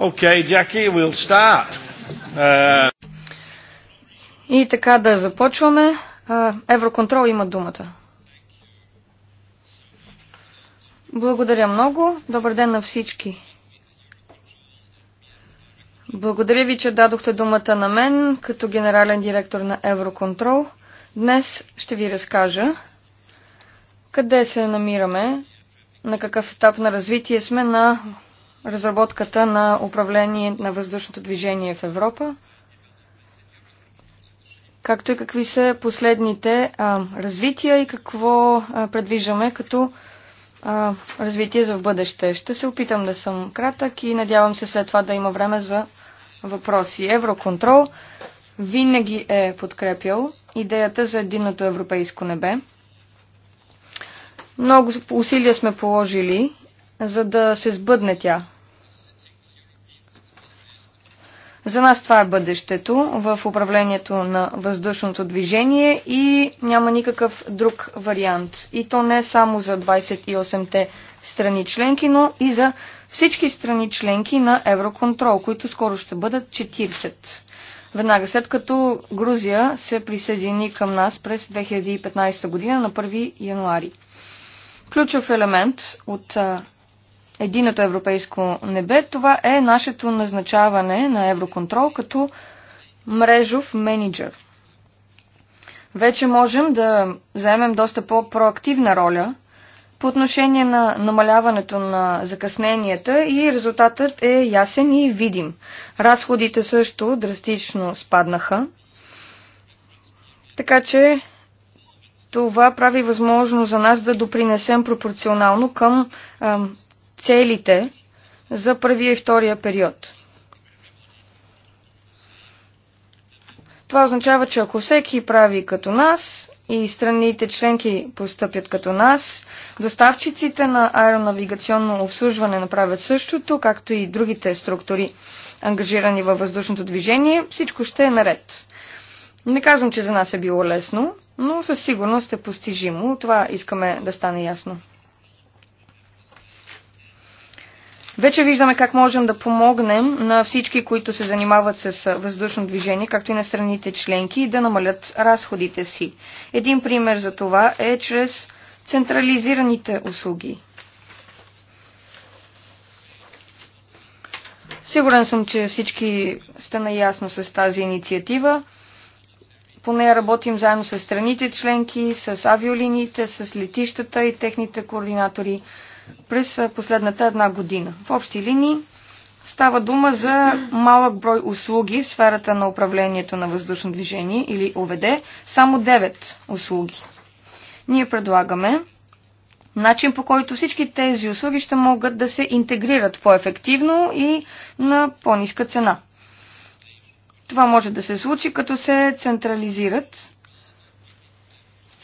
Okay, Jackie, we'll start. Uh... И така да започваме. Евроконтрол има думата. Благодаря много. Добър ден на всички. Благодаря ви, че дадохте думата на мен като генерален директор на Евроконтрол. Днес ще ви разкажа къде се намираме, на какъв етап на развитие сме на разработката на управление на въздушното движение в Европа, както и какви са последните а, развития и какво а, предвиждаме като а, развитие за в бъдеще. Ще се опитам да съм кратък и надявам се след това да има време за въпроси. Евроконтрол винаги е подкрепял идеята за единното европейско небе. Много усилия сме положили за да се сбъдне тя. За нас това е бъдещето в управлението на въздушното движение и няма никакъв друг вариант. И то не само за 28-те страни членки, но и за всички страни членки на Евроконтрол, които скоро ще бъдат 40. Веднага след като Грузия се присъедини към нас през 2015 година на 1 януари. Ключов елемент от единото европейско небе, това е нашето назначаване на Евроконтрол като мрежов менеджер. Вече можем да заемем доста по-проактивна роля по отношение на намаляването на закъсненията и резултатът е ясен и видим. Разходите също драстично спаднаха. Така че това прави възможно за нас да допринесем пропорционално към ам, целите за първия и втория период. Това означава, че ако всеки прави като нас и страните членки постъпят като нас, доставчиците на аеронавигационно обслужване направят същото, както и другите структури, ангажирани във въздушното движение, всичко ще е наред. Не казвам, че за нас е било лесно, но със сигурност е постижимо. Това искаме да стане ясно. Вече виждаме как можем да помогнем на всички, които се занимават с въздушно движение, както и на страните членки, да намалят разходите си. Един пример за това е чрез централизираните услуги. Сигурен съм, че всички сте наясно с тази инициатива. По нея работим заедно с страните членки, с авиолиниите, с летищата и техните координатори през последната една година. В общи линии става дума за малък брой услуги в сферата на управлението на въздушно движение или ОВД, само 9 услуги. Ние предлагаме начин по който всички тези услуги ще могат да се интегрират по-ефективно и на по-ниска цена. Това може да се случи, като се централизират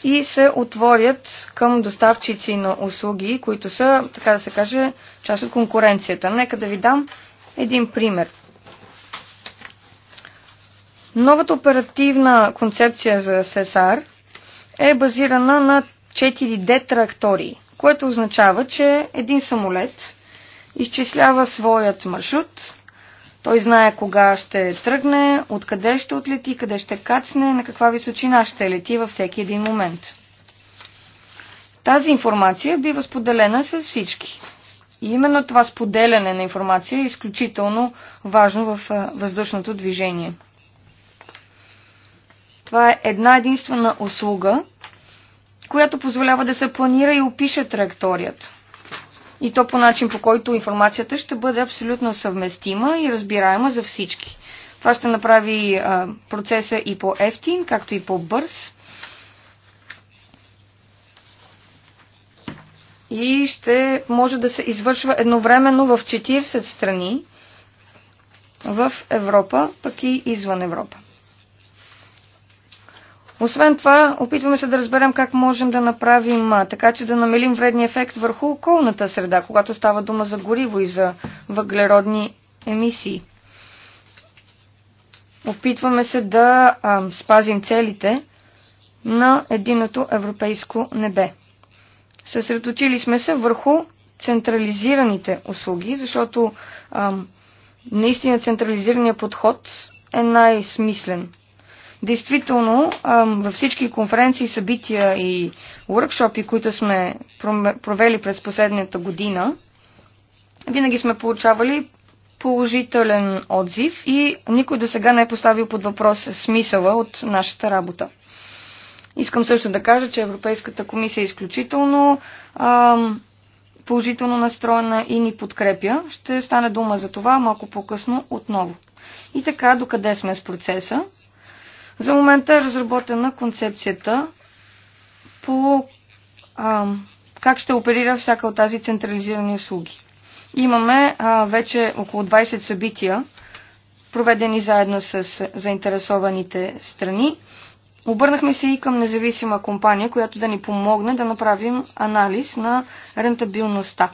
и се отворят към доставчици на услуги, които са, така да се каже, част от конкуренцията. Нека да ви дам един пример. Новата оперативна концепция за ССАР е базирана на 4D трактори, което означава, че един самолет изчислява своят маршрут, той знае кога ще тръгне, откъде ще отлети, къде ще кацне, на каква височина ще лети във всеки един момент. Тази информация бива споделена с всички. И именно това споделяне на информация е изключително важно в въздушното движение. Това е една единствена услуга, която позволява да се планира и опише траекторията и то по начин, по който информацията ще бъде абсолютно съвместима и разбираема за всички. Това ще направи а, процеса и по-ефтин, както и по-бърз. И ще може да се извършва едновременно в 40 страни в Европа, пък и извън Европа. Освен това, опитваме се да разберем как можем да направим, така че да намелим вредния ефект върху околната среда, когато става дума за гориво и за въглеродни емисии. Опитваме се да а, спазим целите на единото европейско небе. Съсредоточили сме се върху централизираните услуги, защото а, наистина централизирания подход е най-смислен Действително, във всички конференции, събития и уркшопи, които сме провели през последната година, винаги сме получавали положителен отзив и никой до сега не е поставил под въпрос смисъла от нашата работа. Искам също да кажа, че Европейската комисия е изключително ам, положително настроена и ни подкрепя. Ще стане дума за това малко по-късно отново. И така, докъде сме с процеса? За момента е разработена концепцията по а, как ще оперира всяка от тази централизирани услуги. Имаме а, вече около 20 събития, проведени заедно с заинтересованите страни. Обърнахме се и към независима компания, която да ни помогне да направим анализ на рентабилността.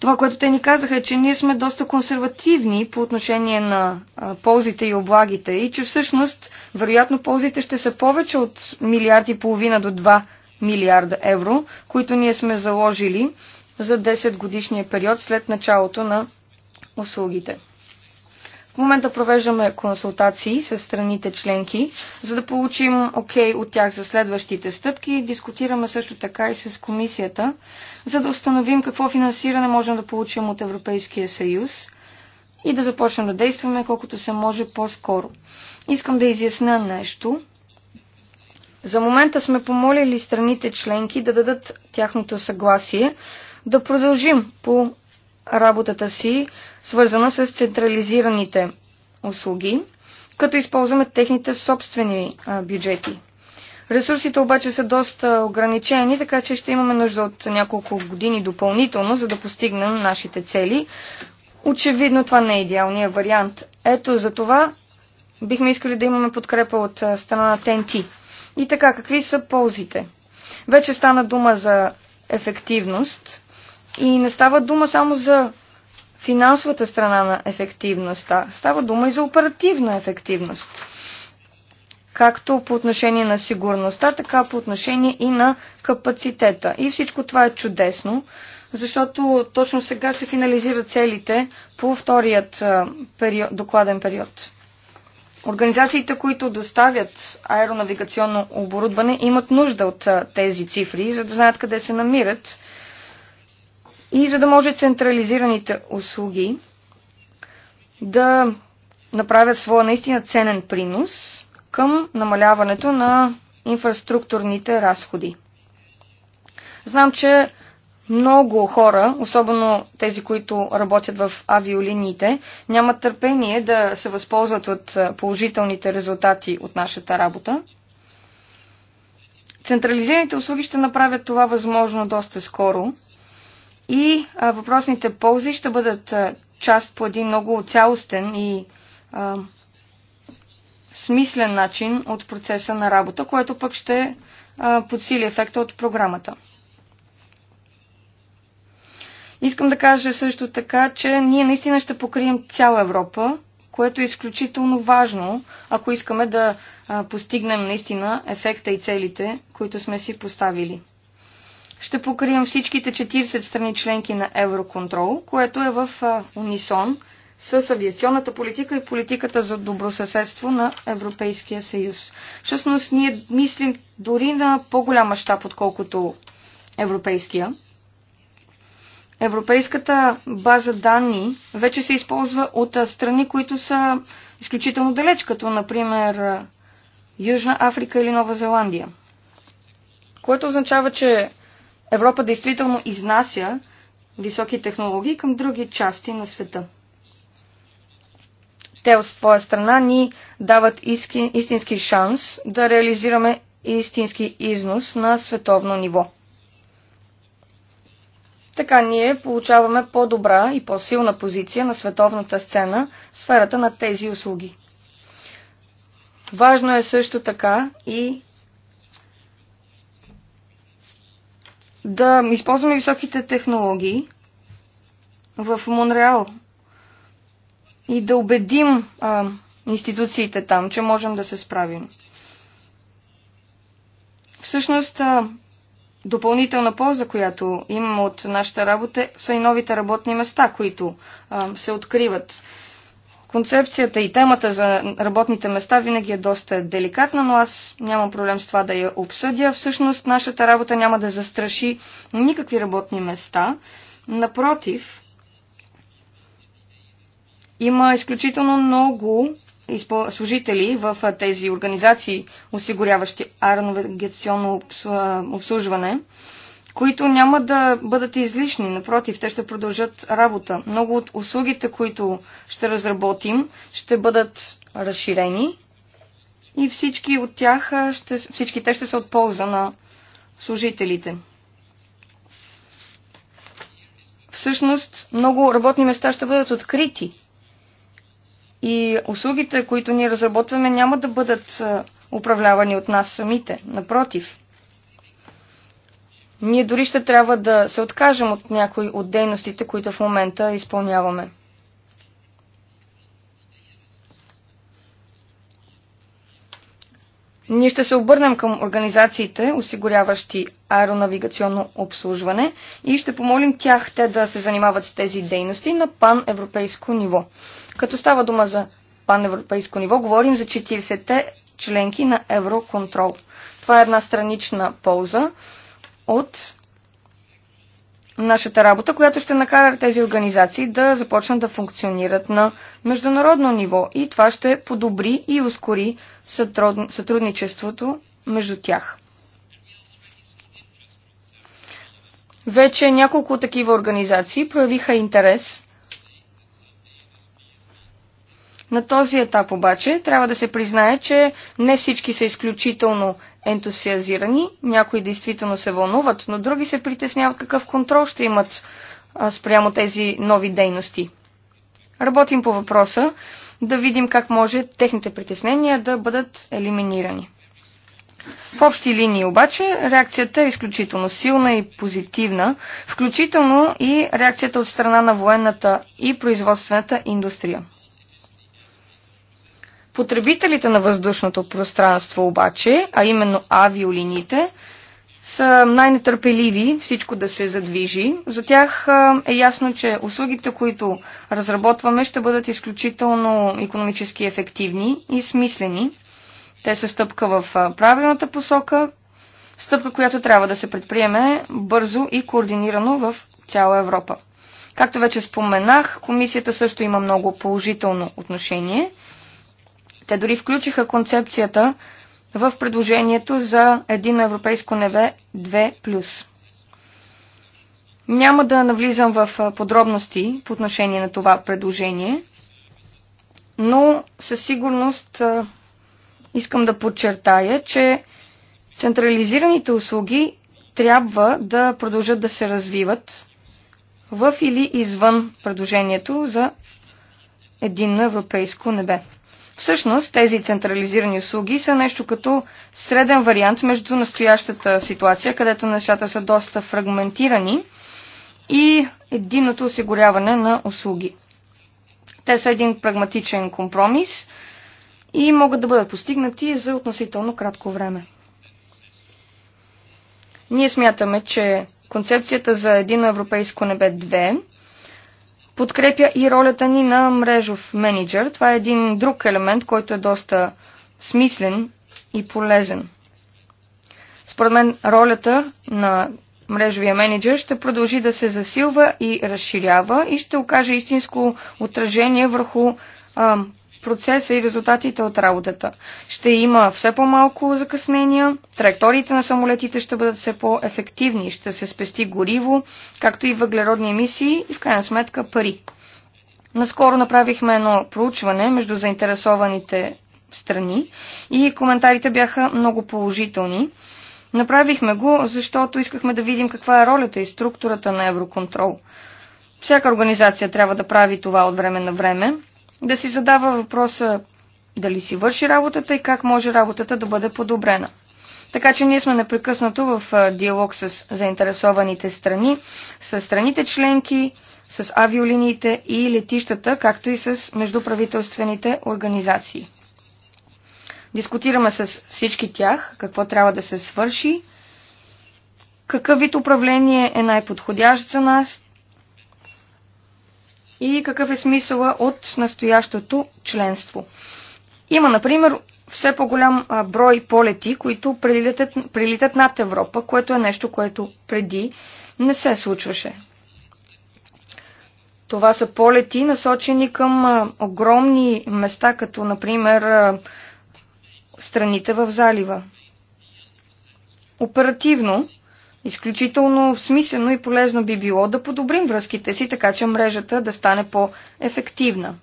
Това, което те ни казаха е, че ние сме доста консервативни по отношение на ползите и облагите и че всъщност, вероятно, ползите ще са повече от милиард и половина до 2 милиарда евро, които ние сме заложили за 10 годишния период след началото на услугите момента провеждаме консултации с страните членки, за да получим окей okay от тях за следващите стъпки. Дискутираме също така и с комисията, за да установим какво финансиране можем да получим от Европейския съюз и да започнем да действаме колкото се може по-скоро. Искам да изясня нещо. За момента сме помолили страните членки да дадат тяхното съгласие да продължим по работата си, свързана с централизираните услуги, като използваме техните собствени бюджети. Ресурсите обаче са доста ограничени, така че ще имаме нужда от няколко години допълнително, за да постигнем нашите цели. Очевидно това не е идеалният вариант. Ето за това бихме искали да имаме подкрепа от страна на ТНТ. И така, какви са ползите? Вече стана дума за ефективност. И не става дума само за финансовата страна на ефективността, става дума и за оперативна ефективност. Както по отношение на сигурността, така по отношение и на капацитета. И всичко това е чудесно, защото точно сега се финализират целите по вторият период, докладен период. Организациите, които доставят аеронавигационно оборудване, имат нужда от тези цифри, за да знаят къде се намират и за да може централизираните услуги да направят своя наистина ценен принос към намаляването на инфраструктурните разходи. Знам, че много хора, особено тези, които работят в авиолиниите, нямат търпение да се възползват от положителните резултати от нашата работа. Централизираните услуги ще направят това възможно доста скоро и а, въпросните ползи ще бъдат а, част по един много цялостен и а, смислен начин от процеса на работа, което пък ще а, подсили ефекта от програмата. Искам да кажа също така, че ние наистина ще покрием цяла Европа, което е изключително важно, ако искаме да а, постигнем наистина ефекта и целите, които сме си поставили ще покрием всичките 40 страни членки на Евроконтрол, което е в унисон с авиационната политика и политиката за добросъседство на Европейския съюз. Всъщност ние мислим дори на по-голям мащаб, отколкото европейския. Европейската база данни вече се използва от страни, които са изключително далеч, като например Южна Африка или Нова Зеландия. Което означава, че Европа действително изнася високи технологии към други части на света. Те от своя страна ни дават истински шанс да реализираме истински износ на световно ниво. Така ние получаваме по-добра и по-силна позиция на световната сцена в сферата на тези услуги. Важно е също така и да използваме високите технологии в Монреал и да убедим а, институциите там, че можем да се справим. Всъщност, а, допълнителна полза, която имаме от нашата работа, са и новите работни места, които а, се откриват. Концепцията и темата за работните места винаги е доста деликатна, но аз нямам проблем с това да я обсъдя. Всъщност нашата работа няма да застраши никакви работни места. Напротив, има изключително много служители в тези организации, осигуряващи аеронавигационно обслужване които няма да бъдат излишни. Напротив, те ще продължат работа. Много от услугите, които ще разработим, ще бъдат разширени и всички от тях, ще, всички те ще са от полза на служителите. Всъщност, много работни места ще бъдат открити. И услугите, които ние разработваме, няма да бъдат управлявани от нас самите. Напротив, ние дори ще трябва да се откажем от някои от дейностите, които в момента изпълняваме. Ние ще се обърнем към организациите, осигуряващи аеронавигационно обслужване и ще помолим тях те да се занимават с тези дейности на паневропейско ниво. Като става дума за паневропейско ниво, говорим за 40-те членки на Евроконтрол. Това е една странична полза, от нашата работа, която ще накара тези организации да започнат да функционират на международно ниво и това ще подобри и ускори сътрудничеството между тях. Вече няколко такива организации проявиха интерес. На този етап обаче трябва да се признае, че не всички са изключително ентусиазирани, някои действително се вълнуват, но други се притесняват какъв контрол ще имат спрямо тези нови дейности. Работим по въпроса да видим как може техните притеснения да бъдат елиминирани. В общи линии обаче реакцията е изключително силна и позитивна, включително и реакцията от страна на военната и производствената индустрия. Потребителите на въздушното пространство обаче, а именно авиолините, са най-нетърпеливи всичко да се задвижи. За тях е ясно, че услугите, които разработваме, ще бъдат изключително економически ефективни и смислени. Те са стъпка в правилната посока, стъпка, която трябва да се предприеме бързо и координирано в цяла Европа. Както вече споменах, комисията също има много положително отношение – те дори включиха концепцията в предложението за един европейско неве 2+. Няма да навлизам в подробности по отношение на това предложение, но със сигурност искам да подчертая, че централизираните услуги трябва да продължат да се развиват в или извън предложението за единно европейско небе. Всъщност тези централизирани услуги са нещо като среден вариант между настоящата ситуация, където нещата са доста фрагментирани и единното осигуряване на услуги. Те са един прагматичен компромис и могат да бъдат постигнати за относително кратко време. Ние смятаме, че концепцията за един европейско небе подкрепя и ролята ни на мрежов менеджер. Това е един друг елемент, който е доста смислен и полезен. Според мен ролята на мрежовия менеджер ще продължи да се засилва и разширява и ще окаже истинско отражение върху процеса и резултатите от работата. Ще има все по-малко закъснения, траекториите на самолетите ще бъдат все по-ефективни, ще се спести гориво, както и въглеродни емисии и в крайна сметка пари. Наскоро направихме едно проучване между заинтересованите страни и коментарите бяха много положителни. Направихме го, защото искахме да видим каква е ролята и структурата на Евроконтрол. Всяка организация трябва да прави това от време на време, да си задава въпроса дали си върши работата и как може работата да бъде подобрена. Така че ние сме непрекъснато в диалог с заинтересованите страни, с страните членки, с авиолиниите и летищата, както и с междуправителствените организации. Дискутираме с всички тях какво трябва да се свърши, какъв вид управление е най-подходящ за нас, и какъв е смисъла от настоящото членство. Има, например, все по-голям брой полети, които прилитат, прилитат над Европа, което е нещо, което преди не се случваше. Това са полети, насочени към огромни места, като например страните в залива. Оперативно Изключително смислено и полезно би било да подобрим връзките си, така че мрежата да стане по-ефективна,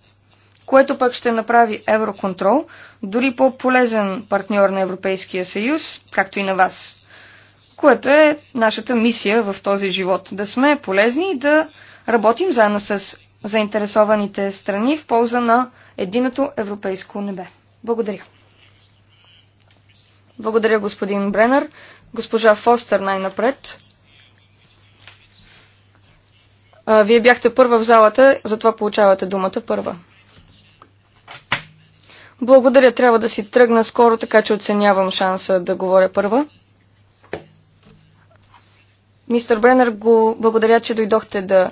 което пък ще направи Евроконтрол дори по-полезен партньор на Европейския съюз, както и на вас, което е нашата мисия в този живот – да сме полезни и да работим заедно с заинтересованите страни в полза на единото европейско небе. Благодаря. Благодаря, господин Бренър. Госпожа Фостер най-напред. Вие бяхте първа в залата, затова получавате думата първа. Благодаря, трябва да си тръгна скоро, така че оценявам шанса да говоря първа. Мистер Бренер, го благодаря, че дойдохте да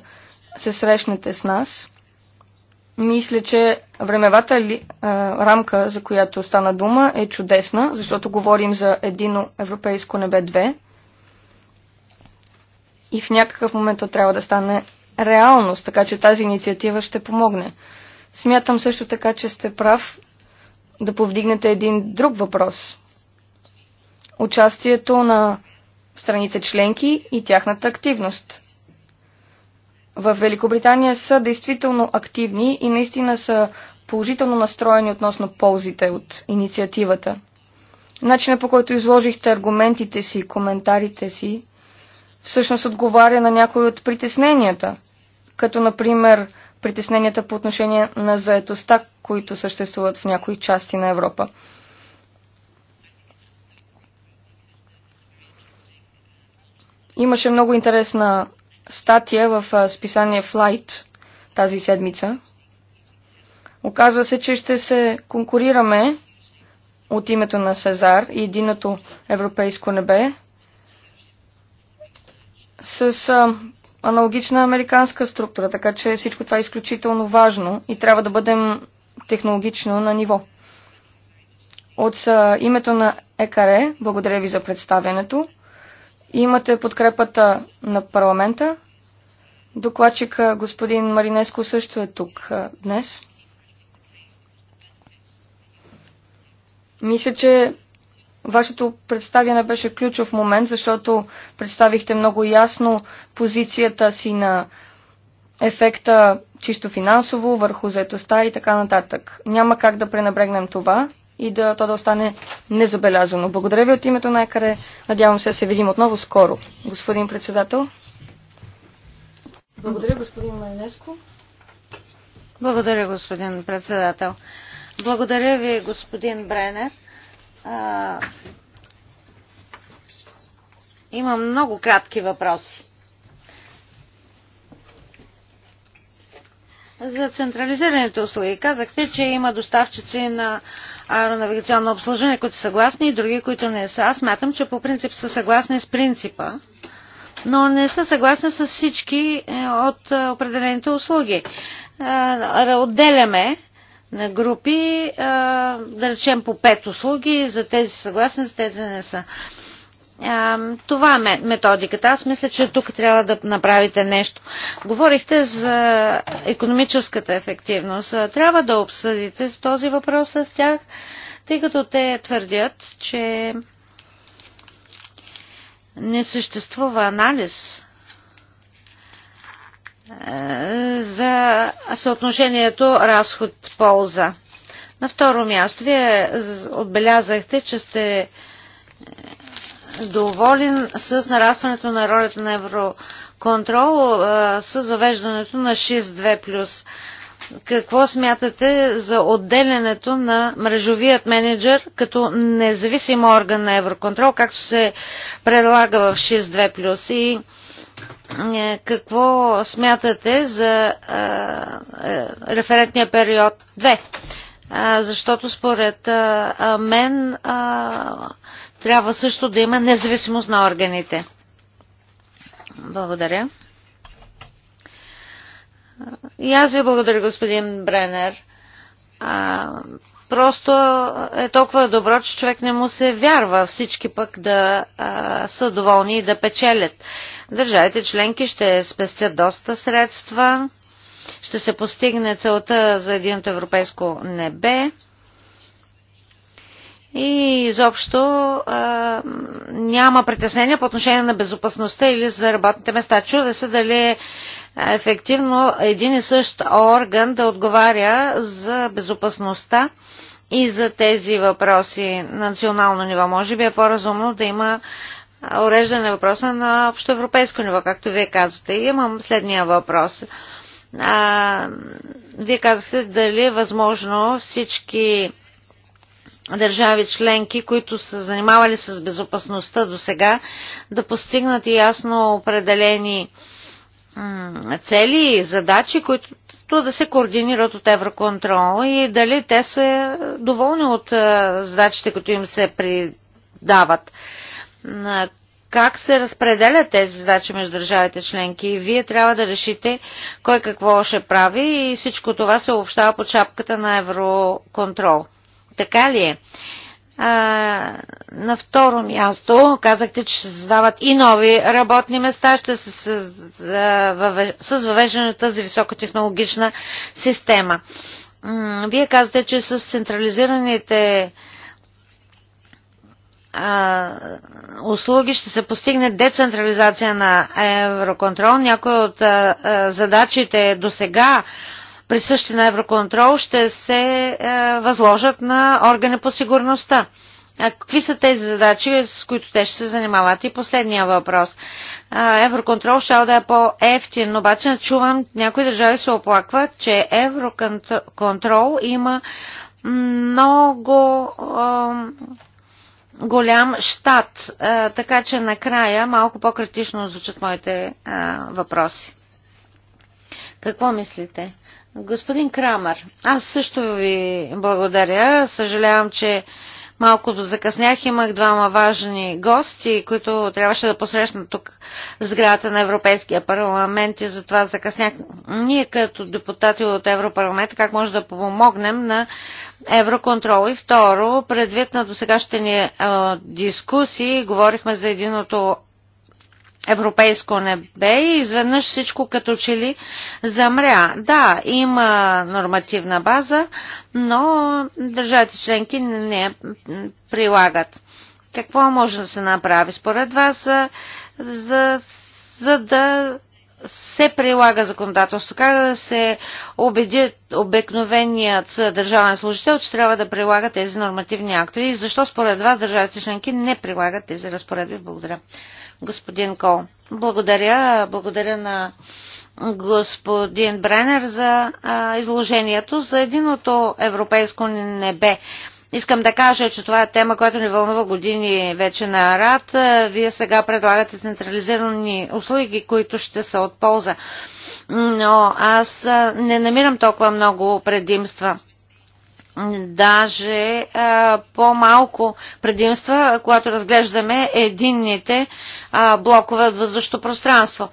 се срещнете с нас. Мисля, че времевата ли, а, рамка, за която стана дума, е чудесна, защото говорим за едино европейско небе 2 и в някакъв момент то трябва да стане реалност, така че тази инициатива ще помогне. Смятам също така, че сте прав да повдигнете един друг въпрос. Участието на страните членки и тяхната активност в Великобритания са действително активни и наистина са положително настроени относно ползите от инициативата. Начинът по който изложихте аргументите си коментарите си, всъщност отговаря на някои от притесненията, като например притесненията по отношение на заетостта, които съществуват в някои части на Европа. Имаше много интересна статия в списание Flight тази седмица. Оказва се, че ще се конкурираме от името на Сезар и единото европейско небе с а, аналогична американска структура, така че всичко това е изключително важно и трябва да бъдем технологично на ниво. От а, името на ЕКАРЕ, благодаря ви за представянето. Имате подкрепата на парламента. Докладчик господин Маринеско също е тук днес. Мисля, че вашето представяне беше ключов момент, защото представихте много ясно позицията си на ефекта чисто финансово, върху заетостта и така нататък. Няма как да пренебрегнем това и да то да остане незабелязано. Благодаря ви от името на Екаре. Надявам се да се видим отново скоро. Господин председател. Благодаря, господин Майнеско. Благодаря, господин председател. Благодаря ви, господин Бренер. А, имам много кратки въпроси. за централизираните услуги. Казахте, че има доставчици на аеронавигационно обслужване, които са съгласни и други, които не са. Аз смятам, че по принцип са съгласни с принципа, но не са съгласни с всички е, от е, определените услуги. Е, отделяме на групи, да речем по пет услуги, за тези съгласни, за тези не са това е методиката. Аз мисля, че тук трябва да направите нещо. Говорихте за економическата ефективност. Трябва да обсъдите с този въпрос с тях, тъй като те твърдят, че не съществува анализ за съотношението разход-полза. На второ място, вие отбелязахте, че сте доволен с нарастването на ролята на Евроконтрол с въвеждането на 6.2 плюс. Какво смятате за отделянето на мрежовият менеджер като независим орган на Евроконтрол, както се предлага в 6.2 плюс? И е, какво смятате за е, референтния период 2? защото според мен трябва също да има независимост на органите. Благодаря. И аз ви благодаря, господин Бренер. А, просто е толкова добро, че човек не му се вярва всички пък да а, са доволни и да печелят. Държавите членки ще спестят доста средства, ще се постигне целта за единото европейско небе и изобщо а, няма притеснения по отношение на безопасността или за работните места. Чуда се дали е ефективно един и същ орган да отговаря за безопасността и за тези въпроси на национално ниво. Може би е по-разумно да има уреждане въпроса на общоевропейско ниво, както вие казвате. И имам следния въпрос. А, вие казахте дали е възможно всички държави членки, които са занимавали с безопасността до сега, да постигнат ясно определени цели и задачи, които да се координират от Евроконтрол и дали те са доволни от задачите, които им се придават. Как се разпределят тези задачи между държавите членки и вие трябва да решите кой какво ще прави и всичко това се общава под шапката на Евроконтрол. Така ли е? А, на второ място казахте, че се създават и нови работни места, ще се с въвеждане на тази високотехнологична система. Вие казвате, че с централизираните а, услуги ще се постигне децентрализация на Евроконтрол. Някои от а, задачите до сега присъщи на Евроконтрол, ще се е, възложат на органи по сигурността. А какви са тези задачи, с които те ще се занимават? И последния въпрос. Е, Евроконтрол ще е да е по-ефтин, обаче чувам, някои държави се оплакват, че Евроконтрол има много голям щат, така че накрая малко по-критично звучат моите въпроси. Какво мислите? Господин Крамър, аз също ви благодаря. Съжалявам, че малко закъснях. Имах двама важни гости, които трябваше да посрещнат тук сградата на Европейския парламент и затова закъснях. Ние като депутати от Европарламент, как може да помогнем на Евроконтрол? И второ, предвид на досегащите ни дискусии, говорихме за единото европейско небе и изведнъж всичко като че ли замря. Да, има нормативна база, но държавите членки не прилагат. Какво може да се направи според вас, за, за, за да се прилага законодателство? Как да се убеди обикновеният държавен служител, че трябва да прилага тези нормативни актове и защо според вас държавите членки не прилагат тези разпоредби? Благодаря господин Кол. Благодаря, благодаря на господин Бренер за а, изложението за единото европейско небе. Искам да кажа, че това е тема, която ни вълнува години вече на рад. Вие сега предлагате централизирани услуги, които ще са от полза. Но аз не намирам толкова много предимства даже по-малко предимства, когато разглеждаме единните а, блокове от въздушното пространство.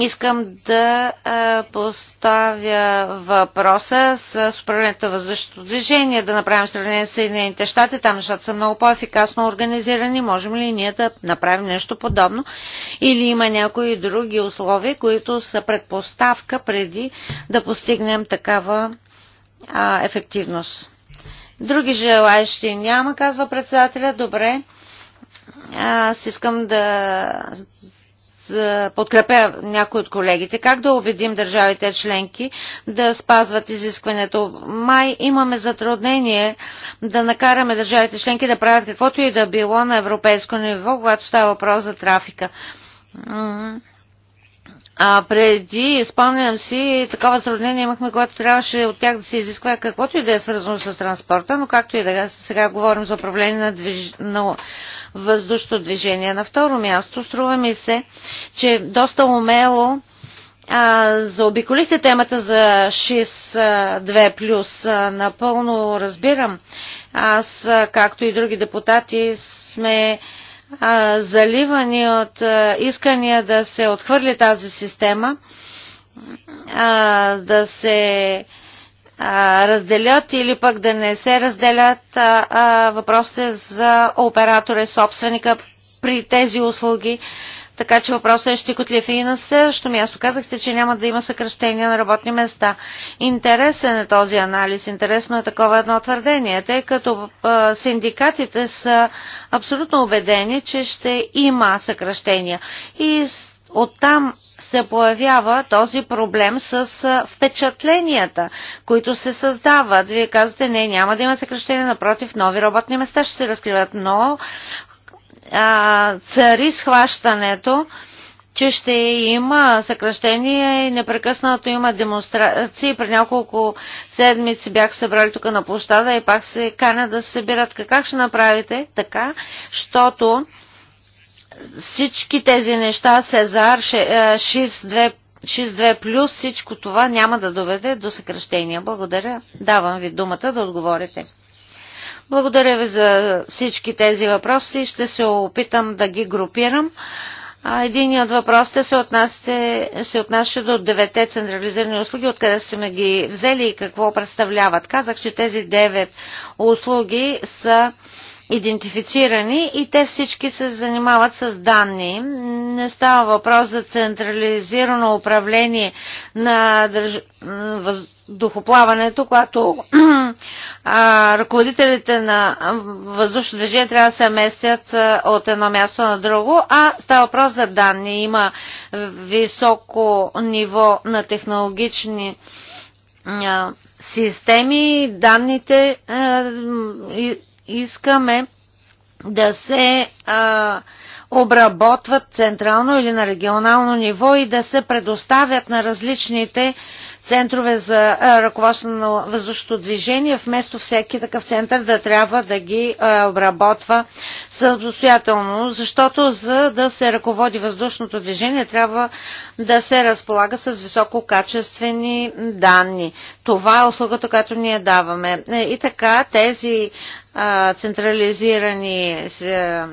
Искам да а, поставя въпроса с управлението на въздушното движение, да направим сравнение с Съединените щати. Там нещата са много по-ефикасно организирани. Можем ли ние да направим нещо подобно? Или има някои други условия, които са предпоставка преди да постигнем такава а, ефективност. Други желаящи няма, казва председателя. Добре. Аз искам да, да подкрепя някои от колегите. Как да убедим държавите членки да спазват изискването? Май имаме затруднение да накараме държавите членки да правят каквото и да било на европейско ниво, когато става въпрос за трафика. А преди, спомням си, такова сравнение имахме, когато трябваше от тях да се изисква каквото и да е свързано с транспорта, но както и да е, сега говорим за управление на, движ... на въздушно движение. На второ място, струва ми се, че доста умело а, заобиколихте темата за 6-2 плюс. Напълно разбирам. Аз, както и други депутати, сме а, а, заливани от а, искания да се отхвърли тази система, а, да се а, разделят или пък да не се разделят а, а, въпросите за оператора и собственика при тези услуги. А, така че въпросът е щекотлив. Е и на следващото място казахте, че няма да има съкръщения на работни места. Интересен е този анализ. Интересно е такова едно твърдение, тъй като синдикатите са абсолютно убедени, че ще има съкръщения. И оттам се появява този проблем с впечатленията, които се създават. Вие казвате, не, няма да има съкрещение, напротив, нови работни места ще се разкриват, но а, цари схващането, че ще има съкръщение и непрекъснато има демонстрации. При няколко седмици бях събрали тук на площада и пак се каня да се събират. Как ще направите така, защото всички тези неща, Сезар, 6-2 плюс, всичко това няма да доведе до съкръщения. Благодаря. Давам ви думата да отговорите. Благодаря ви за всички тези въпроси. Ще се опитам да ги групирам. Един от въпросите се, отнася се отнася до девете централизирани услуги, откъде сме ги взели и какво представляват. Казах, че тези девет услуги са идентифицирани и те всички се занимават с данни. Не става въпрос за централизирано управление на държ... въз духоплаването, когато ръководителите на въздушно движение трябва да се местят а, от едно място на друго, а става въпрос за данни. Има високо ниво на технологични а, системи, данните а, и, искаме да се а, обработват централно или на регионално ниво и да се предоставят на различните а, центрове за ръководство на въздушното движение, вместо всеки такъв център да трябва да ги обработва самостоятелно, защото за да се ръководи въздушното движение трябва да се разполага с висококачествени данни. Това е услугата, която ние даваме. Е, и така тези централизирани е,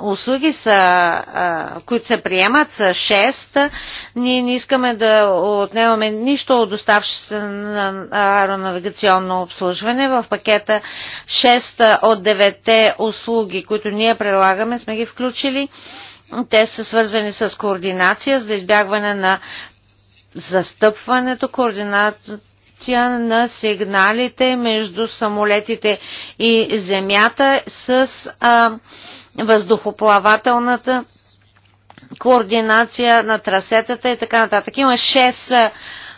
услуги, са, които се приемат, са 6. Ние не искаме да отнемаме нищо от доставчиците на аеронавигационно обслужване. В пакета 6 от 9 услуги, които ние предлагаме, сме ги включили. Те са свързани с координация, за избягване на застъпването, координация на сигналите между самолетите и земята с а, въздухоплавателната координация на трасетата и така нататък. Има 6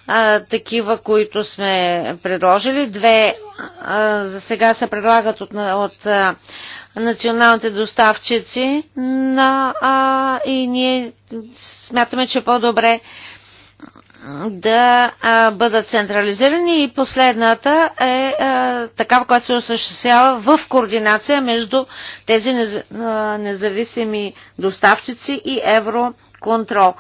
а, такива, които сме предложили. Две а, за сега се предлагат от, от а, националните доставчици на, а, и ние смятаме, че по-добре да а, бъдат централизирани и последната е а, такава, която се осъществява в координация между тези нез, а, независими доставчици и евроконтрол.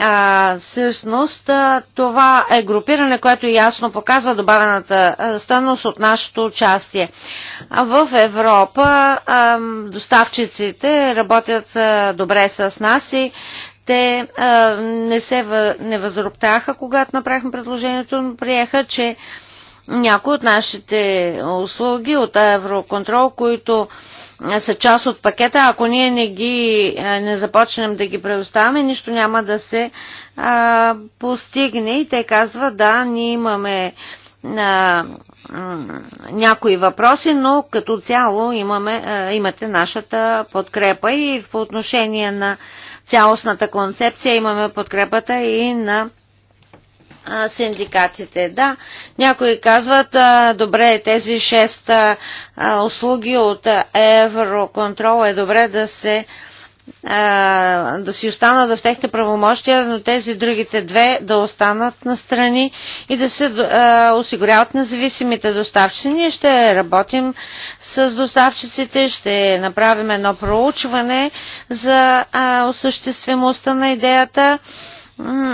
А, всъщност а, това е групиране, което ясно показва добавената стойност от нашето участие. А в Европа а, доставчиците работят а, добре с нас и те а, не се въ... не възроптаха, когато направихме предложението, но приеха, че някои от нашите услуги от Евроконтрол, които са част от пакета, ако ние не ги не започнем да ги предоставяме, нищо няма да се а, постигне. И те казват, да, ние имаме а, някои въпроси, но като цяло имаме, а, имате нашата подкрепа и по отношение на цялостната концепция, имаме подкрепата и на синдикатите. Да, някои казват, добре, тези шест услуги от Евроконтрол е добре да се а, а, да си останат в техните правомощия, но тези другите две да останат на страни и да се а, осигуряват независимите доставчици. Ние ще работим с доставчиците, ще направим едно проучване за а, осъществимостта на идеята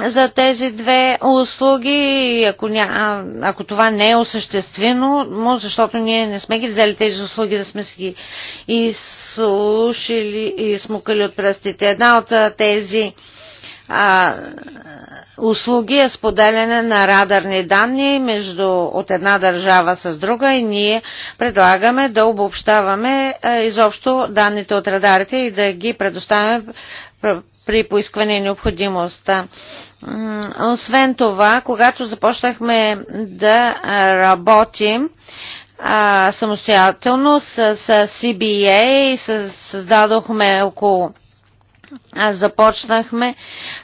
за тези две услуги, ако, ня... ако това не е осъществено, защото ние не сме ги взели тези услуги да сме си ги изслушали и смукали от пръстите. Една от тези а, услуги е споделяне на радарни данни между от една държава с друга и ние предлагаме да обобщаваме а, изобщо данните от радарите и да ги предоставяме при поискване и необходимостта. Освен това, когато започнахме да работим, а, самостоятелно с, с CBA и създадохме около започнахме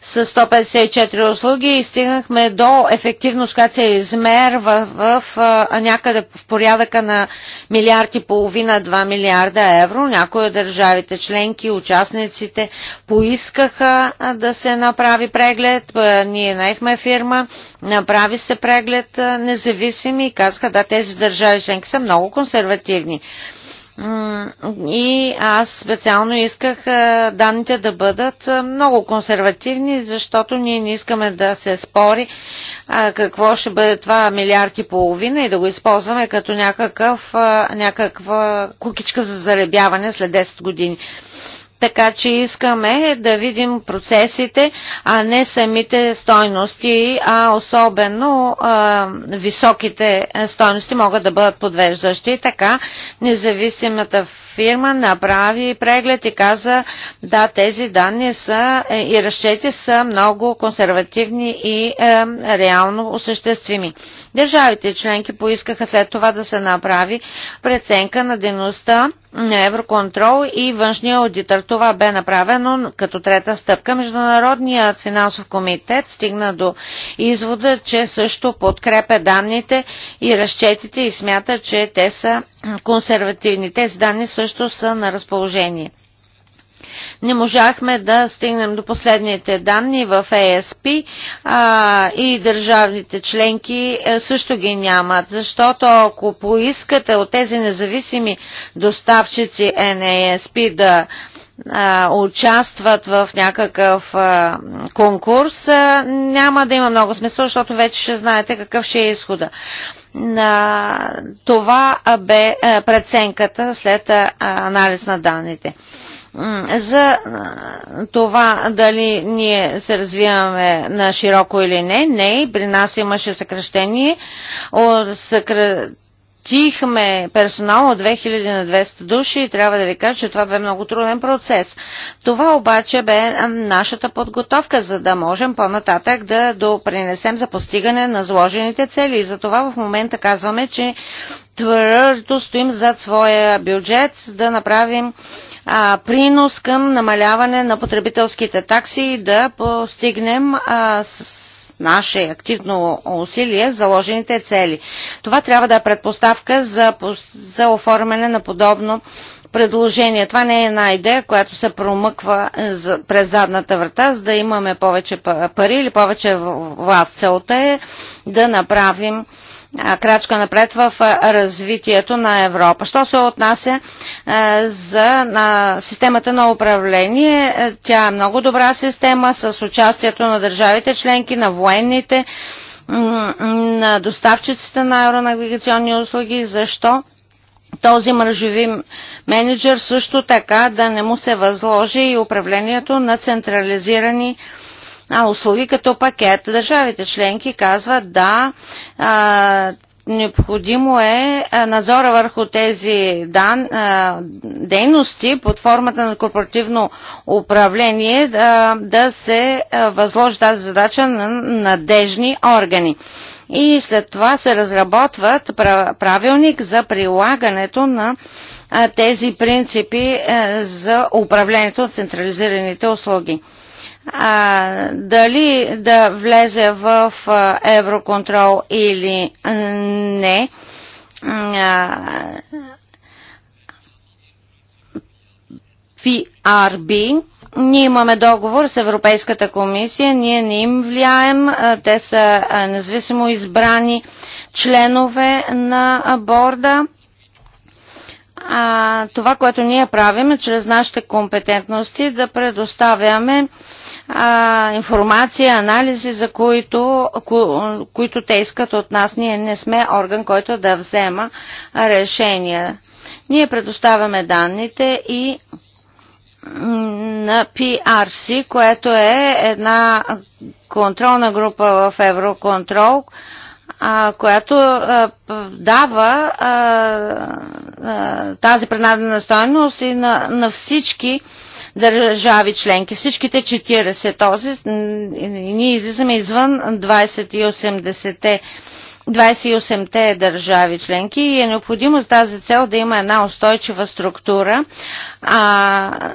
с 154 услуги и стигнахме до ефективност, която се измерва в, в някъде в порядъка на милиард и половина-2 милиарда евро. Някои от държавите членки, участниците поискаха да се направи преглед. Ние наехме фирма, направи се преглед независими и казаха да тези държави членки са много консервативни. И аз специално исках данните да бъдат много консервативни, защото ние не искаме да се спори какво ще бъде това милиард и половина и да го използваме като някакъв, някаква кукичка за заребяване след 10 години. Така че искаме да видим процесите, а не самите стойности, а особено а, високите стойности могат да бъдат подвеждащи. Така независимата фирма направи преглед и каза, да, тези данни са е, и разчети са много консервативни и а, е, реално осъществими. Държавите членки поискаха след това да се направи преценка на дейността Евроконтрол и външния аудитор. Това бе направено като трета стъпка. Международният финансов комитет стигна до извода, че също подкрепя данните и разчетите и смята, че те са консервативни. Тези данни също са на разположение не можахме да стигнем до последните данни в ASP а, и държавните членки е, също ги нямат, защото ако поискате от тези независими доставчици NASP да участват в някакъв конкурс, няма да има много смисъл, защото вече ще знаете какъв ще е изхода. това бе преценката след анализ на данните за това дали ние се развиваме на широко или не. Не, при нас имаше съкръщение. Съкратихме персонал от 2200 на 200 души и трябва да ви кажа, че това бе много труден процес. Това обаче бе нашата подготовка, за да можем по-нататък да допринесем за постигане на заложените цели. И за това в момента казваме, че твърдо стоим зад своя бюджет, да направим а, принос към намаляване на потребителските такси и да постигнем а, с наше активно усилие заложените цели. Това трябва да е предпоставка за, за оформяне на подобно предложение. Това не е една идея, която се промъква е, през задната врата, за да имаме повече пари или повече власт. Целта е да направим крачка напред в развитието на Европа. Що се отнася за на системата на управление, е, тя е много добра система с участието на държавите членки, на военните, на доставчиците на евронавигационни услуги. Защо? този мръжови менеджер също така да не му се възложи и управлението на централизирани а, а, услуги като пакет. Държавите членки казват да, а, необходимо е надзора върху тези дан, а, дейности под формата на корпоративно управление да, да се възложи тази задача на надежни органи. И след това се разработват правилник за прилагането на тези принципи е, за управлението на централизираните услуги а, дали да влезе в а, евроконтрол или не. А, PRB. Ние имаме договор с Европейската комисия, ние не им влияем, те са независимо избрани членове на борда. А, това, което ние правим е чрез нашите компетентности да предоставяме а, информация, анализи, за които, ко, които те искат от нас. Ние не сме орган, който да взема решения. Ние предоставяме данните и на PRC, което е една контролна група в Евроконтрол, а, която а, дава а, а, тази пренадена стойност и на, на всички а, държави членки. Всичките 40, т.е. ние излизаме извън 28-те 28-те държави членки и е необходимо с тази цел да има една устойчива структура, а,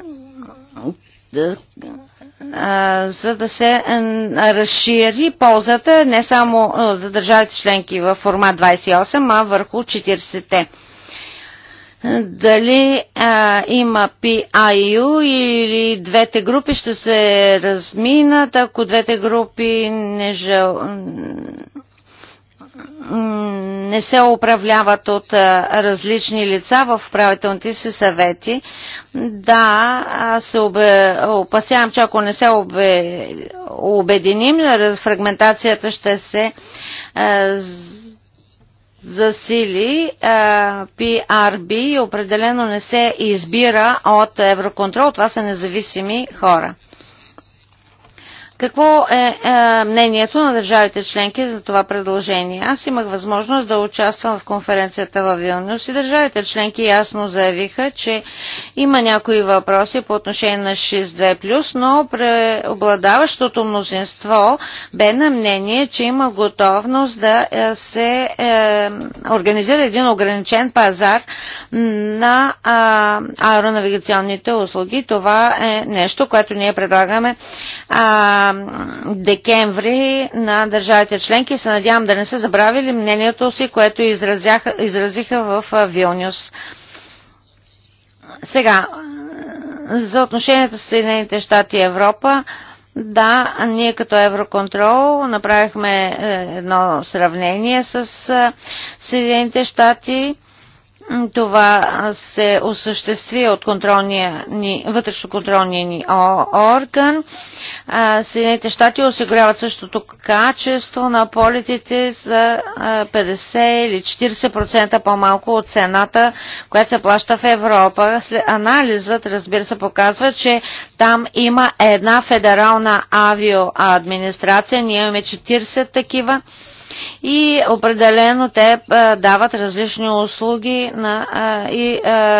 за да се разшири ползата не само за държавите членки в формат 28, а върху 40-те дали а, има PIU или двете групи ще се разминат, ако двете групи не, жел... не се управляват от а, различни лица в управителните си съвети. Да, аз се обе... опасявам, че ако не се обе... обединим, фрагментацията ще се а, засили PRB определено не се избира от Евроконтрол. Това са независими хора. Какво е, е мнението на държавите членки за това предложение? Аз имах възможност да участвам в конференцията във Вилнюс и държавите членки ясно заявиха, че има някои въпроси по отношение на 6.2+, но преобладаващото мнозинство бе на мнение, че има готовност да е, се е, организира един ограничен пазар на а, аеронавигационните услуги. Това е нещо, което ние предлагаме а, декември на държавите членки. Се надявам да не са забравили мнението си, което изразяха, изразиха в Вилнюс. Сега, за отношенията с Съединените щати и Европа, да, ние като Евроконтрол направихме е, едно сравнение с Съединените щати това се осъществи от контролния ни, вътрешно-контролния ни орган. Съединените щати осигуряват същото качество на полетите за 50 или 40% по-малко от цената, която се плаща в Европа. Анализът, разбира се, показва, че там има една федерална авиоадминистрация. Ние имаме 40 такива и определено те дават различни услуги и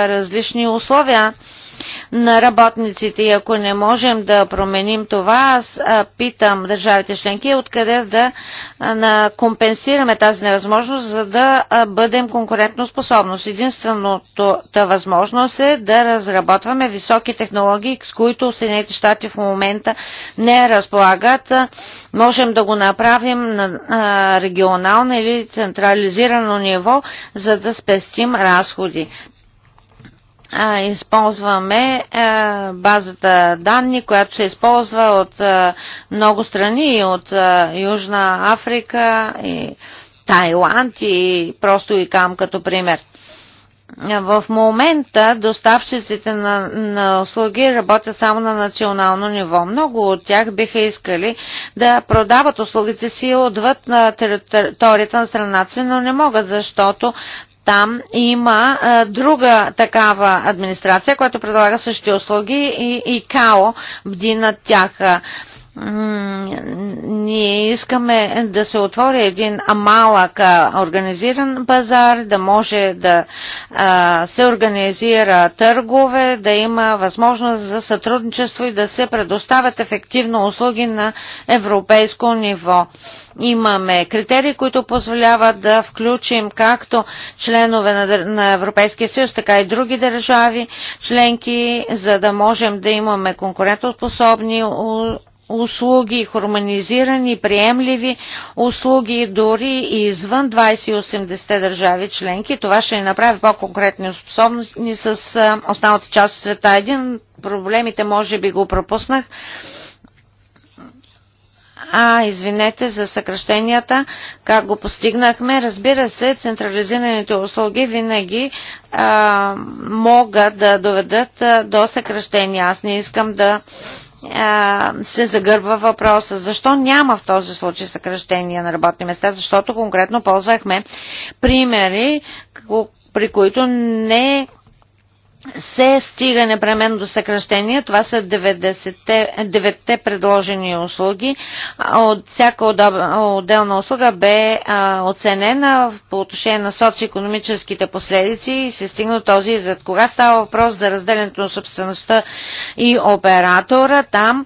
различни условия на работниците. И ако не можем да променим това, аз питам държавите членки откъде да компенсираме тази невъзможност, за да бъдем конкурентно способност. Единственото възможност е да разработваме високи технологии, с които Съединените щати в момента не разполагат. Можем да го направим на регионално или централизирано ниво, за да спестим разходи а, използваме а, базата данни, която се използва от а, много страни, от а, Южна Африка и Тайланд и просто и кам като пример. В момента доставчиците на, на услуги работят само на национално ниво. Много от тях биха искали да продават услугите си отвъд на територията на страната си, но не могат, защото там има а, друга такава администрация, която предлага същите услуги и, и КАО бди на тях ние искаме да се отвори един малък организиран пазар, да може да а, се организира търгове, да има възможност за сътрудничество и да се предоставят ефективно услуги на европейско ниво. Имаме критерии, които позволяват да включим както членове на, на Европейския съюз, така и други държави, членки, за да можем да имаме конкурентоспособни услуги, хуманизирани, приемливи услуги дори и извън 80 те държави членки. Това ще ни направи по-конкретни способности с останалата част от света. Един проблемите, може би го пропуснах, а, извинете за съкръщенията, как го постигнахме. Разбира се, централизираните услуги винаги а, могат да доведат а, до съкръщения. Аз не искам да се загърбва въпроса. Защо няма в този случай съкръщение на работни места? Защото конкретно ползвахме примери, при които не се стига непременно до съкръщения. Това са 9-те предложени услуги. От всяка отделна услуга бе оценена по отношение на социо-економическите последици и се стигна този зад Кога става въпрос за разделението на собствеността и оператора, там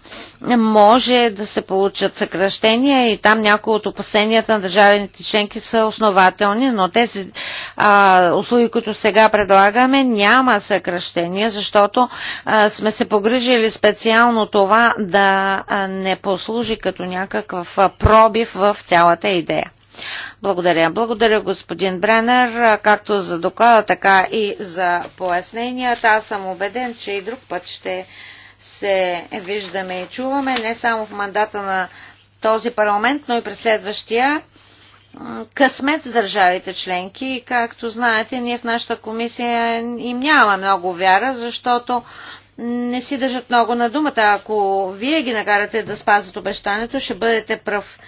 може да се получат съкръщения и там някои от опасенията на държавените членки са основателни, но тези а, услуги, които сега предлагаме, няма съкръщения, защото а, сме се погрижили специално това да не послужи като някакъв пробив в цялата идея. Благодаря. Благодаря господин Бренер, както за доклада, така и за поясненията. Аз съм убеден, че и друг път ще се виждаме и чуваме, не само в мандата на този парламент, но и през следващия късмет с държавите членки. И Както знаете, ние в нашата комисия им нямаме много вяра, защото не си държат много на думата. Ако вие ги накарате да спазват обещанието, ще бъдете прав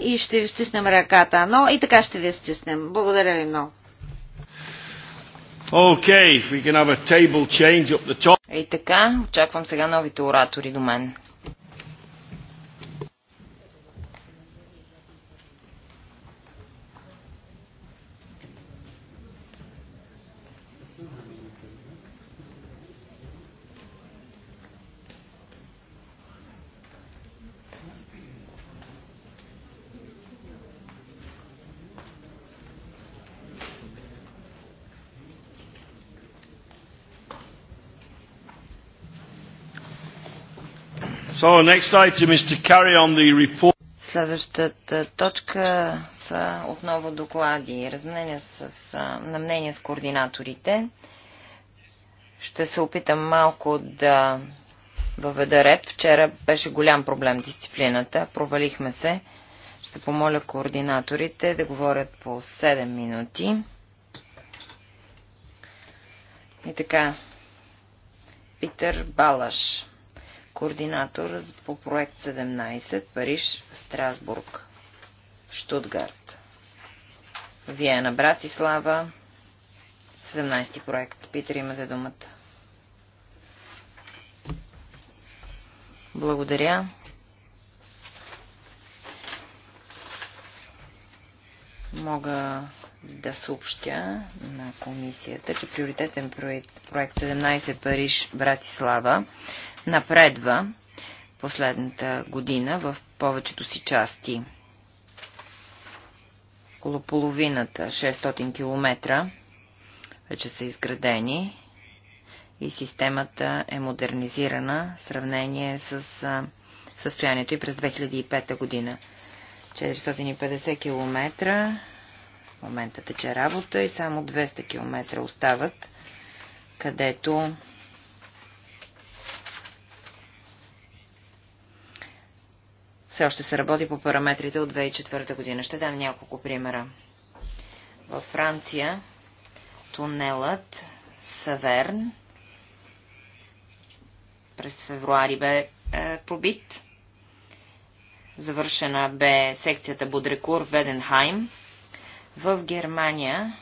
и ще ви стиснем ръката. Но и така ще ви стиснем. Благодаря ви много. Okay, we can have a table change up the top. И така, очаквам сега новите оратори до мен. So, next item is to carry on the report. Следващата точка са отново доклади и разменения с, на мнение с координаторите. Ще се опитам малко да въведа ред. Вчера беше голям проблем дисциплината. Провалихме се. Ще помоля координаторите да говорят по 7 минути. И така. Питър Балаш координатор по проект 17 Париж, Страсбург, Штутгарт, на Братислава, 17 проект. Питер, имате думата. Благодаря. Мога да съобщя на комисията, че приоритетен проект 17 Париж Братислава напредва последната година в повечето си части. Около половината, 600 км, вече са изградени и системата е модернизирана в сравнение с състоянието и през 2005 година. 450 км в момента тече работа и само 200 км остават, където Все още се работи по параметрите от 2004 година. Ще дам няколко примера. Във Франция тунелът Саверн през февруари бе е, пробит. Завършена бе секцията Будрекур Веденхайм. В Германия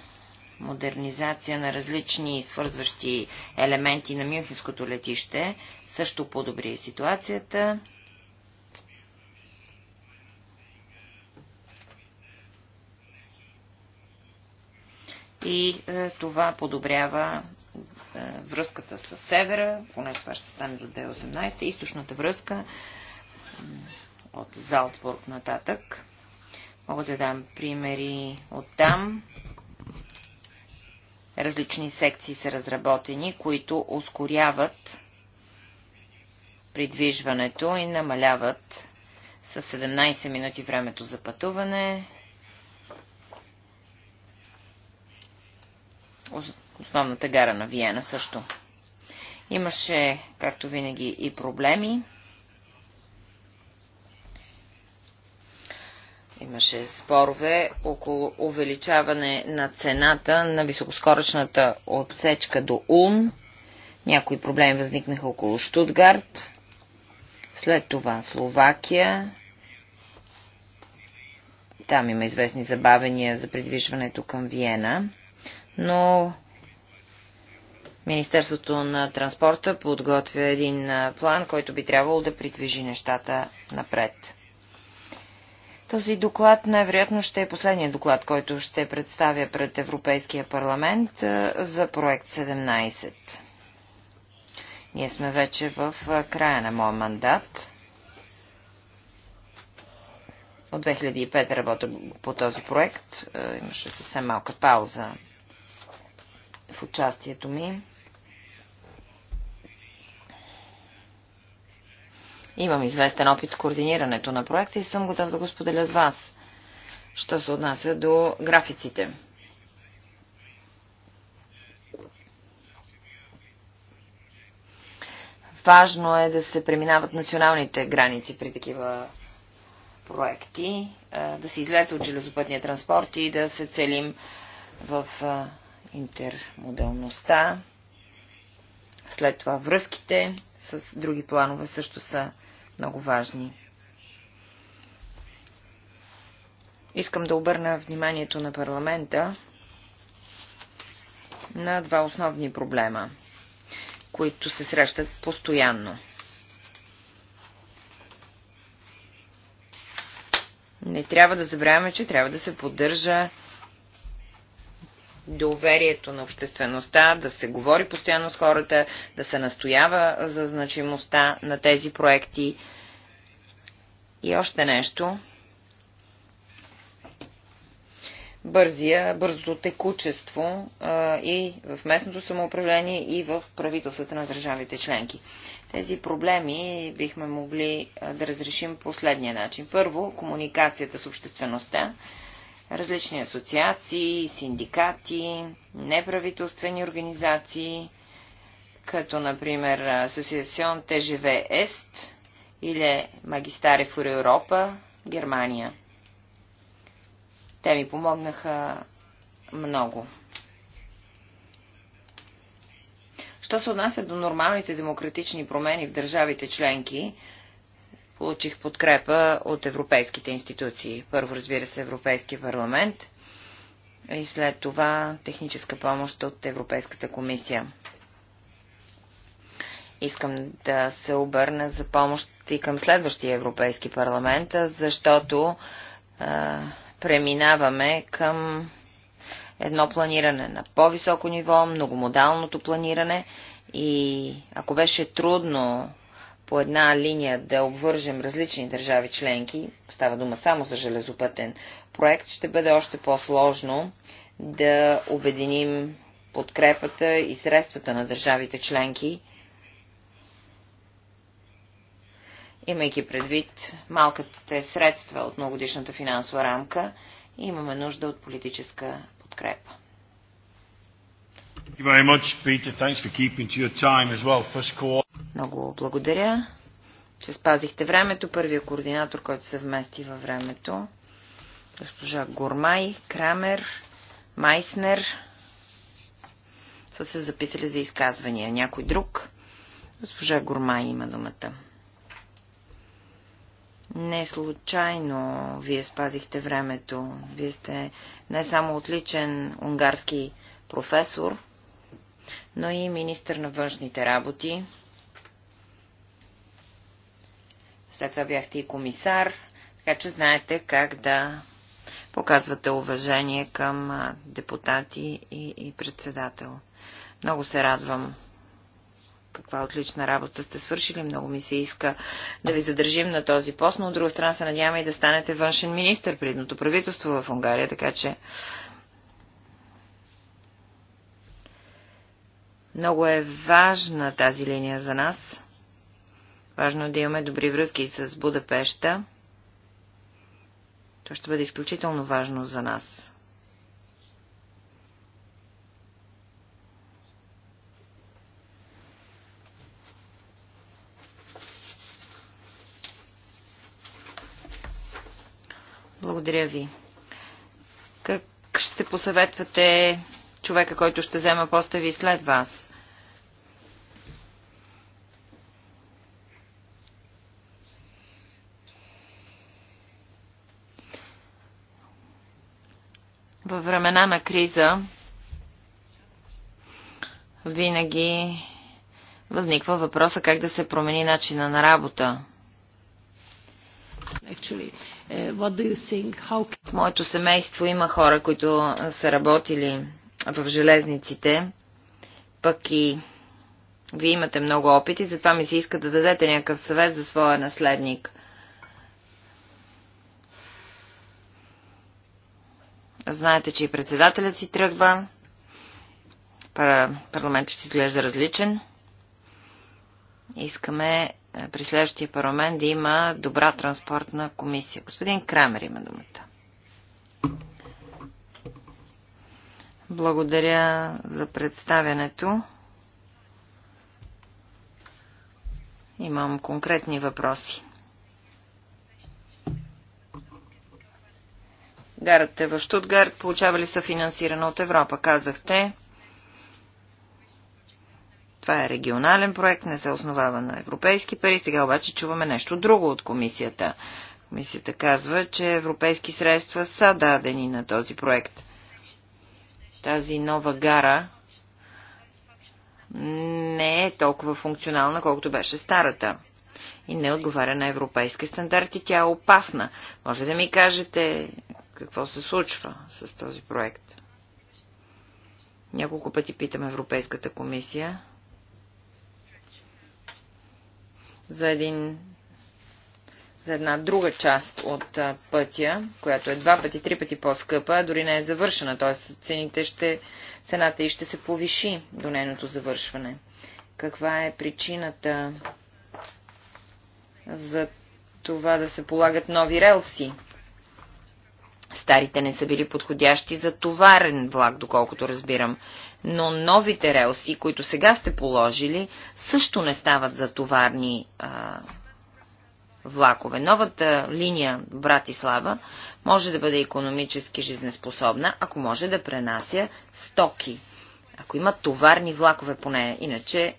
модернизация на различни свързващи елементи на Мюнхенското летище също подобри ситуацията. и е, това подобрява е, връзката с севера, поне това ще стане до 2018, източната връзка е, от Залтбург нататък. Мога да дам примери от там. Различни секции са разработени, които ускоряват придвижването и намаляват с 17 минути времето за пътуване, основната гара на Виена също. Имаше, както винаги, и проблеми. Имаше спорове около увеличаване на цената на високоскорочната отсечка до Ун. Някои проблеми възникнаха около Штутгарт. След това Словакия. Там има известни забавения за придвижването към Виена но Министерството на транспорта подготвя един план, който би трябвало да придвижи нещата напред. Този доклад най-вероятно ще е последният доклад, който ще представя пред Европейския парламент за проект 17. Ние сме вече в края на моя мандат. От 2005 работя по този проект. Имаше съвсем малка пауза в участието ми. Имам известен опит с координирането на проекта и съм готов да го споделя с вас, що се отнася до графиците. Важно е да се преминават националните граници при такива проекти, да се излезе от железопътния транспорт и да се целим в интермоделността. След това връзките с други планове също са много важни. Искам да обърна вниманието на парламента на два основни проблема, които се срещат постоянно. Не трябва да забравяме, че трябва да се поддържа доверието на обществеността, да се говори постоянно с хората, да се настоява за значимостта на тези проекти. И още нещо. Бързия, бързото текучество а, и в местното самоуправление, и в правителствата на държавите членки. Тези проблеми бихме могли да разрешим последния начин. Първо, комуникацията с обществеността различни асоциации, синдикати, неправителствени организации, като например Асоциацион ТЖВ Ест или Магистари фур Европа, Германия. Те ми помогнаха много. Що се отнася до нормалните демократични промени в държавите членки, получих подкрепа от европейските институции. Първо, разбира се, Европейски парламент и след това техническа помощ от Европейската комисия. Искам да се обърна за помощ и към следващия Европейски парламент, защото а, преминаваме към едно планиране на по-високо ниво, многомодалното планиране и ако беше трудно по една линия да обвържем различни държави членки, става дума само за железопътен проект, ще бъде още по-сложно да обединим подкрепата и средствата на държавите членки, имайки предвид малките средства от многодишната финансова рамка, имаме нужда от политическа подкрепа. Thank you very much, Peter. Thanks for keeping to your time as well. First call. Много благодаря, че спазихте времето. Първия координатор, който се вмести във времето. Госпожа Гормай, Крамер, Майснер са се записали за изказвания. Някой друг? Госпожа Гормай има думата. Не случайно вие спазихте времето. Вие сте не само отличен унгарски професор, но и министър на външните работи След това бяхте и комисар, така че знаете как да показвате уважение към депутати и, и председател. Много се радвам каква отлична работа сте свършили. Много ми се иска да ви задържим на този пост, но от друга страна се надяваме и да станете външен министр при едното правителство в Унгария, така че много е важна тази линия за нас. Важно е да имаме добри връзки с Будапешта. То ще бъде изключително важно за нас. Благодаря ви. Как ще посъветвате човека, който ще взема поста ви след вас? Във времена на криза винаги възниква въпроса как да се промени начина на работа. Actually, uh, How... В моето семейство има хора, които са работили в железниците, пък и вие имате много опити, затова ми се иска да дадете някакъв съвет за своя наследник – Знаете, че и председателят си тръгва. Парламентът ще изглежда различен. Искаме е, при следващия парламент да има добра транспортна комисия. Господин Крамер има думата. Благодаря за представянето. Имам конкретни въпроси. е в Штутгарт, получавали са финансирана от Европа, казахте. Това е регионален проект, не се основава на европейски пари. Сега обаче чуваме нещо друго от комисията. Комисията казва, че европейски средства са дадени на този проект. Тази нова гара не е толкова функционална, колкото беше старата. И не отговаря на европейски стандарти. Тя е опасна. Може да ми кажете какво се случва с този проект. Няколко пъти питам Европейската комисия за един за една друга част от пътя, която е два пъти, три пъти по-скъпа, дори не е завършена, т.е. цените ще, цената и ще се повиши до нейното завършване. Каква е причината за това да се полагат нови релси? Старите не са били подходящи за товарен влак, доколкото разбирам. Но новите релси, които сега сте положили, също не стават за товарни а, влакове. Новата линия Братислава може да бъде економически жизнеспособна, ако може да пренася стоки. Ако има товарни влакове по нея, иначе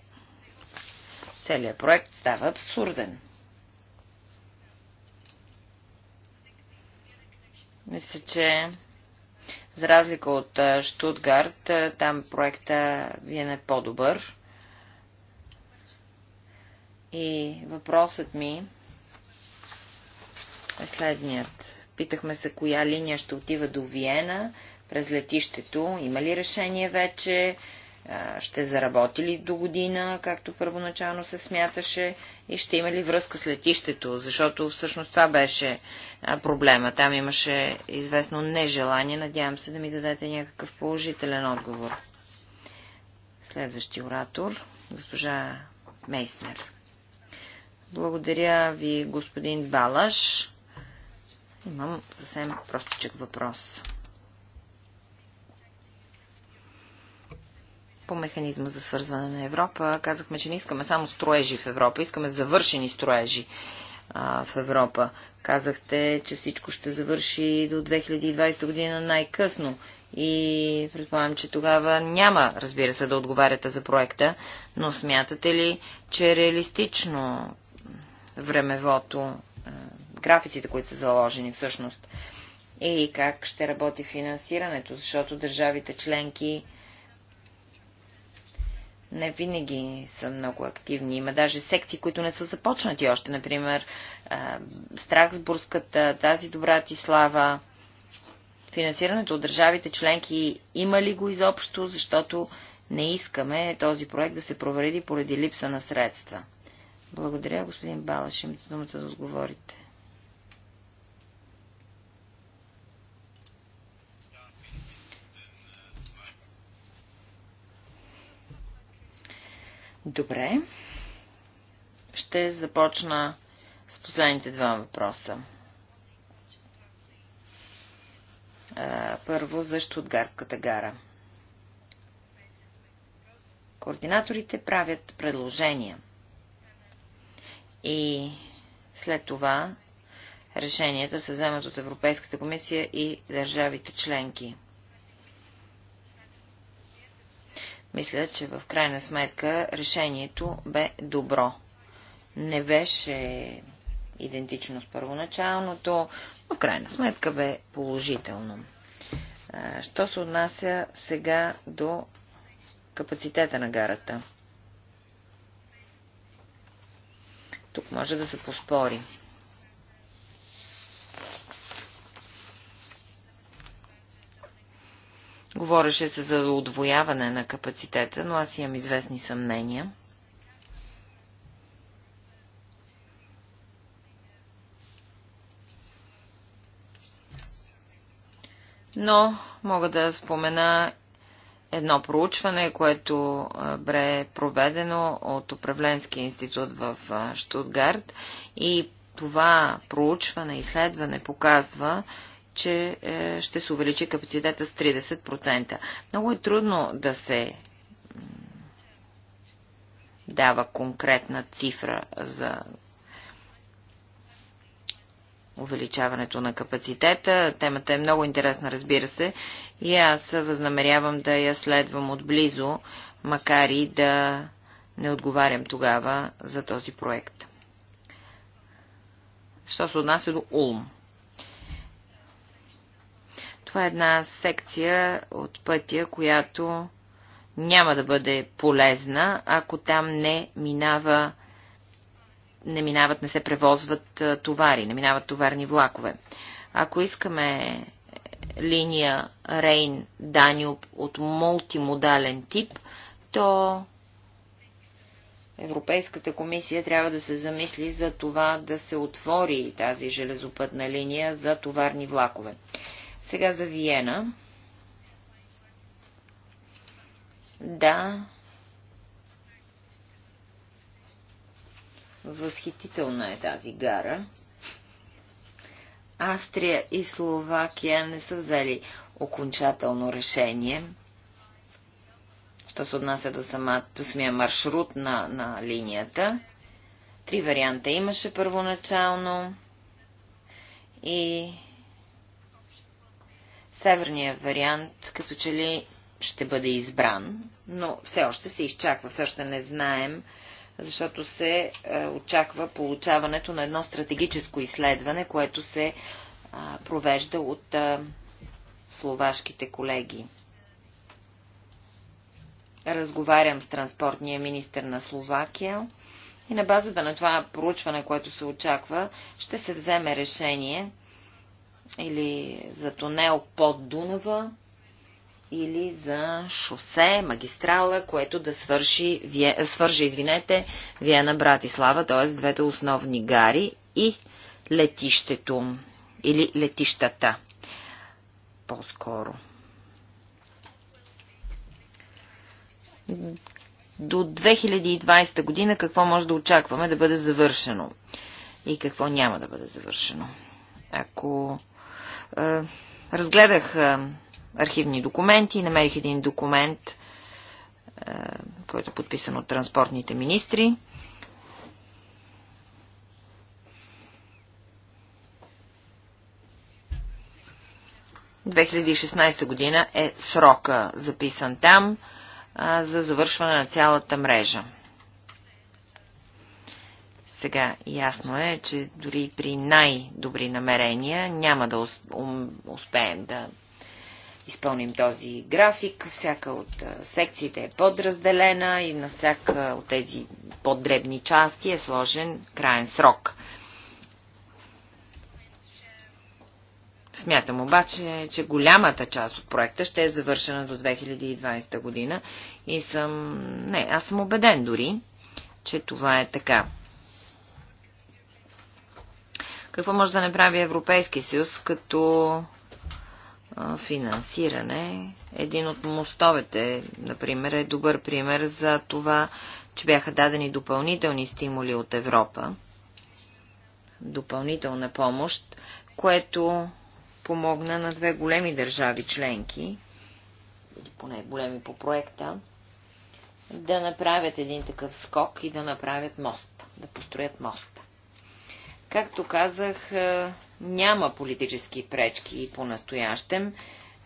целият проект става абсурден. Мисля, че за разлика от Штутгарт, там проекта ви е по-добър. И въпросът ми е следният. Питахме се коя линия ще отива до Виена през летището. Има ли решение вече? ще заработи ли до година, както първоначално се смяташе, и ще има ли връзка с летището, защото всъщност това беше проблема. Там имаше известно нежелание. Надявам се да ми дадете някакъв положителен отговор. Следващи оратор, госпожа Мейснер. Благодаря ви, господин Балаш. Имам съвсем простичък въпрос. по механизма за свързване на Европа. Казахме, че не искаме само строежи в Европа, искаме завършени строежи а, в Европа. Казахте, че всичко ще завърши до 2020 година най-късно. И предполагам, че тогава няма, разбира се, да отговаряте за проекта, но смятате ли, че е реалистично времевото, графиците, които са заложени всъщност, и как ще работи финансирането, защото държавите членки не винаги са много активни. Има даже секции, които не са започнати още. Например, Страксбургската, тази добра Тислава. Финансирането от държавите членки има ли го изобщо, защото не искаме този проект да се провреди поради липса на средства. Благодаря, господин Балашим, за думата да отговорите. Добре. Ще започна с последните два въпроса. Първо от Гарската гара. Координаторите правят предложения. И след това решенията се вземат от Европейската комисия и държавите членки. Мисля, че в крайна сметка решението бе добро. Не беше идентично с първоначалното, но в крайна сметка бе положително. Що се отнася сега до капацитета на гарата? Тук може да се поспори. Говореше се за удвояване на капацитета, но аз имам известни съмнения. Но мога да спомена едно проучване, което бе проведено от Управленския институт в Штутгарт и това проучване, изследване показва, че е, ще се увеличи капацитета с 30%. Много е трудно да се дава конкретна цифра за увеличаването на капацитета. Темата е много интересна, разбира се, и аз възнамерявам да я следвам отблизо, макар и да не отговарям тогава за този проект. Що се отнася до Улм? Това е една секция от пътя, която няма да бъде полезна, ако там не минава не минават, не се превозват товари, не минават товарни влакове. Ако искаме линия Рейн-Данюб от мултимодален тип, то Европейската комисия трябва да се замисли за това да се отвори тази железопътна линия за товарни влакове. Сега за Виена. Да. Възхитителна е тази гара. Австрия и Словакия не са взели окончателно решение, що се отнася до, сама, до самия маршрут на, на линията. Три варианта имаше първоначално и Северният вариант, като че ли ще бъде избран, но все още се изчаква, все още не знаем, защото се е, очаква получаването на едно стратегическо изследване, което се е, провежда от е, словашките колеги. Разговарям с транспортния министр на Словакия и на базата на това проучване, което се очаква, ще се вземе решение или за тунел под Дунава, или за шосе, магистрала, което да свърши, свърже, извинете, Виена Братислава, т.е. двете основни гари и летището или летищата по-скоро. До 2020 година какво може да очакваме да бъде завършено и какво няма да бъде завършено. Ако е, разгледах е, архивни документи, намерих един документ, е, който е подписан от транспортните министри. В 2016 година е срока записан там за завършване на цялата мрежа. Сега ясно е, че дори при най-добри намерения няма да успеем да изпълним този график. Всяка от секциите е подразделена и на всяка от тези поддребни части е сложен краен срок. Смятам обаче, че голямата част от проекта ще е завършена до 2020 година и съм... Не, аз съм убеден дори, че това е така. Какво може да направи Европейски съюз като финансиране? Един от мостовете, например, е добър пример за това, че бяха дадени допълнителни стимули от Европа, допълнителна помощ, което помогна на две големи държави членки, или поне големи по проекта, да направят един такъв скок и да направят мост, да построят мост. Както казах, е, няма политически пречки по-настоящем,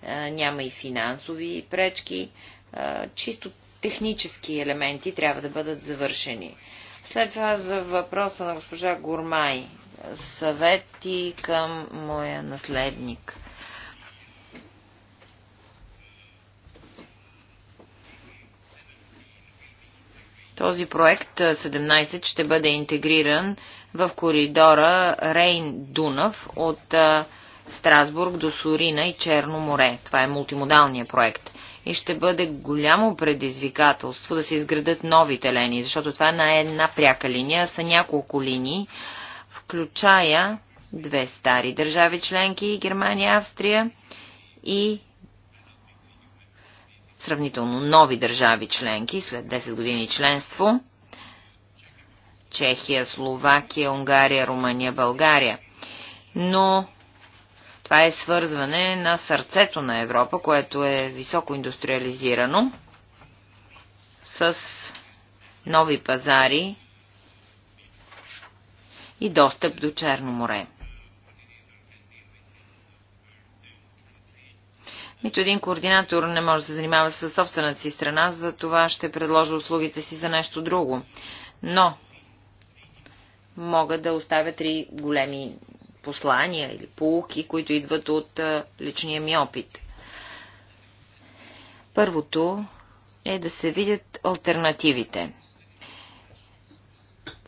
е, няма и финансови пречки, е, чисто технически елементи трябва да бъдат завършени. След това за въпроса на госпожа Гормай, съвети към моя наследник. Този проект 17 ще бъде интегриран в коридора Рейн-Дунав от Страсбург до Сурина и Черно море. Това е мултимодалният проект. И ще бъде голямо предизвикателство да се изградат нови телени, защото това е на една пряка линия, са няколко линии, включая две стари държави членки Германия, Австрия и сравнително нови държави членки след 10 години членство Чехия, Словакия, Унгария, Румъния, България. Но това е свързване на сърцето на Европа, което е високо индустриализирано с нови пазари и достъп до Черно море. Нито един координатор не може да се занимава с собствената си страна, за това ще предложа услугите си за нещо друго. Но мога да оставя три големи послания или полуки, които идват от личния ми опит. Първото е да се видят альтернативите.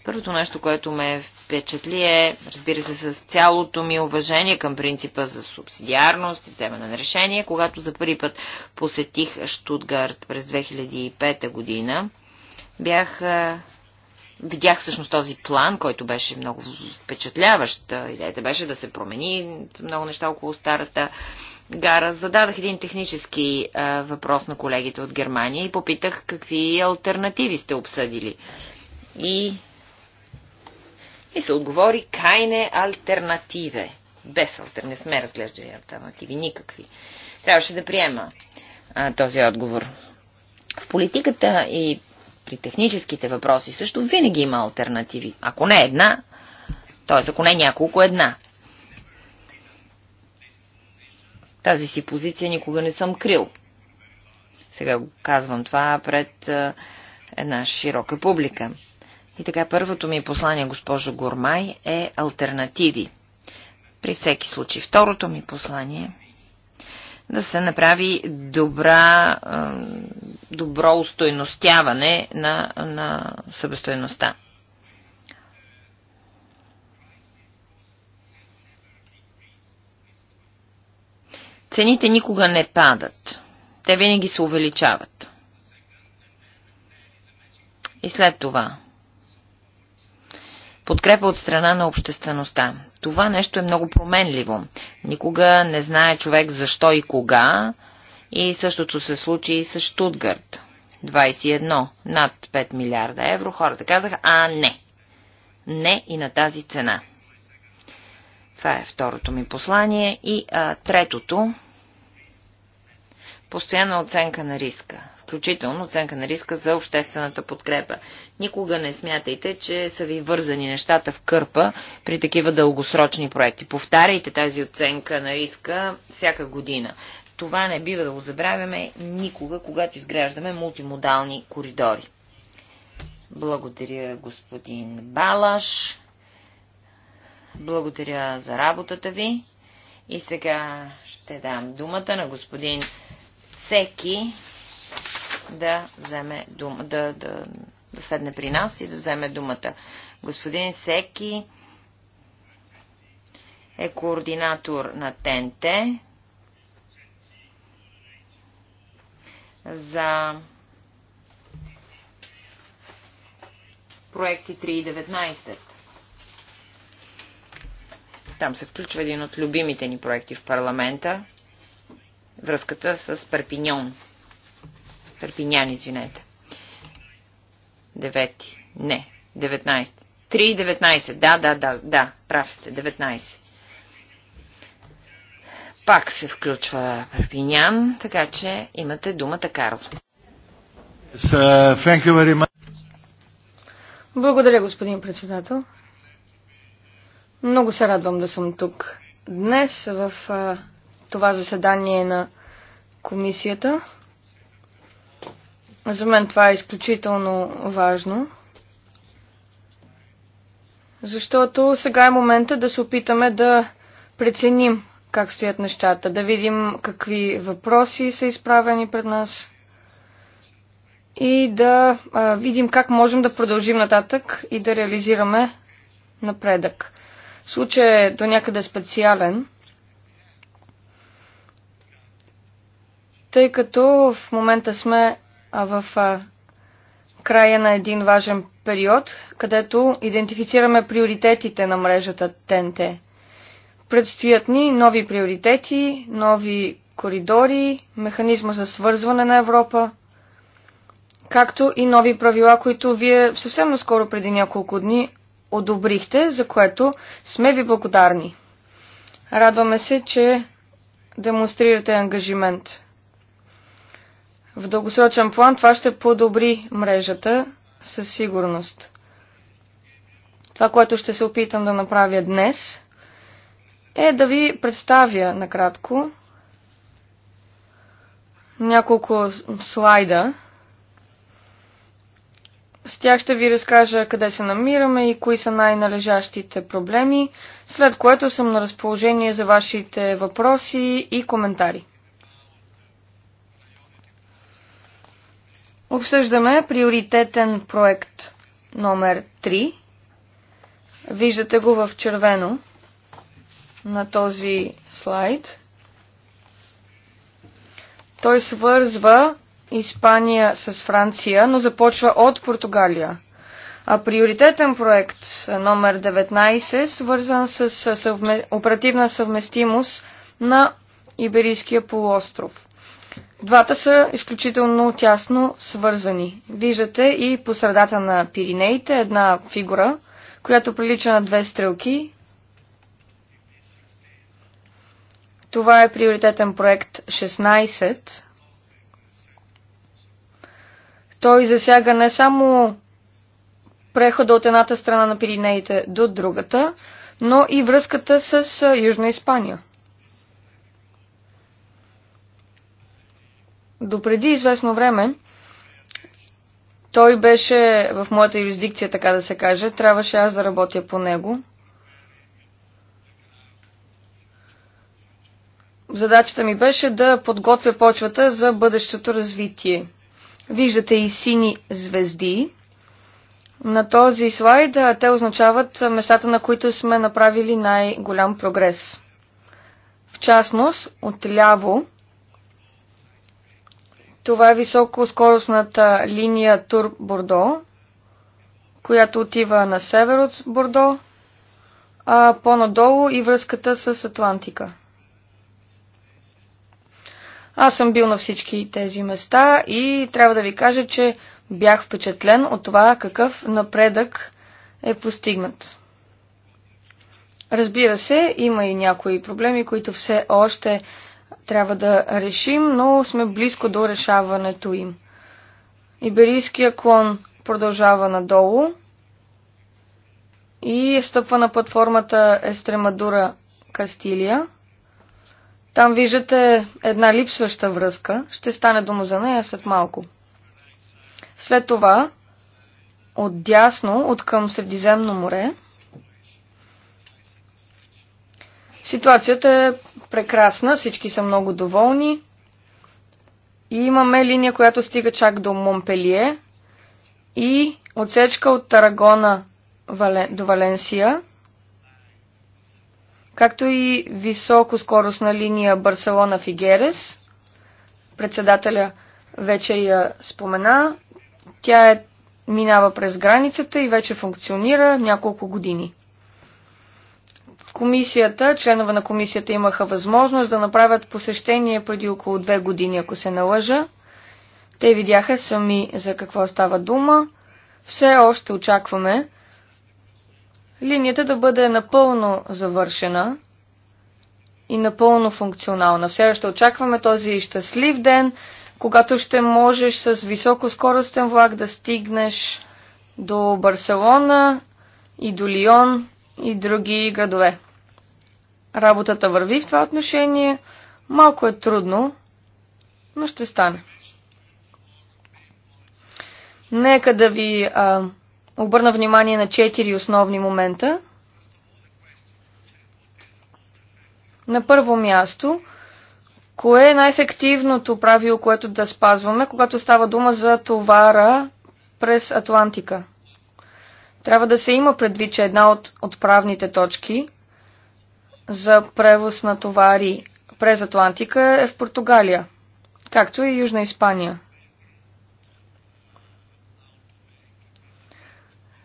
Първото нещо, което ме впечатли е, разбира се, с цялото ми уважение към принципа за субсидиарност и вземане на решение, когато за първи път посетих Штутгарт през 2005 година, бях видях всъщност този план, който беше много впечатляващ. Идеята беше да се промени много неща около старата гара. Зададах един технически въпрос на колегите от Германия и попитах какви альтернативи сте обсъдили. И и се отговори кайне альтернативе. Без альтер... не сме разглеждали альтернативи, никакви. Трябваше да приема а, този отговор. В политиката и при техническите въпроси също винаги има альтернативи. Ако не една, т.е. ако не няколко, една. Тази си позиция никога не съм крил. Сега казвам това пред една широка публика. И така, първото ми послание, госпожо Гормай, е альтернативи. При всеки случай. Второто ми послание е да се направи добра, добро устойностяване на, на събестойността. Цените никога не падат. Те винаги се увеличават. И след това подкрепа от страна на обществеността. Това нещо е много променливо. Никога не знае човек защо и кога. И същото се случи и с Штутгарт. 21, над 5 милиарда евро, хората казаха, а не. Не и на тази цена. Това е второто ми послание. И а, третото постоянна оценка на риска, включително оценка на риска за обществената подкрепа. Никога не смятайте, че са ви вързани нещата в кърпа при такива дългосрочни проекти. Повтаряйте тази оценка на риска всяка година. Това не бива да го забравяме никога, когато изграждаме мултимодални коридори. Благодаря, господин Балаш. Благодаря за работата ви. И сега ще дам думата на господин всеки да вземе дума, да, да, да седне при нас и да вземе думата. Господин Секи е координатор на ТНТ за проекти 3.19. Там се включва един от любимите ни проекти в парламента връзката с Перпиньон. Перпинян, извинете. Девети. Не. деветнайсет. Три, и 19. Да, да, да, да. Прав сте. 19. Пак се включва Перпинян, така че имате думата, Карл. Uh, Благодаря, господин председател. Много се радвам да съм тук днес в uh, това заседание на комисията. За мен това е изключително важно, защото сега е момента да се опитаме да преценим как стоят нещата, да видим какви въпроси са изправени пред нас и да а, видим как можем да продължим нататък и да реализираме напредък. Случай е до някъде специален, тъй като в момента сме в края на един важен период, където идентифицираме приоритетите на мрежата ТНТ. Предстоят ни нови приоритети, нови коридори, механизма за свързване на Европа, както и нови правила, които вие съвсем наскоро преди няколко дни одобрихте, за което сме ви благодарни. Радваме се, че демонстрирате ангажимент в дългосрочен план това ще подобри мрежата със сигурност. Това, което ще се опитам да направя днес, е да ви представя накратко няколко слайда. С тях ще ви разкажа къде се намираме и кои са най-належащите проблеми, след което съм на разположение за вашите въпроси и коментари. Обсъждаме приоритетен проект номер 3. Виждате го в червено на този слайд. Той свързва Испания с Франция, но започва от Португалия. А приоритетен проект номер 19, свързан с съвме... оперативна съвместимост на Иберийския полуостров. Двата са изключително тясно свързани. Виждате и по средата на Пиринеите една фигура, която прилича на две стрелки. Това е приоритетен проект 16. Той засяга не само прехода от едната страна на Пиринеите до другата, но и връзката с Южна Испания. Допреди известно време той беше в моята юрисдикция, така да се каже. Трябваше аз да работя по него. Задачата ми беше да подготвя почвата за бъдещото развитие. Виждате и сини звезди. На този слайд те означават местата, на които сме направили най-голям прогрес. В частност, отляво това е високоскоростната линия Тур-Бордо, която отива на север от Бордо, а по-надолу и връзката с Атлантика. Аз съм бил на всички тези места и трябва да ви кажа, че бях впечатлен от това какъв напредък е постигнат. Разбира се, има и някои проблеми, които все още трябва да решим, но сме близко до решаването им. Иберийския клон продължава надолу и е стъпва на платформата Естремадура Кастилия. Там виждате една липсваща връзка. Ще стане дума за нея след малко. След това, отдясно, от към Средиземно море, ситуацията е прекрасна, всички са много доволни. И имаме линия, която стига чак до Монпелие и отсечка от Тарагона до Валенсия, както и високоскоростна линия Барселона-Фигерес. Председателя вече я спомена. Тя е, минава през границата и вече функционира няколко години. Комисията, членове на комисията имаха възможност да направят посещение преди около две години, ако се налъжа. Те видяха сами за какво става дума. Все още очакваме линията да бъде напълно завършена и напълно функционална. Все още очакваме този щастлив ден, когато ще можеш с високоскоростен влак да стигнеш до Барселона и до Лион и други градове. Работата върви в това отношение. Малко е трудно, но ще стане. Нека да ви а, обърна внимание на четири основни момента. На първо място, кое е най-ефективното правило, което да спазваме, когато става дума за товара през Атлантика? Трябва да се има предвид, че една от отправните точки за превоз на товари през Атлантика е в Португалия, както и Южна Испания.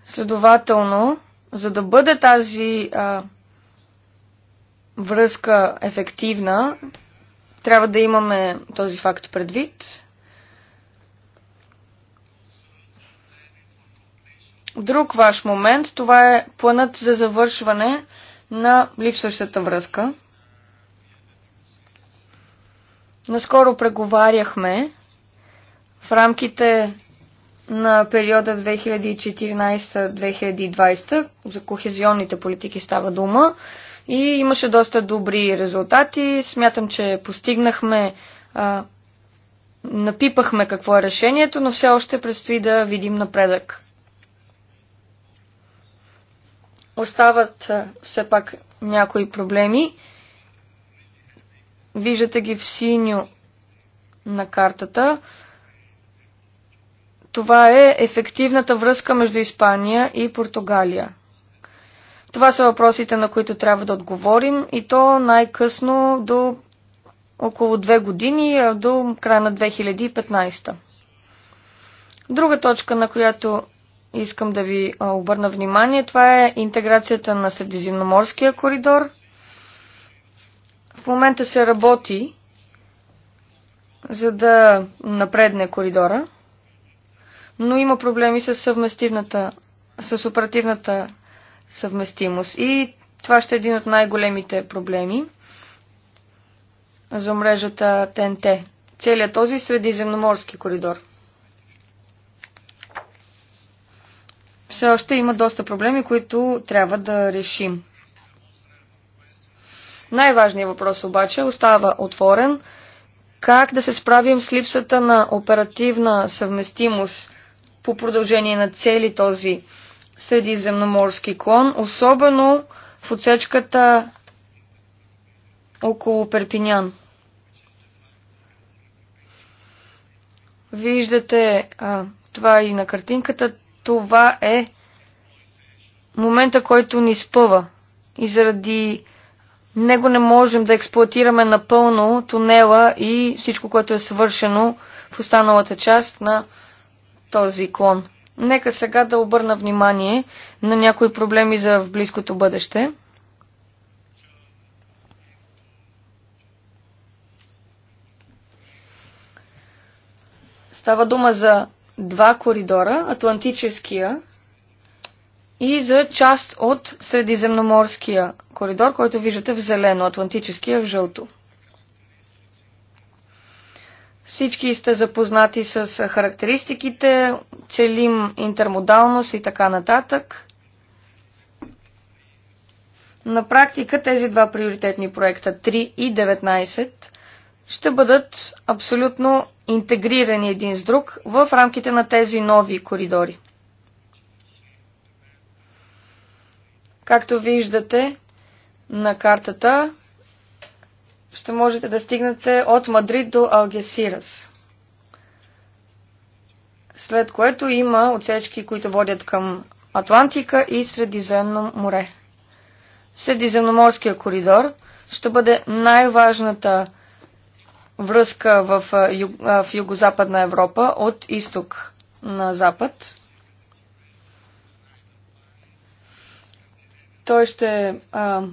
Следователно, за да бъде тази а, връзка ефективна, трябва да имаме този факт предвид. Друг ваш момент, това е планът за завършване на липсващата връзка. Наскоро преговаряхме в рамките на периода 2014-2020, за кохезионните политики става дума, и имаше доста добри резултати. Смятам, че постигнахме, а, напипахме какво е решението, но все още предстои да видим напредък. Остават все пак някои проблеми. Виждате ги в синьо на картата. Това е ефективната връзка между Испания и Португалия. Това са въпросите, на които трябва да отговорим и то най-късно до около две години, до края на 2015. Друга точка, на която искам да ви обърна внимание, това е интеграцията на Средиземноморския коридор. В момента се работи, за да напредне коридора, но има проблеми с съвместивната, с оперативната съвместимост. И това ще е един от най-големите проблеми за мрежата ТНТ. Целият този средиземноморски коридор – все още има доста проблеми, които трябва да решим. Най-важният въпрос обаче остава отворен как да се справим с липсата на оперативна съвместимост по продължение на цели този средиземноморски клон, особено в отсечката около Перпинян. Виждате а, това и на картинката това е момента, който ни спъва. И заради него не можем да експлуатираме напълно тунела и всичко, което е свършено в останалата част на този клон. Нека сега да обърна внимание на някои проблеми за в близкото бъдеще. Става дума за два коридора, Атлантическия и за част от Средиземноморския коридор, който виждате в зелено, Атлантическия в жълто. Всички сте запознати с характеристиките, целим интермодалност и така нататък. На практика тези два приоритетни проекта 3 и 19 ще бъдат абсолютно интегрирани един с друг в рамките на тези нови коридори. Както виждате на картата, ще можете да стигнете от Мадрид до Алгесирас. След което има отсечки, които водят към Атлантика и Средиземно море. Средиземноморския коридор ще бъде най-важната връзка в, в западна Европа от изток на запад. Той ще, а,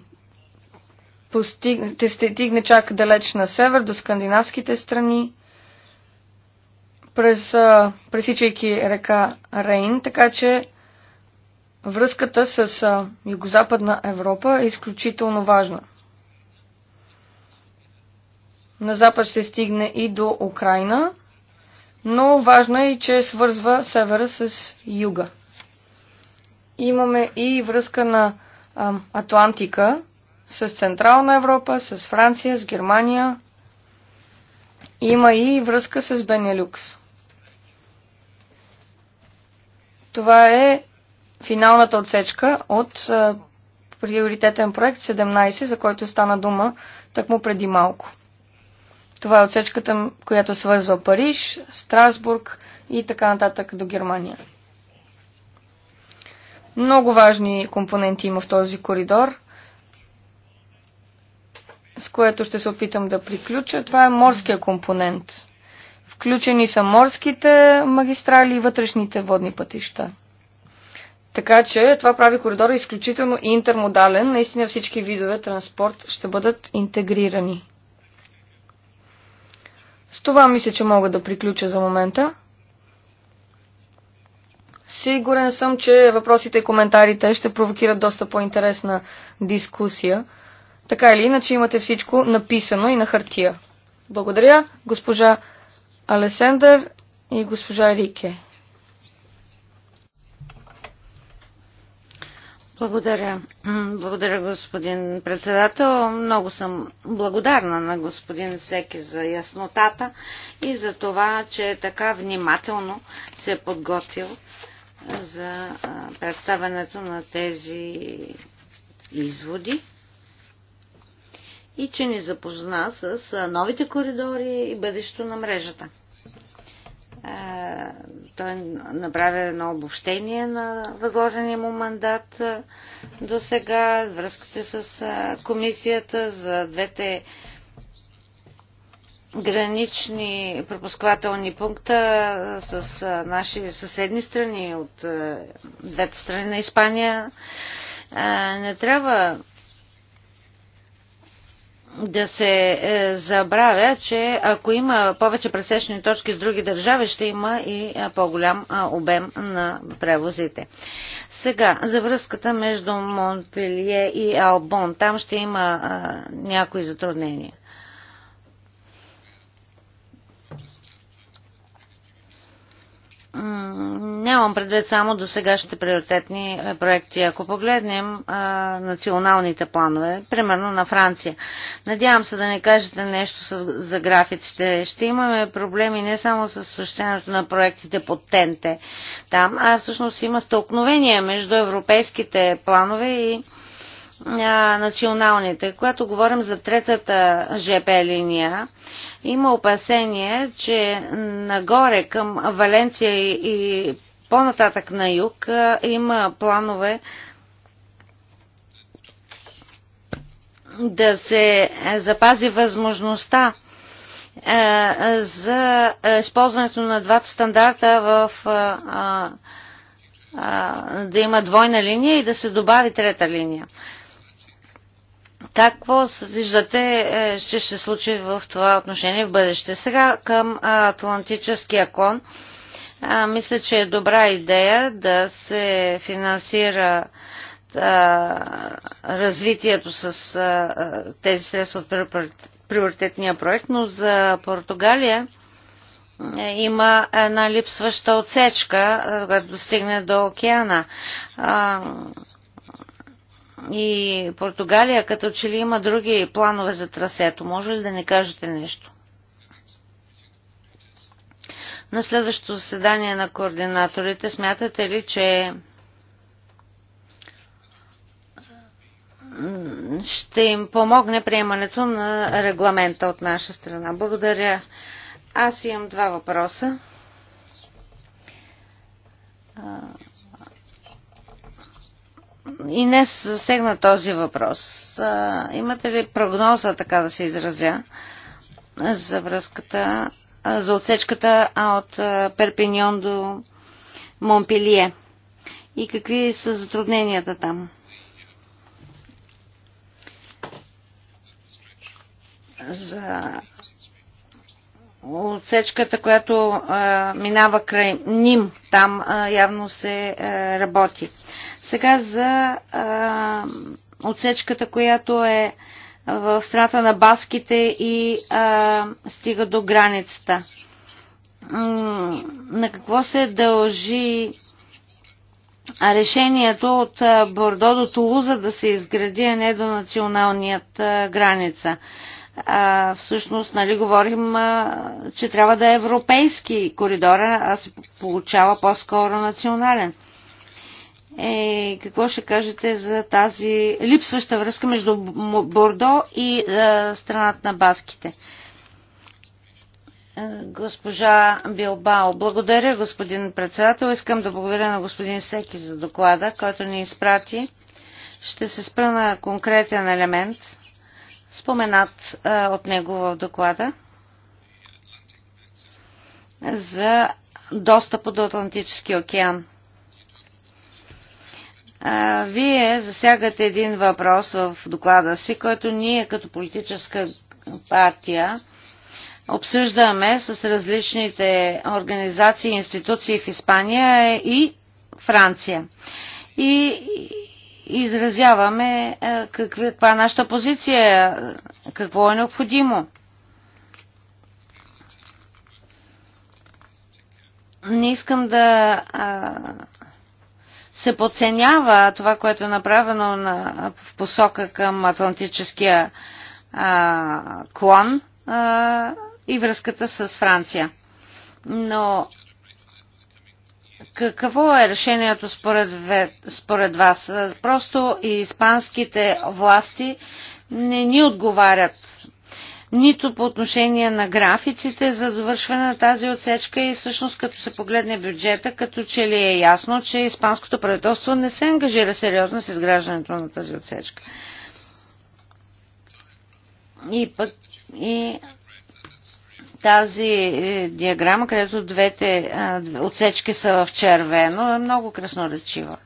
постиг, ще стигне чак далеч на север, до скандинавските страни, през, а, пресичайки река Рейн, така че връзката с а, Югозападна Европа е изключително важна на запад ще стигне и до Украина, но важно е че свързва севера с юга. Имаме и връзка на ам, Атлантика с Централна Европа, с Франция, с Германия. Има и връзка с Бенелюкс. Това е финалната отсечка от а, приоритетен проект 17, за който стана дума тъкмо преди малко. Това е отсечката, която е свързва Париж, Страсбург и така нататък до Германия. Много важни компоненти има в този коридор, с което ще се опитам да приключа. Това е морския компонент. Включени са морските магистрали и вътрешните водни пътища. Така че това прави коридора изключително интермодален. Наистина всички видове транспорт ще бъдат интегрирани. С това мисля, че мога да приключа за момента. Сигурен съм, че въпросите и коментарите ще провокират доста по-интересна дискусия. Така или иначе имате всичко написано и на хартия. Благодаря, госпожа Алесендър и госпожа Рике. Благодаря. Благодаря, господин председател. Много съм благодарна на господин Секи за яснотата и за това, че така внимателно се е подготвил за представянето на тези изводи и че ни запозна с новите коридори и бъдещето на мрежата. Той направи едно обобщение на възложения му мандат до сега, връзките с комисията за двете гранични пропусквателни пункта с наши съседни страни от двете страни на Испания. Не трябва да се е, забравя, че ако има повече пресечни точки с други държави, ще има и е, по-голям е, обем на превозите. Сега, за връзката между Монпелие и Албон, там ще има някои затруднения. Нямам предвид само до сегашните приоритетни е, проекти. Ако погледнем а, националните планове, примерно на Франция, надявам се да не кажете нещо с, за графиците. Ще имаме проблеми не само с осъществяването на проектите по тенте там, а всъщност има стълкновение между европейските планове и а, националните. Когато говорим за третата ЖП линия, има опасение, че нагоре към Валенция и, и по-нататък на юг а, има планове да се запази възможността а, за използването на двата стандарта в а, да има двойна линия и да се добави трета линия. Какво виждате, че ще случи в това отношение в бъдеще? Сега към Атлантическия клон. А, мисля, че е добра идея да се финансира а, развитието с а, тези средства от приоритетния проект, но за Португалия е, има една липсваща отсечка, когато достигне до океана и Португалия, като че ли има други планове за трасето. Може ли да не кажете нещо? На следващото заседание на координаторите смятате ли, че ще им помогне приемането на регламента от наша страна? Благодаря. Аз имам два въпроса и не сегна този въпрос. А, имате ли прогноза, така да се изразя, за връзката, за отсечката от Перпиньон до Монпелие? И какви са затрудненията там? За отсечката, която а, минава край Ним. Там а, явно се а, е, работи. Сега за а, отсечката, която е в страната на баските и а, стига до границата. на какво се дължи решението от Бордо до Тулуза да се изгради, а не до националният граница? а, всъщност нали, говорим, а, че трябва да е европейски коридор, а се получава по-скоро национален. Е, какво ще кажете за тази липсваща връзка между Бордо и а, страната на баските? Госпожа Билбао, благодаря господин председател. Искам да благодаря на господин Секи за доклада, който ни изпрати. Ще се спра на конкретен елемент споменат а, от него в доклада за достъпа до Атлантически океан. А, вие засягате един въпрос в доклада си, който ние като политическа партия обсъждаме с различните организации и институции в Испания и Франция. И изразяваме е, каква е нашата позиция, какво е необходимо. Не искам да се подценява това, което е направено на, в посока към Атлантическия а, клон а, и връзката с Франция. Но какво е решението според, според вас? Просто и испанските власти не ни отговарят нито по отношение на графиците за довършване на тази отсечка и всъщност като се погледне бюджета, като че ли е ясно, че испанското правителство не се ангажира сериозно с изграждането на тази отсечка. И пък и тази е, диаграма, където двете отсечки са в червено, е много красноречива.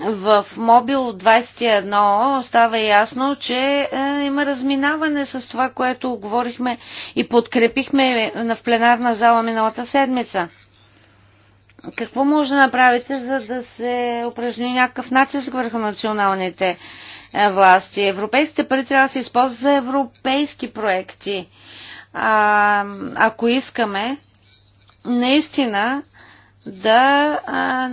в Мобил 21 става ясно, че е, има разминаване с това, което говорихме и подкрепихме в пленарна зала миналата седмица. Какво може да направите, за да се упражни някакъв натиск върху националните е, власти? Европейските пари трябва да се използват за европейски проекти. А, ако искаме наистина да а,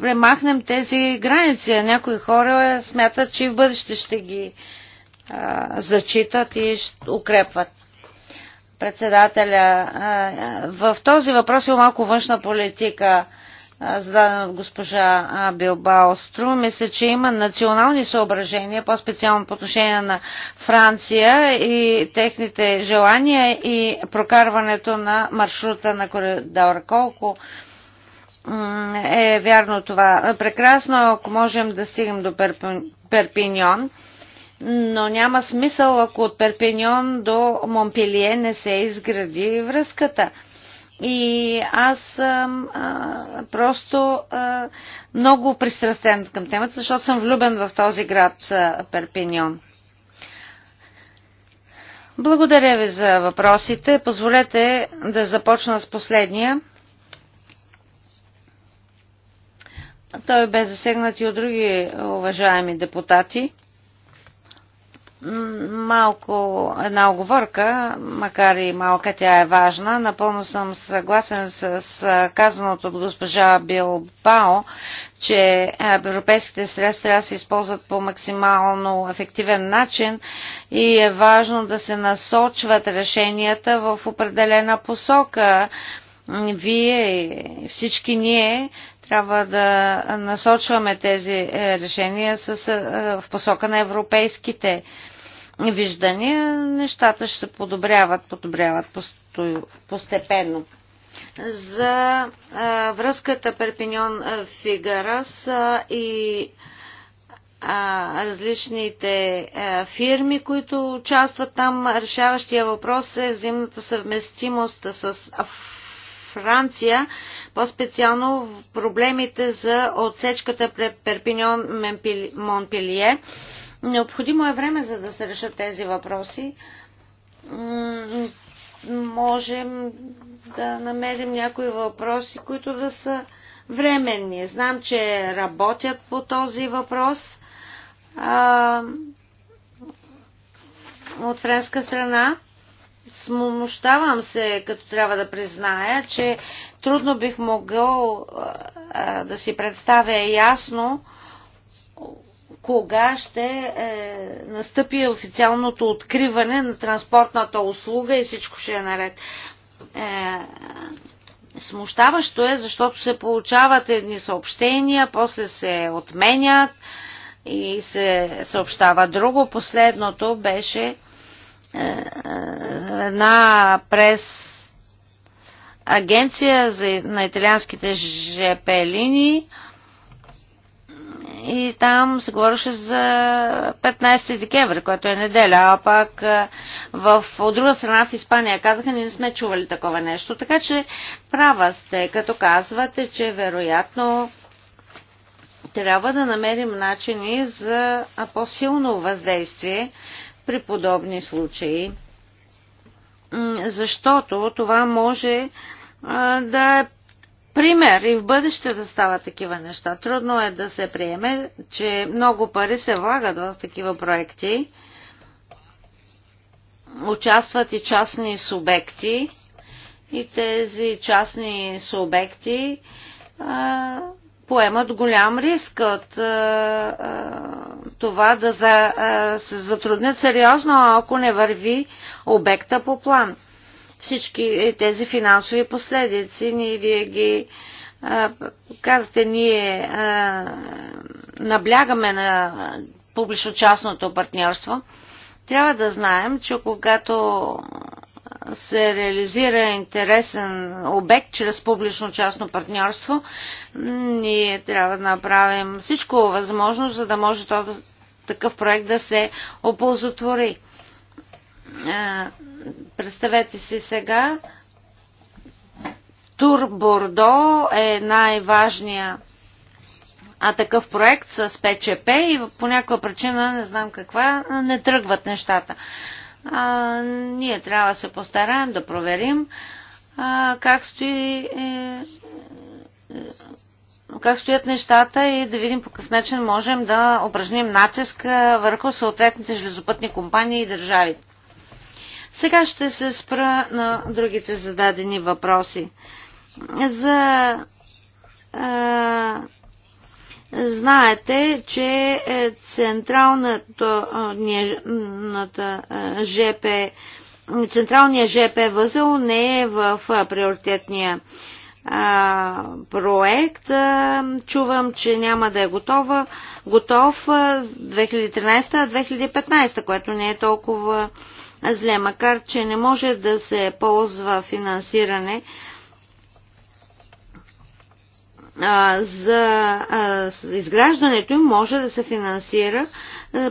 премахнем тези граници. Някои хора смятат, че и в бъдеще ще ги а, зачитат и укрепват председателя. В този въпрос има е малко външна политика, зададена от госпожа Билбао. Струва Мисля, че има национални съображения, по-специално по отношение на Франция и техните желания и прокарването на маршрута на коридор. Колко е вярно това. Прекрасно, ако можем да стигнем до Перпиньон но няма смисъл, ако от Перпиньон до Монпелие не се изгради връзката. И аз съм а, просто а, много пристрастен към темата, защото съм влюбен в този град а, Перпиньон. Благодаря ви за въпросите. Позволете да започна с последния. Той бе засегнат и от други уважаеми депутати малко една оговорка, макар и малка, тя е важна. Напълно съм съгласен с, с казаното от госпожа Билбао, че европейските средства трябва да се използват по максимално ефективен начин и е важно да се насочват решенията в определена посока. Вие и всички ние трябва да насочваме тези е, решения е, в посока на европейските виждания, нещата ще се подобряват, подобряват постепенно. За а, връзката Перпиньон-Фигарас и а, различните а, фирми, които участват там, решаващия въпрос е взаимната съвместимост с Франция, по-специално в проблемите за отсечката Перпиньон-Монпелие. Необходимо е време, за да се решат тези въпроси. Можем да намерим някои въпроси, които да са временни. Знам, че работят по този въпрос а, от френска страна. Смущавам се, като трябва да призная, че трудно бих могъл а, да си представя ясно кога ще е, настъпи официалното откриване на транспортната услуга и всичко ще е наред. Е, смущаващо е, защото се получават едни съобщения, после се отменят и се съобщава друго. Последното беше е, една през агенция за, на италианските ЖП линии, и там се говореше за 15 декември, което е неделя, а пак в, от друга страна в Испания казаха, ние не сме чували такова нещо. Така че права сте, като казвате, че вероятно трябва да намерим начини за по-силно въздействие при подобни случаи, защото това може да е пример и в бъдеще да стават такива неща. Трудно е да се приеме, че много пари се влагат в такива проекти. Участват и частни субекти и тези частни субекти а, поемат голям риск от а, а, това да за, а, се затруднят сериозно, ако не върви обекта по план всички тези финансови последици. Ние вие ги казвате, ние наблягаме на публично-частното партньорство. Трябва да знаем, че когато се реализира интересен обект чрез публично-частно партньорство, ние трябва да направим всичко възможно, за да може този такъв проект да се оползотвори представете си сега, Тур Бордо е най-важният а такъв проект с ПЧП и по някаква причина, не знам каква, не тръгват нещата. А, ние трябва да се постараем да проверим а, как, стои, е, как стоят нещата и да видим по какъв начин можем да упражним натиск върху съответните железопътни компании и държавите. Сега ще се спра на другите зададени въпроси. За а, Знаете, че е, ЖП, централният ЖП възел не е в приоритетния проект. Чувам, че няма да е готова, готов 2013-2015, което не е толкова зле, макар че не може да се ползва финансиране за изграждането им може да се финансира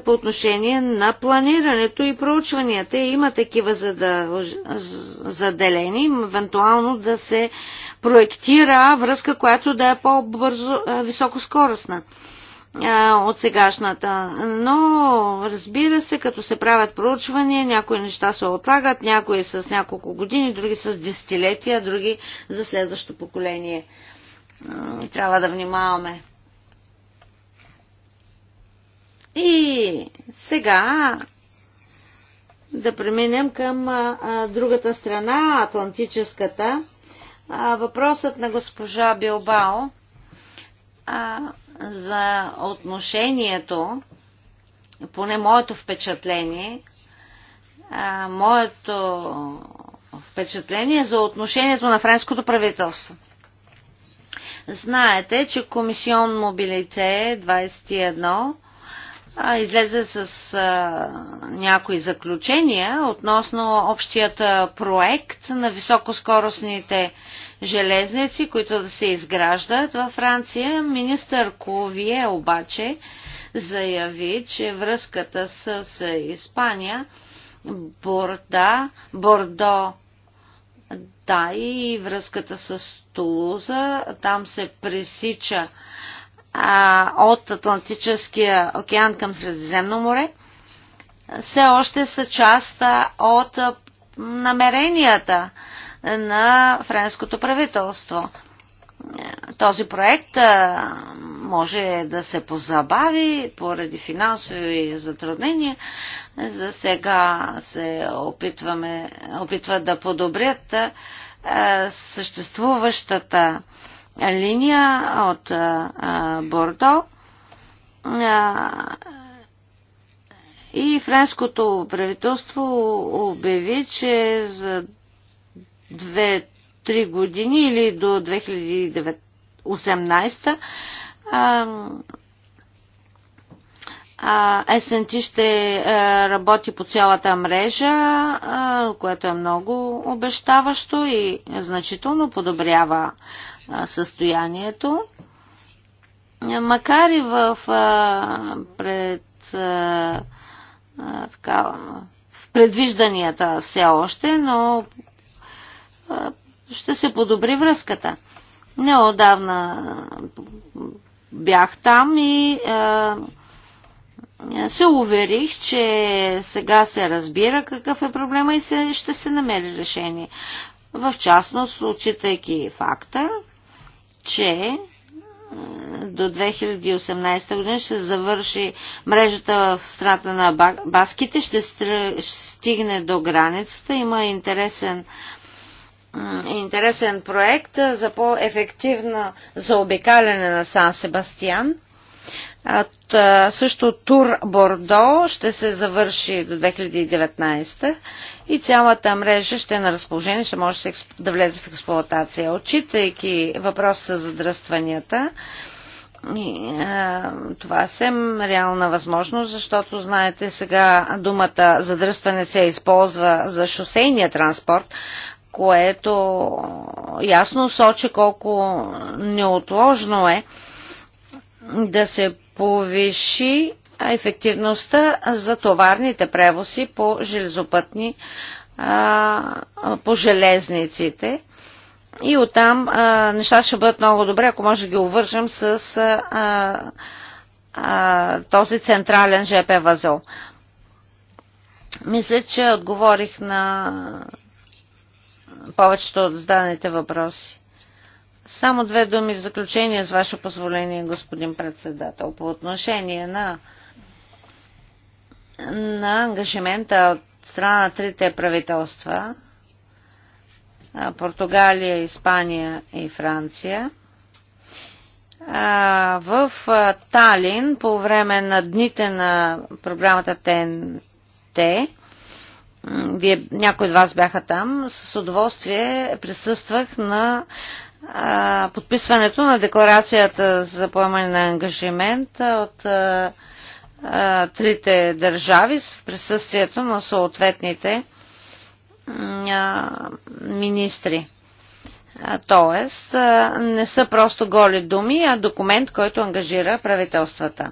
по отношение на планирането и проучванията. Има такива заделени, евентуално да се проектира връзка, която да е по-бързо високоскоростна от сегашната. Но, разбира се, като се правят проучвания, някои неща се отлагат, някои с няколко години, други с десетилетия, други за следващото поколение. Трябва да внимаваме. И сега да преминем към другата страна, Атлантическата. Въпросът на госпожа Билбао за отношението, поне моето впечатление, а, моето впечатление за отношението на френското правителство. Знаете, че комисионно мобилите 21 излезе с а, някои заключения относно общият проект на високоскоростните железници, които да се изграждат във Франция. Министър Ковие обаче заяви, че връзката с Испания, Борда, Бордо, да и връзката с Тулуза, там се пресича а, от Атлантическия океан към Средиземно море, все още са част от намеренията на френското правителство. Този проект може да се позабави поради финансови затруднения. За сега се опитваме, опитват да подобрят съществуващата линия от Бордо и френското правителство обяви, че за 2-3 години или до 2018 СНТ ще работи по цялата мрежа, което е много обещаващо и значително подобрява състоянието. Макар и в пред а, така, в предвижданията все още, но а, ще се подобри връзката. Неодавна бях там и а, се уверих, че сега се разбира какъв е проблема и се, ще се намери решение. В частност, отчитайки факта, че до 2018 година ще завърши мрежата в страната на Баските, ще стигне до границата. Има интересен, интересен проект за по-ефективно заобикаляне на Сан Себастиан. От също Тур Бордо ще се завърши до 2019 и цялата мрежа ще е на разположение, ще може да влезе в експлуатация. Отчитайки въпроса за задръстванията, и, а, това е реална възможност, защото знаете сега думата задръстване се използва за шосейния транспорт, което ясно сочи колко неотложно е да се повиши ефективността за товарните превози по железопътни, по железниците. И оттам нещата ще бъдат много добре, ако може да ги увържем с този централен ЖП възел. Мисля, че отговорих на повечето от заданите въпроси. Само две думи в заключение, с ваше позволение, господин председател, по отношение на, на ангажимента от страна на трите правителства Португалия, Испания и Франция. В Талин по време на дните на програмата ТНТ, вие, някои от вас бяха там, с удоволствие присъствах на подписването на декларацията за поемане на ангажимент от трите държави в присъствието на съответните министри. тоест, не са просто голи думи, а документ, който ангажира правителствата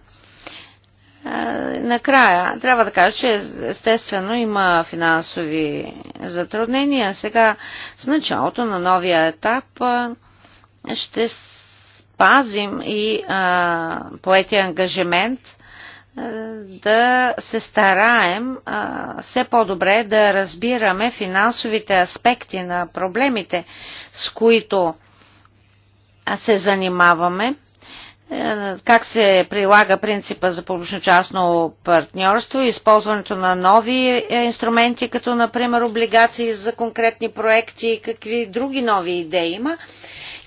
накрая, трябва да кажа, че естествено има финансови затруднения. Сега с началото на новия етап ще спазим и а, поетия ангажимент да се стараем а, все по-добре да разбираме финансовите аспекти на проблемите, с които се занимаваме е, как се прилага принципа за публично-частно партньорство и използването на нови е, инструменти, като например облигации за конкретни проекти и какви други нови идеи има.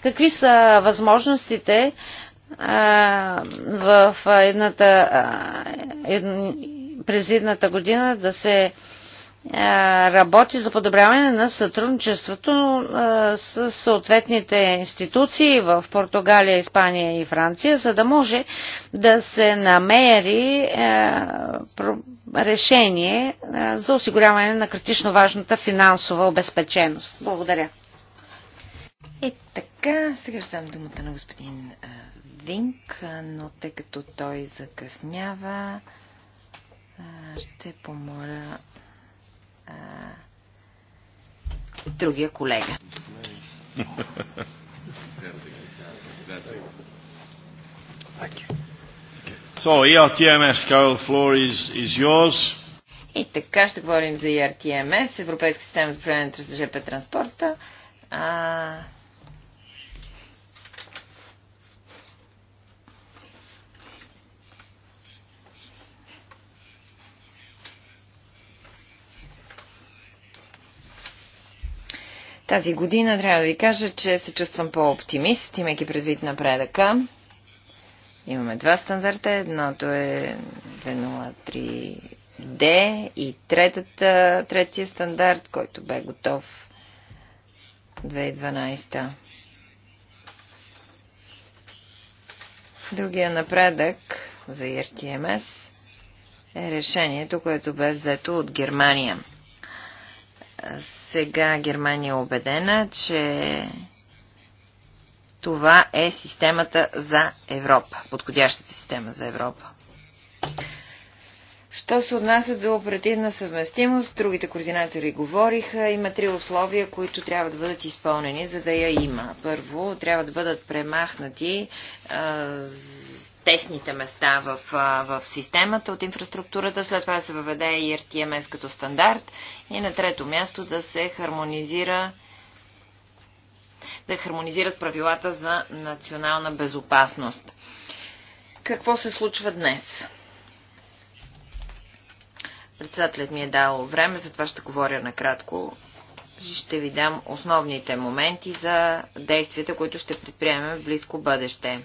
Какви са възможностите а, е, в едната, ед, през едната година да се е, работи за подобряване на сътрудничеството е, с съответните институции в Португалия, Испания и Франция, за да може да се намери е, решение за осигуряване на критично важната финансова обезпеченост. Благодаря. И така, сега ще дам думата на господин Винк, но тъй като той закъснява, ще помоля а, другия колега. So, ERTMS, Carol, floor is, is yours. И така ще говорим за ERTMS, Европейска система за управление на ЖП транспорта. А, Тази година трябва да ви кажа, че се чувствам по-оптимист, имайки предвид напредъка. Имаме два стандарта. Едното е 203D и третата, третия стандарт, който бе готов 2012. Другия напредък за RTMS е решението, което бе взето от Германия сега Германия е убедена, че това е системата за Европа, подходящата система за Европа. Що се отнася до оперативна съвместимост, другите координатори говориха, има три условия, които трябва да бъдат изпълнени, за да я има. Първо, трябва да бъдат премахнати а, тесните места в, в системата от инфраструктурата, след това да се въведе и RTMS като стандарт и на трето място да се хармонизира да хармонизират правилата за национална безопасност. Какво се случва днес? Председателят ми е дал време, затова ще говоря накратко. Ще ви дам основните моменти за действията, които ще предприемем в близко бъдеще.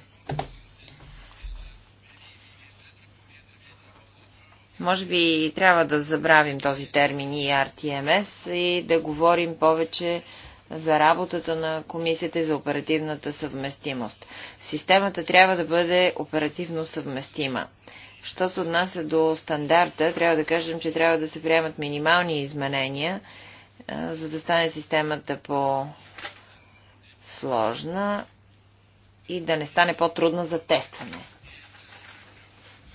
Може би трябва да забравим този термин и e RTMS и да говорим повече за работата на комисията и за оперативната съвместимост. Системата трябва да бъде оперативно съвместима. Що се отнася до стандарта, трябва да кажем, че трябва да се приемат минимални изменения, за да стане системата по-сложна и да не стане по-трудна за тестване.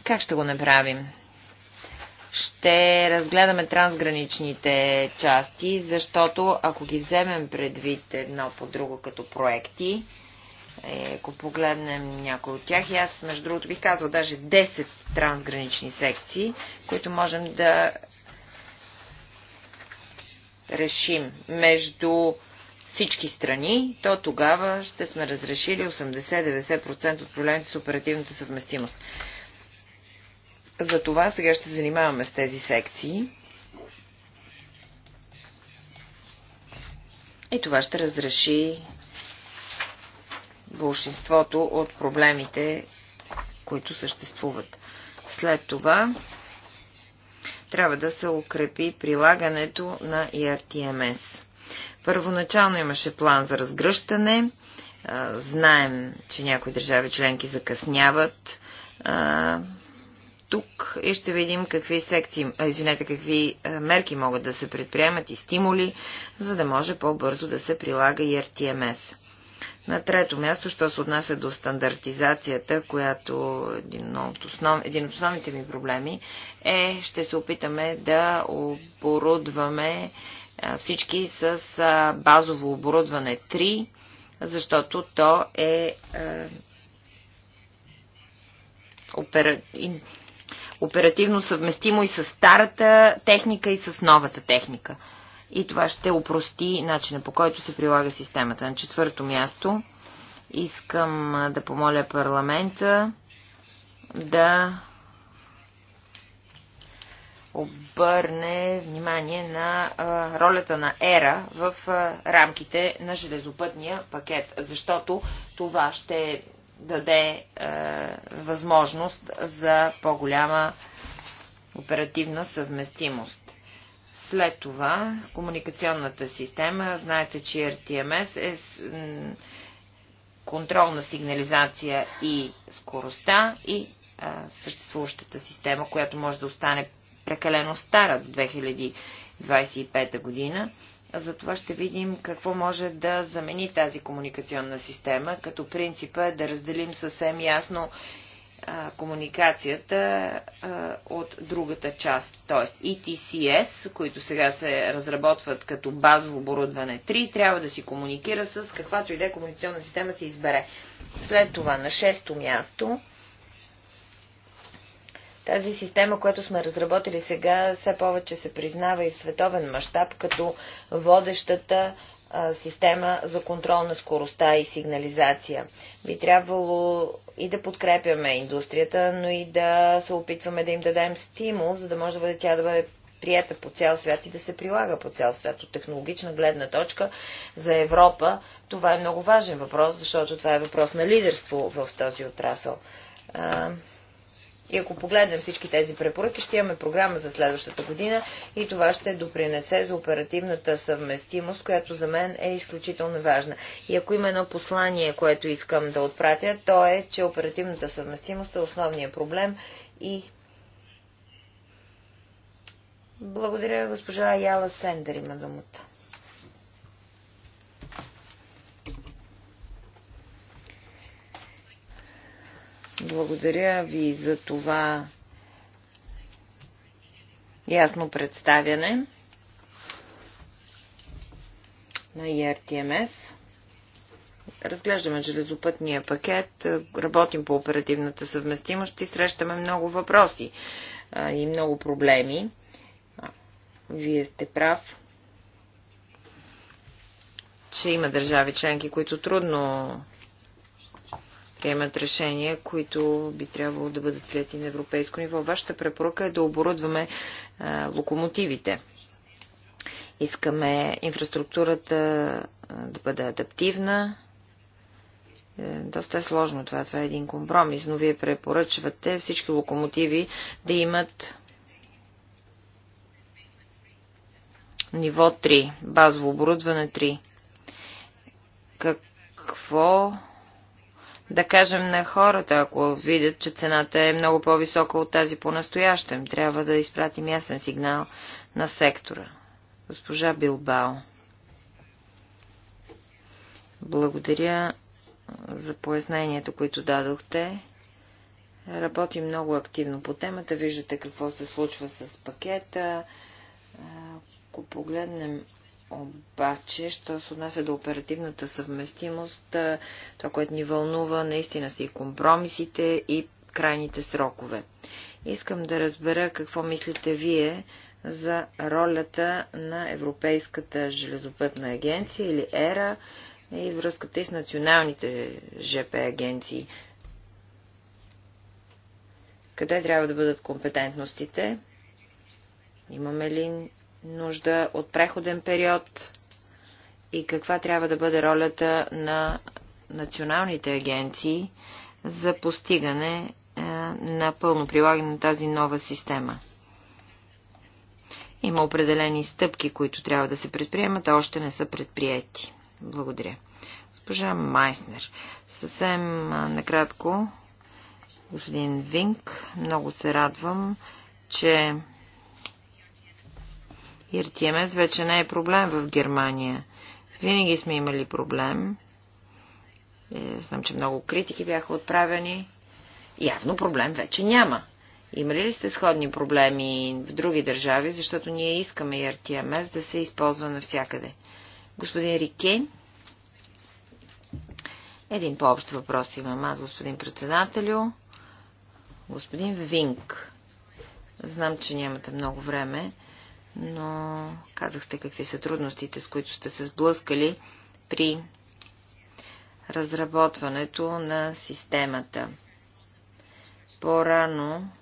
Как ще го направим? Ще разгледаме трансграничните части, защото ако ги вземем предвид едно по друго като проекти, е, ако погледнем някой от тях, и аз между другото бих казал даже 10 трансгранични секции, които можем да решим между всички страни, то тогава ще сме разрешили 80-90% от проблемите с оперативната съвместимост. За това сега ще занимаваме с тези секции. И това ще разреши большинството от проблемите, които съществуват. След това трябва да се укрепи прилагането на ERTMS. Първоначално имаше план за разгръщане. Знаем, че някои държави членки закъсняват тук и ще видим какви секции, а, извинете, какви мерки могат да се предприемат и стимули, за да може по-бързо да се прилага и RTMS. На трето място, що се отнася до стандартизацията, която един от, основ... един от основните ми проблеми е, ще се опитаме да оборудваме всички с базово оборудване 3, защото то е опера оперативно съвместимо и с старата техника и с новата техника. И това ще опрости начина по който се прилага системата. На четвърто място искам да помоля парламента да обърне внимание на а, ролята на ЕРА в а, рамките на железопътния пакет, защото това ще даде е, възможност за по-голяма оперативна съвместимост. След това комуникационната система, знаете, че RTMS е контролна сигнализация и скоростта и е, съществуващата система, която може да остане прекалено стара до 2025 година. За това ще видим какво може да замени тази комуникационна система, като принципа е да разделим съвсем ясно а, комуникацията а, от другата част. Т.е. ETCS, които сега се разработват като базово оборудване 3, трябва да си комуникира с каквато и да е комуникационна система се избере. След това на шесто място тази система, която сме разработили сега, все повече се признава и в световен мащаб като водещата система за контрол на скоростта и сигнализация. Би трябвало и да подкрепяме индустрията, но и да се опитваме да им дадем стимул, за да може да бъде тя да бъде прията по цял свят и да се прилага по цял свят. От технологична гледна точка за Европа това е много важен въпрос, защото това е въпрос на лидерство в този отрасъл. И ако погледнем всички тези препоръки, ще имаме програма за следващата година и това ще допринесе за оперативната съвместимост, която за мен е изключително важна. И ако има едно послание, което искам да отпратя, то е, че оперативната съвместимост е основният проблем и благодаря, госпожа Яла Сендер има думата. Благодаря ви за това ясно представяне на ERTMS. Разглеждаме железопътния пакет, работим по оперативната съвместимост и срещаме много въпроси и много проблеми. Вие сте прав, че има държави членки, които трудно приемат решения, които би трябвало да бъдат прияти на европейско ниво. Вашата препоръка е да оборудваме а, локомотивите. Искаме инфраструктурата да бъде адаптивна. Е, доста е сложно това. Това е един компромис, но вие препоръчвате всички локомотиви да имат ниво 3, базово оборудване 3. Какво да кажем на хората, ако видят, че цената е много по-висока от тази по-настоящем. Трябва да изпратим ясен сигнал на сектора. Госпожа Билбао. Благодаря за пояснението, които дадохте. Работи много активно по темата. Виждате какво се случва с пакета. Ако погледнем обаче, що се отнася до оперативната съвместимост, това, което ни вълнува, наистина са и компромисите и крайните срокове. Искам да разбера какво мислите вие за ролята на Европейската железопътна агенция или ЕРА и връзката и с националните ЖП агенции. Къде трябва да бъдат компетентностите? Имаме ли нужда от преходен период и каква трябва да бъде ролята на националните агенции за постигане е, на пълно прилагане на тази нова система. Има определени стъпки, които трябва да се предприемат, а още не са предприяти. Благодаря. Госпожа Майснер, съвсем накратко, господин Винк, много се радвам, че Иртиемец вече не е проблем в Германия. Винаги сме имали проблем. Е, знам, че много критики бяха отправени. Явно проблем вече няма. Имали ли сте сходни проблеми в други държави, защото ние искаме и РТМС да се използва навсякъде? Господин Рике, един по-общ въпрос имам аз, господин председателю. Господин Винк, знам, че нямате много време но казахте какви са трудностите, с които сте се сблъскали при разработването на системата. По-рано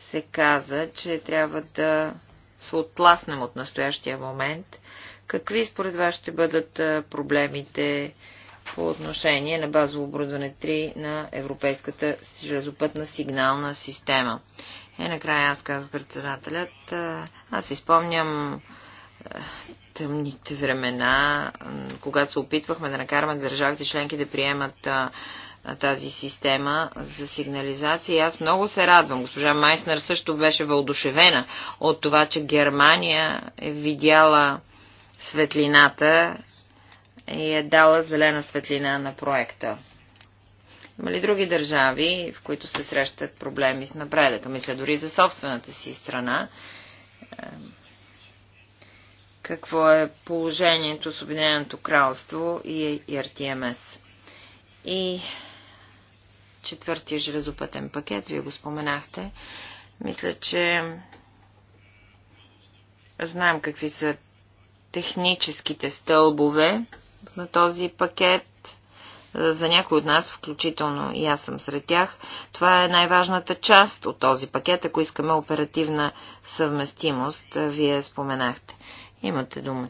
се каза, че трябва да се отласнем от настоящия момент. Какви според вас ще бъдат проблемите по отношение на базово оборудване 3 на Европейската железопътна сигнална система? И накрая аз казах председателят, аз изпомням тъмните времена, когато се опитвахме да накараме държавите членки да приемат тази система за сигнализация. И аз много се радвам. Госпожа Майснер също беше въодушевена от това, че Германия е видяла светлината и е дала зелена светлина на проекта. Има ли други държави, в които се срещат проблеми с напредъка? Мисля дори за собствената си страна. Какво е положението с Обединеното кралство и РТМС? И четвъртия железопътен пакет, вие го споменахте. Мисля, че знаем какви са техническите стълбове на този пакет за някои от нас, включително и аз съм сред тях, това е най-важната част от този пакет, ако искаме оперативна съвместимост, вие споменахте. Имате думата.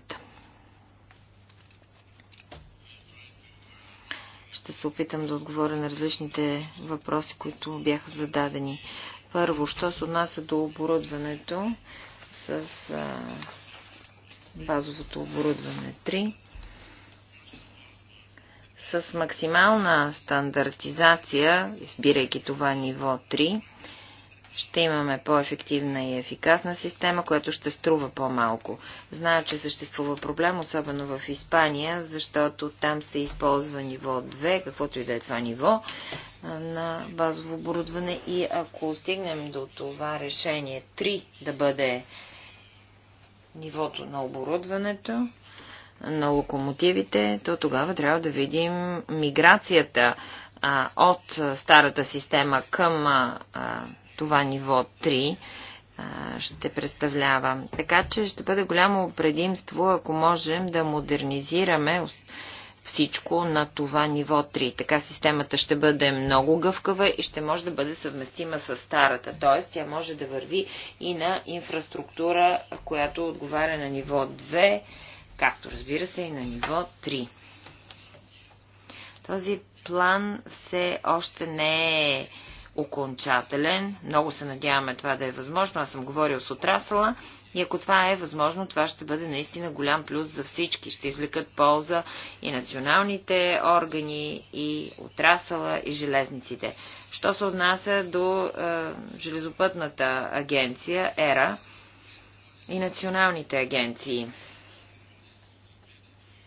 Ще се опитам да отговоря на различните въпроси, които бяха зададени. Първо, що се отнася до оборудването с базовото оборудване 3 с максимална стандартизация, избирайки това ниво 3, ще имаме по-ефективна и ефикасна система, която ще струва по-малко. Зная, че съществува проблем, особено в Испания, защото там се използва ниво 2, каквото и да е това ниво на базово оборудване и ако стигнем до това решение 3 да бъде нивото на оборудването, на локомотивите, то тогава трябва да видим миграцията а, от старата система към а, това ниво 3 ще представлява. Така че ще бъде голямо предимство, ако можем да модернизираме всичко на това ниво 3. Така системата ще бъде много гъвкава и ще може да бъде съвместима с старата. Т.е. тя може да върви и на инфраструктура, която отговаря на ниво 2 както разбира се и на ниво 3. Този план все още не е окончателен. Много се надяваме това да е възможно. Аз съм говорил с отрасъла и ако това е възможно, това ще бъде наистина голям плюс за всички. Ще извлекат полза и националните органи, и отрасъла, и железниците. Що се отнася до е, железопътната агенция ЕРА и националните агенции?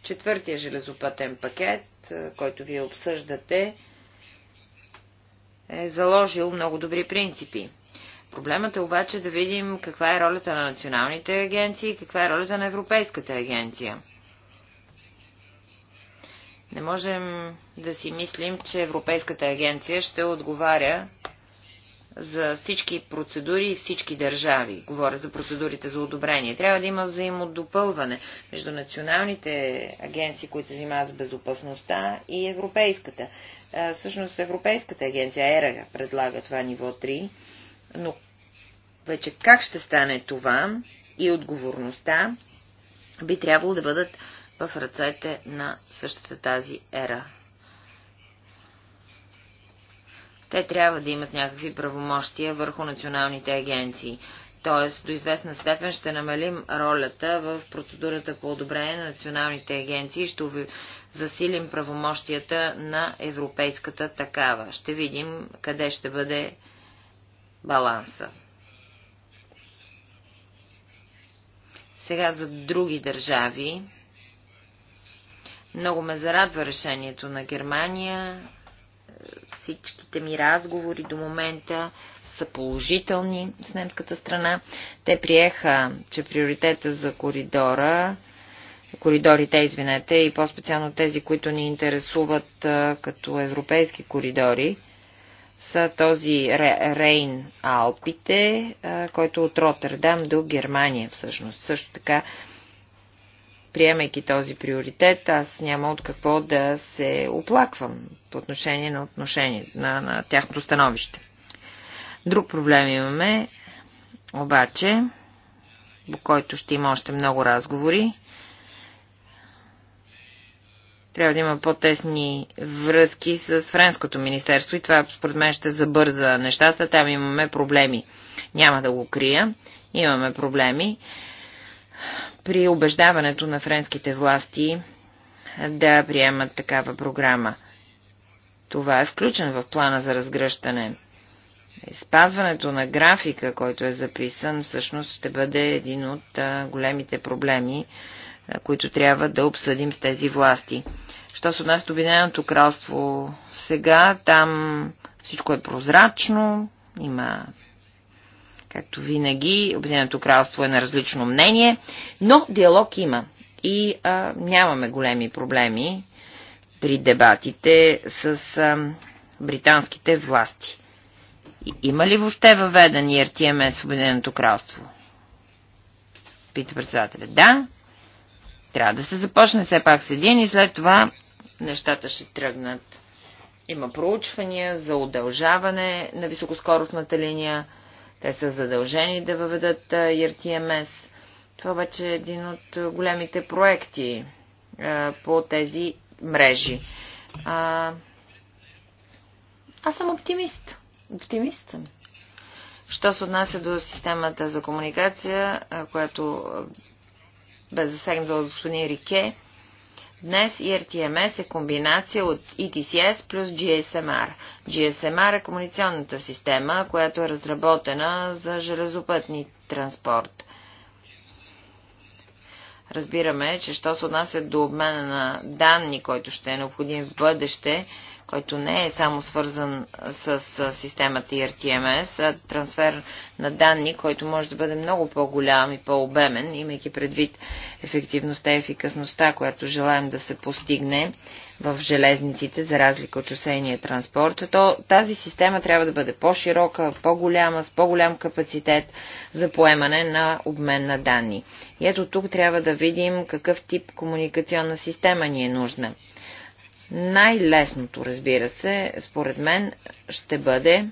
четвъртия железопътен пакет, който вие обсъждате, е заложил много добри принципи. Проблемът е обаче да видим каква е ролята на националните агенции и каква е ролята на Европейската агенция. Не можем да си мислим, че Европейската агенция ще отговаря за всички процедури и всички държави. Говоря за процедурите за одобрение. Трябва да има взаимодопълване между националните агенции, които се занимават с безопасността и европейската. Всъщност Европейската агенция ЕРА предлага това ниво 3, но вече как ще стане това и отговорността би трябвало да бъдат в ръцете на същата тази ера Те трябва да имат някакви правомощия върху националните агенции. Тоест, до известна степен ще намалим ролята в процедурата по одобрение на националните агенции и ще засилим правомощията на европейската такава. Ще видим къде ще бъде баланса. Сега за други държави. Много ме зарадва решението на Германия всичките ми разговори до момента са положителни с немската страна. Те приеха, че приоритета за коридора, коридорите, извинете, и по-специално тези, които ни интересуват като европейски коридори, са този Рейн Алпите, който от Роттердам до Германия всъщност. Също така приемайки този приоритет, аз няма от какво да се оплаквам по отношение на отношение на, на тяхното становище. Друг проблем имаме, обаче, по който ще има още много разговори. Трябва да има по-тесни връзки с Френското министерство и това според мен ще забърза нещата. Там имаме проблеми. Няма да го крия. Имаме проблеми при убеждаването на френските власти е, да приемат такава програма. Това е включен в плана за разгръщане. Спазването на графика, който е записан, всъщност ще бъде един от големите проблеми, които трябва да обсъдим с тези власти. Що се отнася до Обединеното кралство сега, там всичко е прозрачно, има Както винаги, Обединеното кралство е на различно мнение, но диалог има и а, нямаме големи проблеми при дебатите с а, британските власти. И, има ли въобще въведен РТМС в Обединеното кралство? Пита председателя. Да, трябва да се започне все пак с един и след това нещата ще тръгнат. Има проучвания за удължаване на високоскоростната линия те са задължени да въведат ERTMS. Това обаче е един от големите проекти а, по тези мрежи. А, аз съм оптимист. Оптимист съм. Що се отнася до системата за комуникация, която бе засегната от господин Рике, Днес ERTMS е комбинация от ETCS плюс GSMR. GSMR е комуникационната система, която е разработена за железопътни транспорт. Разбираме, че що се отнася до обмена на данни, който ще е необходим в бъдеще, който не е само свързан с системата ERTMS, а трансфер на данни, който може да бъде много по-голям и по-обемен, имайки предвид ефективността и ефикасността, която желаем да се постигне в железниците, за разлика от шосейния транспорт, то тази система трябва да бъде по-широка, по-голяма, с по-голям капацитет за поемане на обмен на данни. И ето тук трябва да видим какъв тип комуникационна система ни е нужна. Най-лесното, разбира се, според мен, ще бъде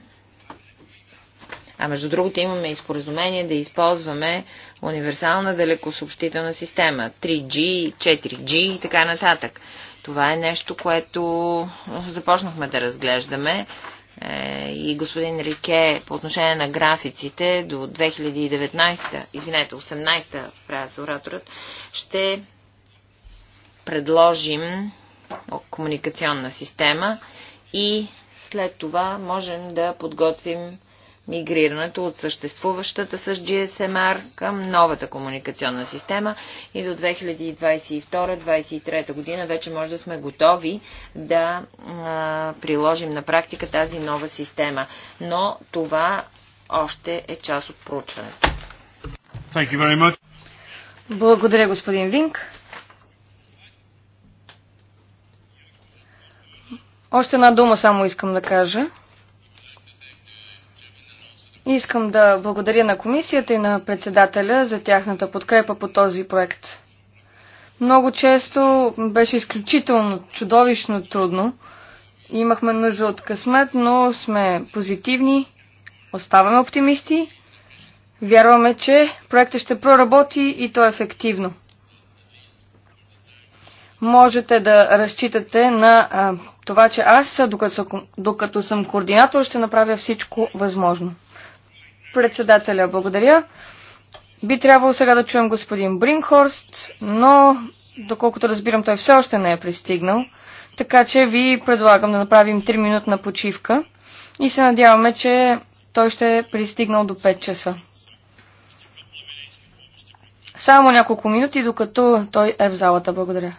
а между другото имаме и споразумение да използваме универсална далекосъобщителна система 3G, 4G и така нататък. Това е нещо, което започнахме да разглеждаме е, и господин Рике по отношение на графиците до 2019, извинете, 18-та, правя се ораторът, ще предложим комуникационна система и след това можем да подготвим мигрирането от съществуващата с GSMR към новата комуникационна система и до 2022-2023 година вече може да сме готови да а, приложим на практика тази нова система. Но това още е част от проучването. Благодаря, господин Винк. Още една дума само искам да кажа. Искам да благодаря на комисията и на председателя за тяхната подкрепа по този проект. Много често беше изключително чудовищно трудно. Имахме нужда от късмет, но сме позитивни, оставаме оптимисти. Вярваме, че проектът ще проработи и то ефективно. Можете да разчитате на това, че аз, докато, докато съм координатор, ще направя всичко възможно. Председателя, благодаря. Би трябвало сега да чуем господин Бринхорст, но доколкото разбирам, той все още не е пристигнал. Така че ви предлагам да направим 3-минутна почивка и се надяваме, че той ще е пристигнал до 5 часа. Само няколко минути, докато той е в залата. Благодаря.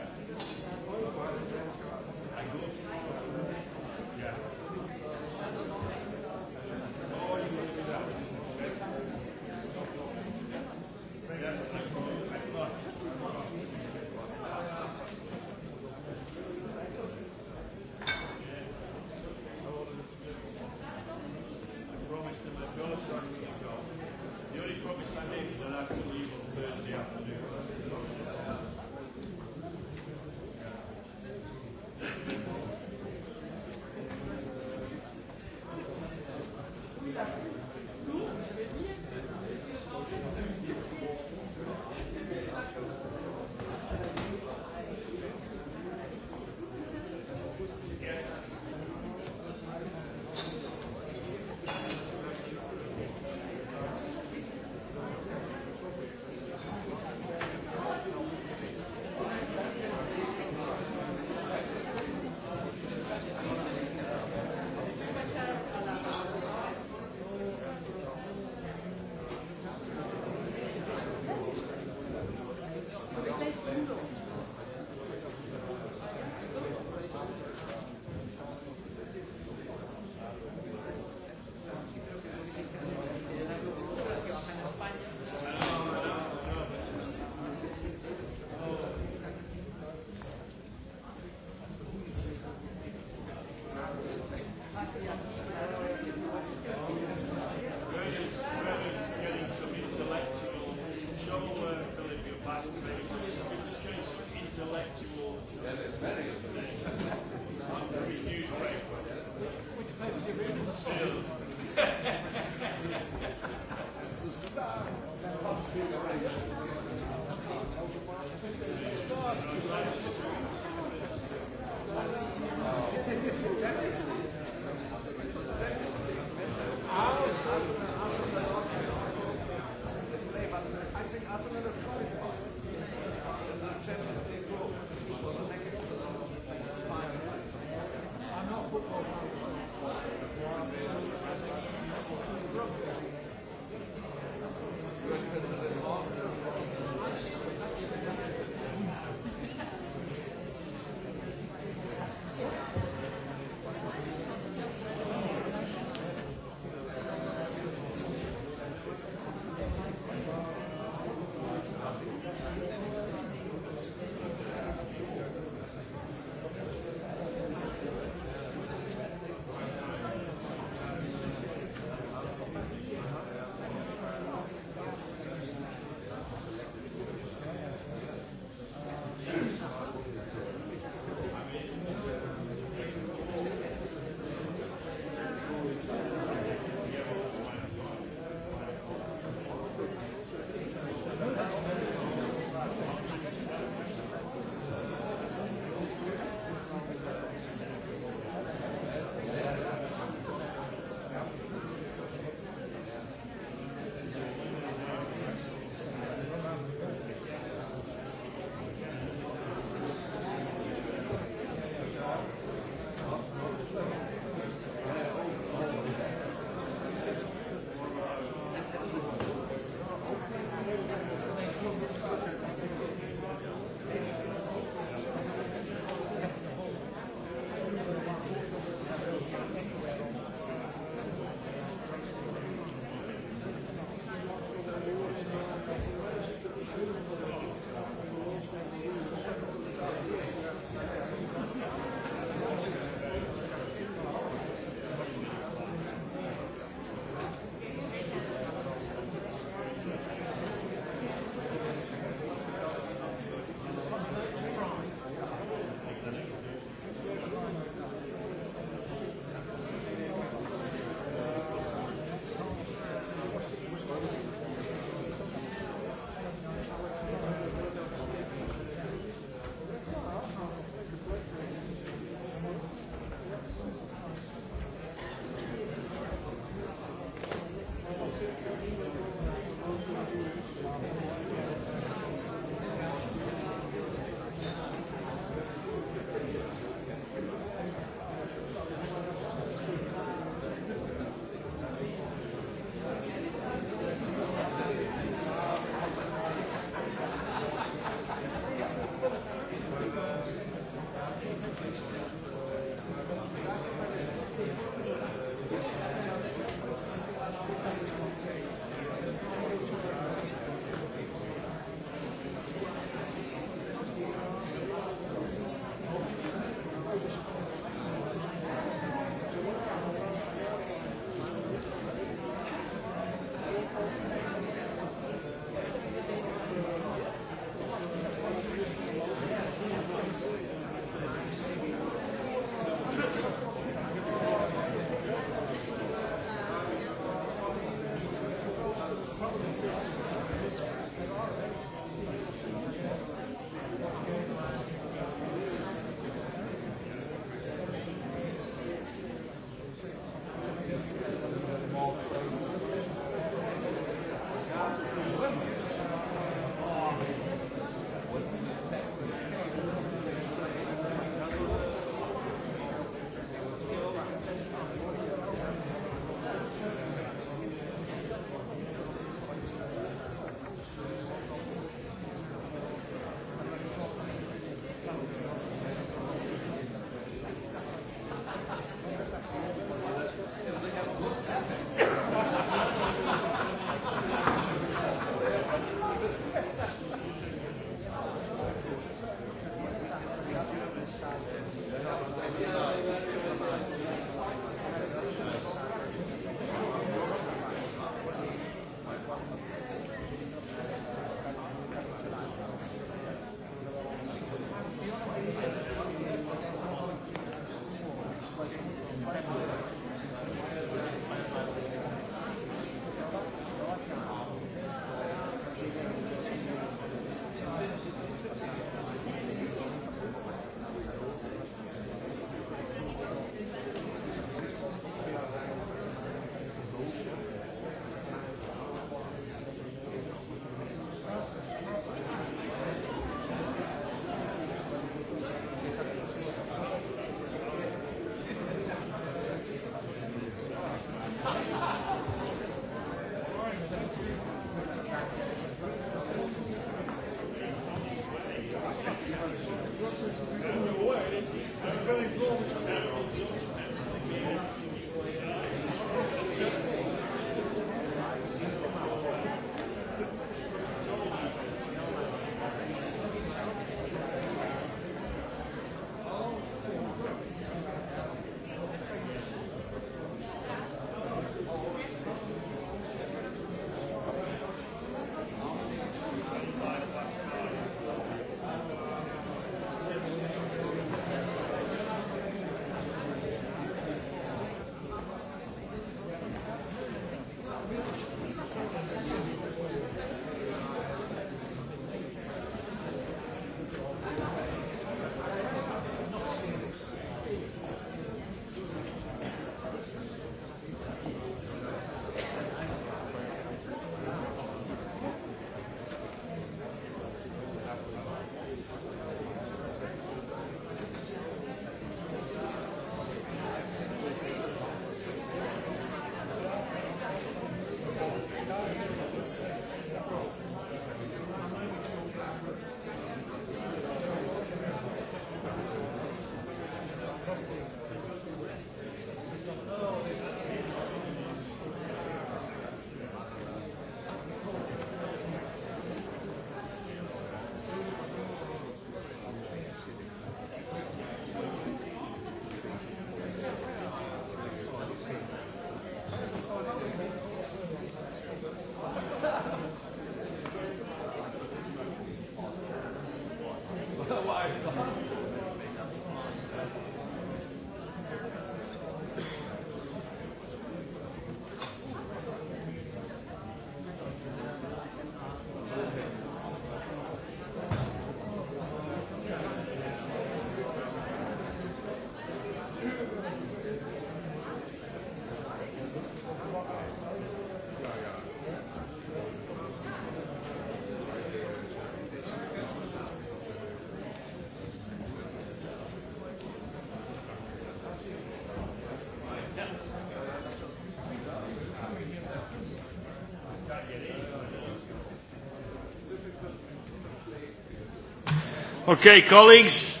Okay, colleagues.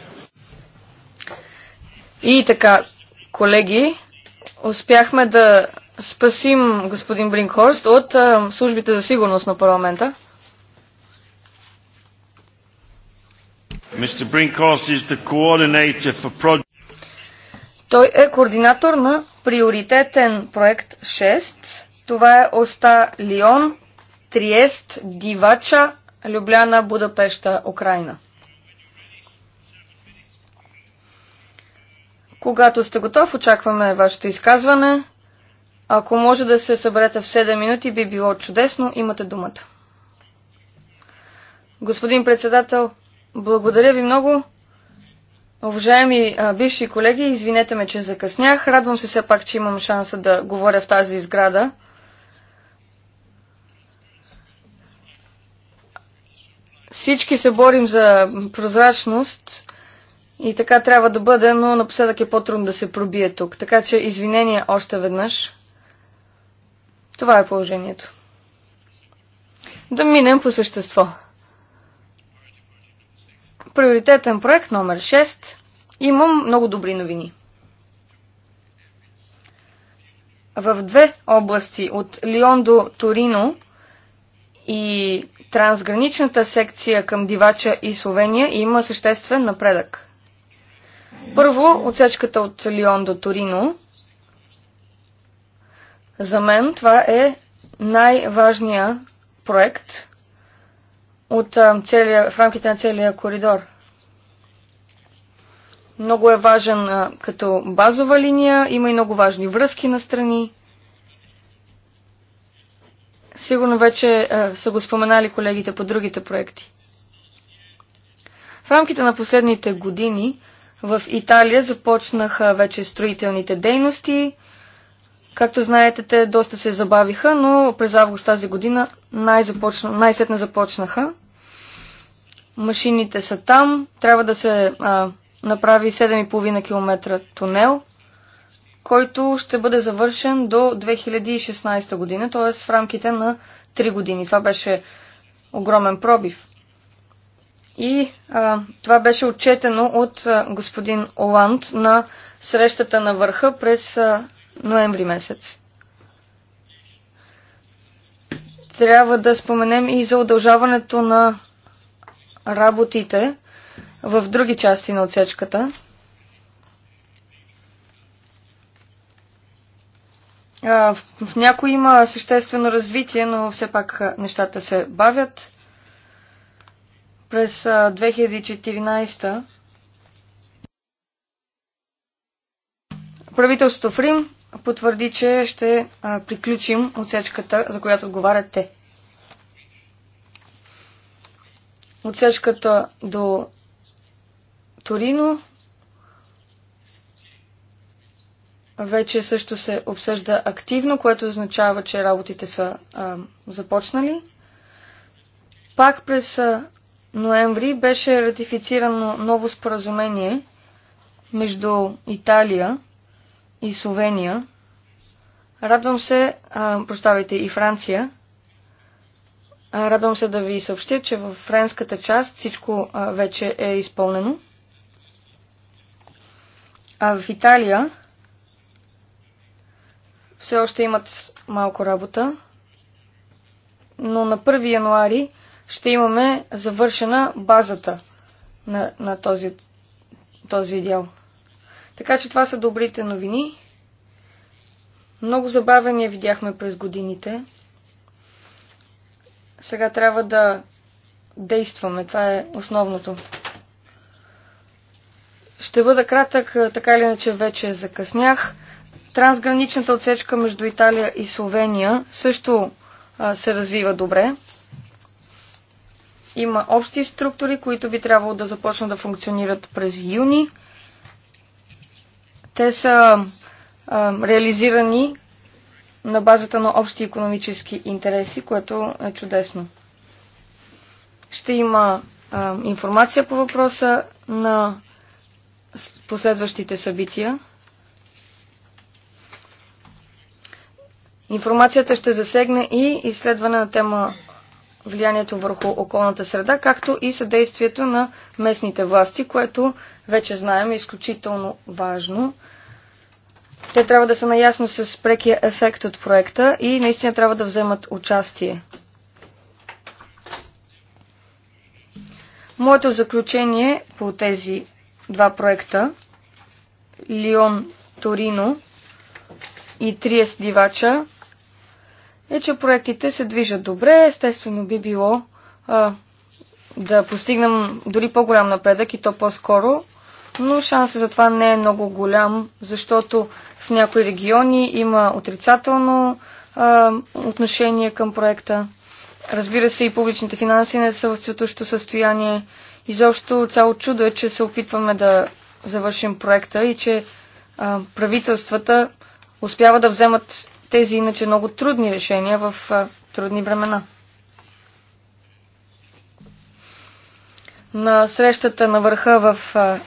И така, колеги, успяхме да спасим господин Бринкхорст от службите за сигурност на парламента. Той е координатор на приоритетен проект 6. Това е Оста Лион, Триест, Дивача, Любляна, Будапешта, Украина. Когато сте готов, очакваме вашето изказване. Ако може да се съберете в 7 минути, би било чудесно. Имате думата. Господин председател, благодаря ви много. Уважаеми а, бивши колеги, извинете ме, че закъснях. Радвам се все пак, че имам шанса да говоря в тази изграда. Всички се борим за прозрачност и така трябва да бъде, но напоследък е по-трудно да се пробие тук. Така че извинения още веднъж. Това е положението. Да минем по същество. Приоритетен проект номер 6. Имам много добри новини. В две области от Лион до Торино и трансграничната секция към Дивача и Словения има съществен напредък. Първо, отсечката от Лион до Торино. За мен това е най-важният проект от целия, в рамките на целия коридор. Много е важен а, като базова линия, има и много важни връзки на страни. Сигурно вече а, са го споменали колегите по другите проекти. В рамките на последните години в Италия започнаха вече строителните дейности. Както знаете, те доста се забавиха, но през август тази година най-сетне започнаха. Машините са там. Трябва да се а, направи 7,5 км тунел, който ще бъде завършен до 2016 година, т.е. в рамките на 3 години. Това беше огромен пробив. И а, това беше отчетено от а, господин Оланд на срещата на върха през а, ноември месец. Трябва да споменем и за удължаването на работите в други части на отсечката. В някои има съществено развитие, но все пак нещата се бавят. През 2014 правителството в Рим потвърди, че ще приключим отсечката, за която отговарят те. Отсечката до Торино вече също се обсъжда активно, което означава, че работите са а, започнали. Пак през ноември беше ратифицирано ново споразумение между Италия и Словения. Радвам се, а, прощавайте, и Франция. А, радвам се да ви съобщя, че в френската част всичко а, вече е изпълнено. А в Италия все още имат малко работа, но на 1 януари ще имаме завършена базата на, на този, този дял. Така че това са добрите новини. Много забавения видяхме през годините. Сега трябва да действаме. Това е основното. Ще бъда кратък, така или иначе вече закъснях. Трансграничната отсечка между Италия и Словения също а, се развива добре. Има общи структури, които би трябвало да започнат да функционират през юни. Те са а, реализирани на базата на общи економически интереси, което е чудесно. Ще има а, информация по въпроса на последващите събития. Информацията ще засегне и изследване на тема влиянието върху околната среда, както и съдействието на местните власти, което вече знаем е изключително важно. Те трябва да са наясно с прекия ефект от проекта и наистина трябва да вземат участие. Моето заключение по тези два проекта Лион Торино и Триест Дивача е, че проектите се движат добре. Естествено би било а, да постигнем дори по-голям напредък и то по-скоро, но шансът за това не е много голям, защото в някои региони има отрицателно а, отношение към проекта. Разбира се, и публичните финанси не са в цветущо състояние. Изобщо цяло чудо е, че се опитваме да завършим проекта и че а, правителствата успяват да вземат тези иначе много трудни решения в трудни времена. На срещата на върха в,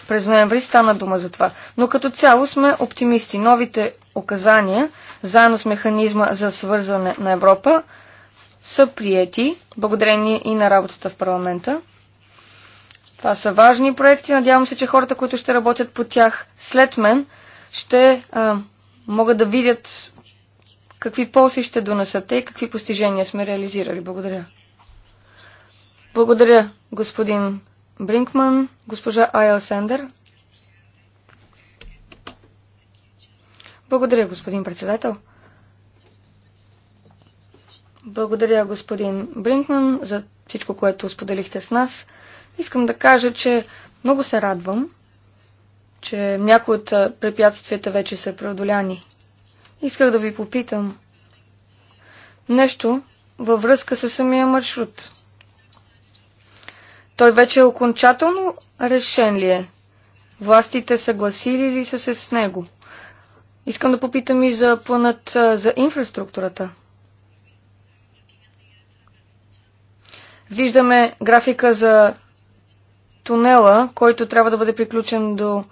през ноември стана дума за това. Но като цяло сме оптимисти. Новите указания, заедно с механизма за свързване на Европа, са приети, благодарение и на работата в парламента. Това са важни проекти. Надявам се, че хората, които ще работят по тях след мен, ще а, могат да видят какви ползи ще донесат те и какви постижения сме реализирали. Благодаря. Благодаря, господин Бринкман, госпожа Айл Сендер. Благодаря, господин председател. Благодаря, господин Бринкман, за всичко, което споделихте с нас. Искам да кажа, че много се радвам, че някои от препятствията вече са преодоляни. Исках да ви попитам нещо във връзка с самия маршрут. Той вече е окончателно решен ли е? Властите съгласили ли са се с него? Искам да попитам и за планът за инфраструктурата. Виждаме графика за тунела, който трябва да бъде приключен до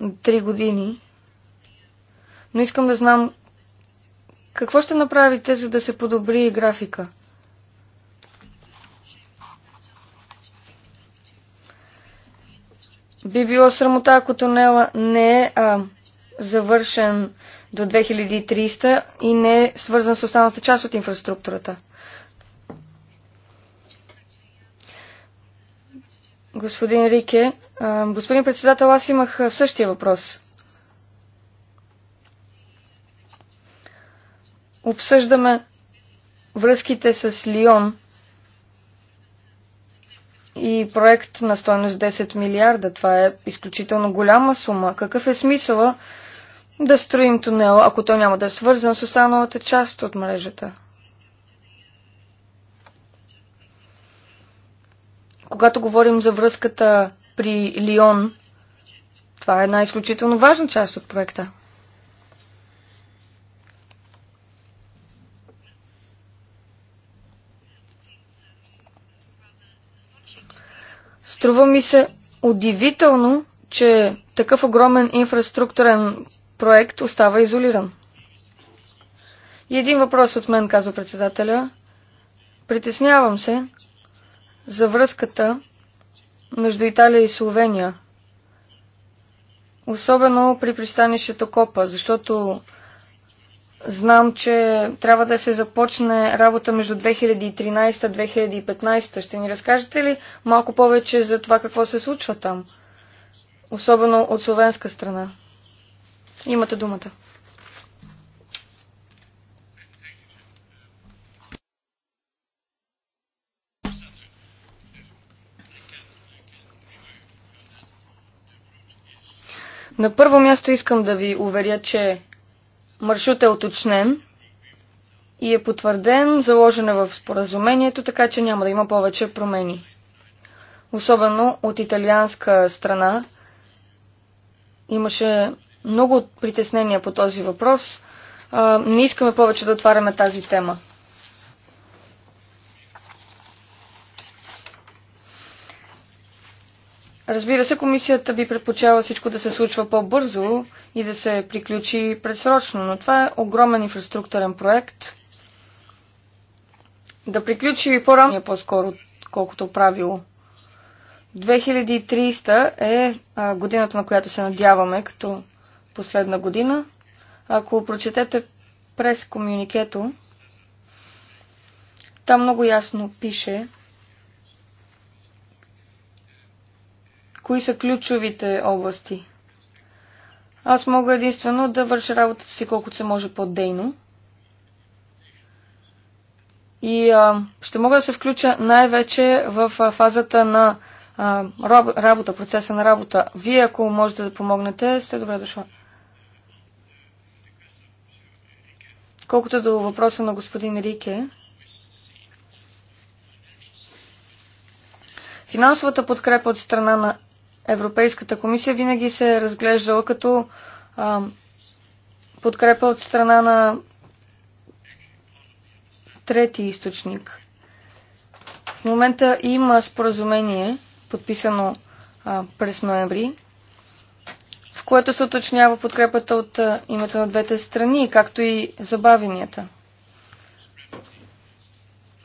3 години но искам да знам какво ще направите, за да се подобри графика. Би било срамота, ако тунела не е а, завършен до 2300 и не е свързан с останалата част от инфраструктурата. Господин Рике, а, господин председател, аз имах същия въпрос. обсъждаме връзките с Лион и проект на стойност 10 милиарда. Това е изключително голяма сума. Какъв е смисъла да строим тунел, ако той няма да е свързан с останалата част от мрежата? Когато говорим за връзката при Лион, това е една изключително важна част от проекта. Струва ми се удивително, че такъв огромен инфраструктурен проект остава изолиран. И един въпрос от мен, казва председателя. Притеснявам се за връзката между Италия и Словения. Особено при пристанището Копа, защото Знам, че трябва да се започне работа между 2013-2015. Ще ни разкажете ли малко повече за това какво се случва там? Особено от словенска страна. Имате думата. На първо място искам да ви уверя, че Маршрут е уточнен и е потвърден, заложен е в споразумението, така че няма да има повече промени. Особено от италианска страна имаше много притеснения по този въпрос. Не искаме повече да отваряме тази тема. Разбира се, комисията би предпочела всичко да се случва по-бързо и да се приключи предсрочно, но това е огромен инфраструктурен проект. Да приключи по-рано е по-скоро, колкото правило. 2300 е а, годината, на която се надяваме, като последна година. Ако прочетете през комюникето, там много ясно пише, кои са ключовите области. Аз мога единствено да върша работата си колкото се може по-дейно. И а, ще мога да се включа най-вече в а, фазата на а, работа, процеса на работа. Вие, ако можете да помогнете, сте добре дошла. Колкото до въпроса на господин Рике, финансовата подкрепа от страна на Европейската комисия винаги се е разглеждала като а, подкрепа от страна на трети източник. В момента има споразумение, подписано а, през ноември, в което се уточнява подкрепата от а, името на двете страни, както и забавенията.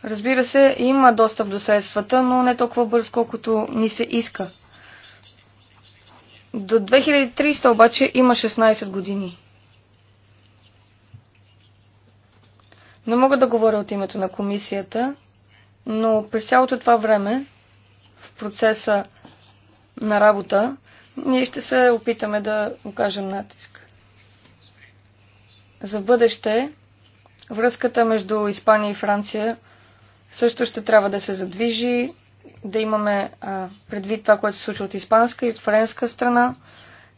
Разбира се, има достъп до средствата, но не толкова бързо, колкото ни се иска. До 2300 обаче има 16 години. Не мога да говоря от името на комисията, но през цялото това време, в процеса на работа, ние ще се опитаме да окажем натиск. За бъдеще, връзката между Испания и Франция също ще трябва да се задвижи, да имаме а, предвид това, което се случва от испанска и от френска страна.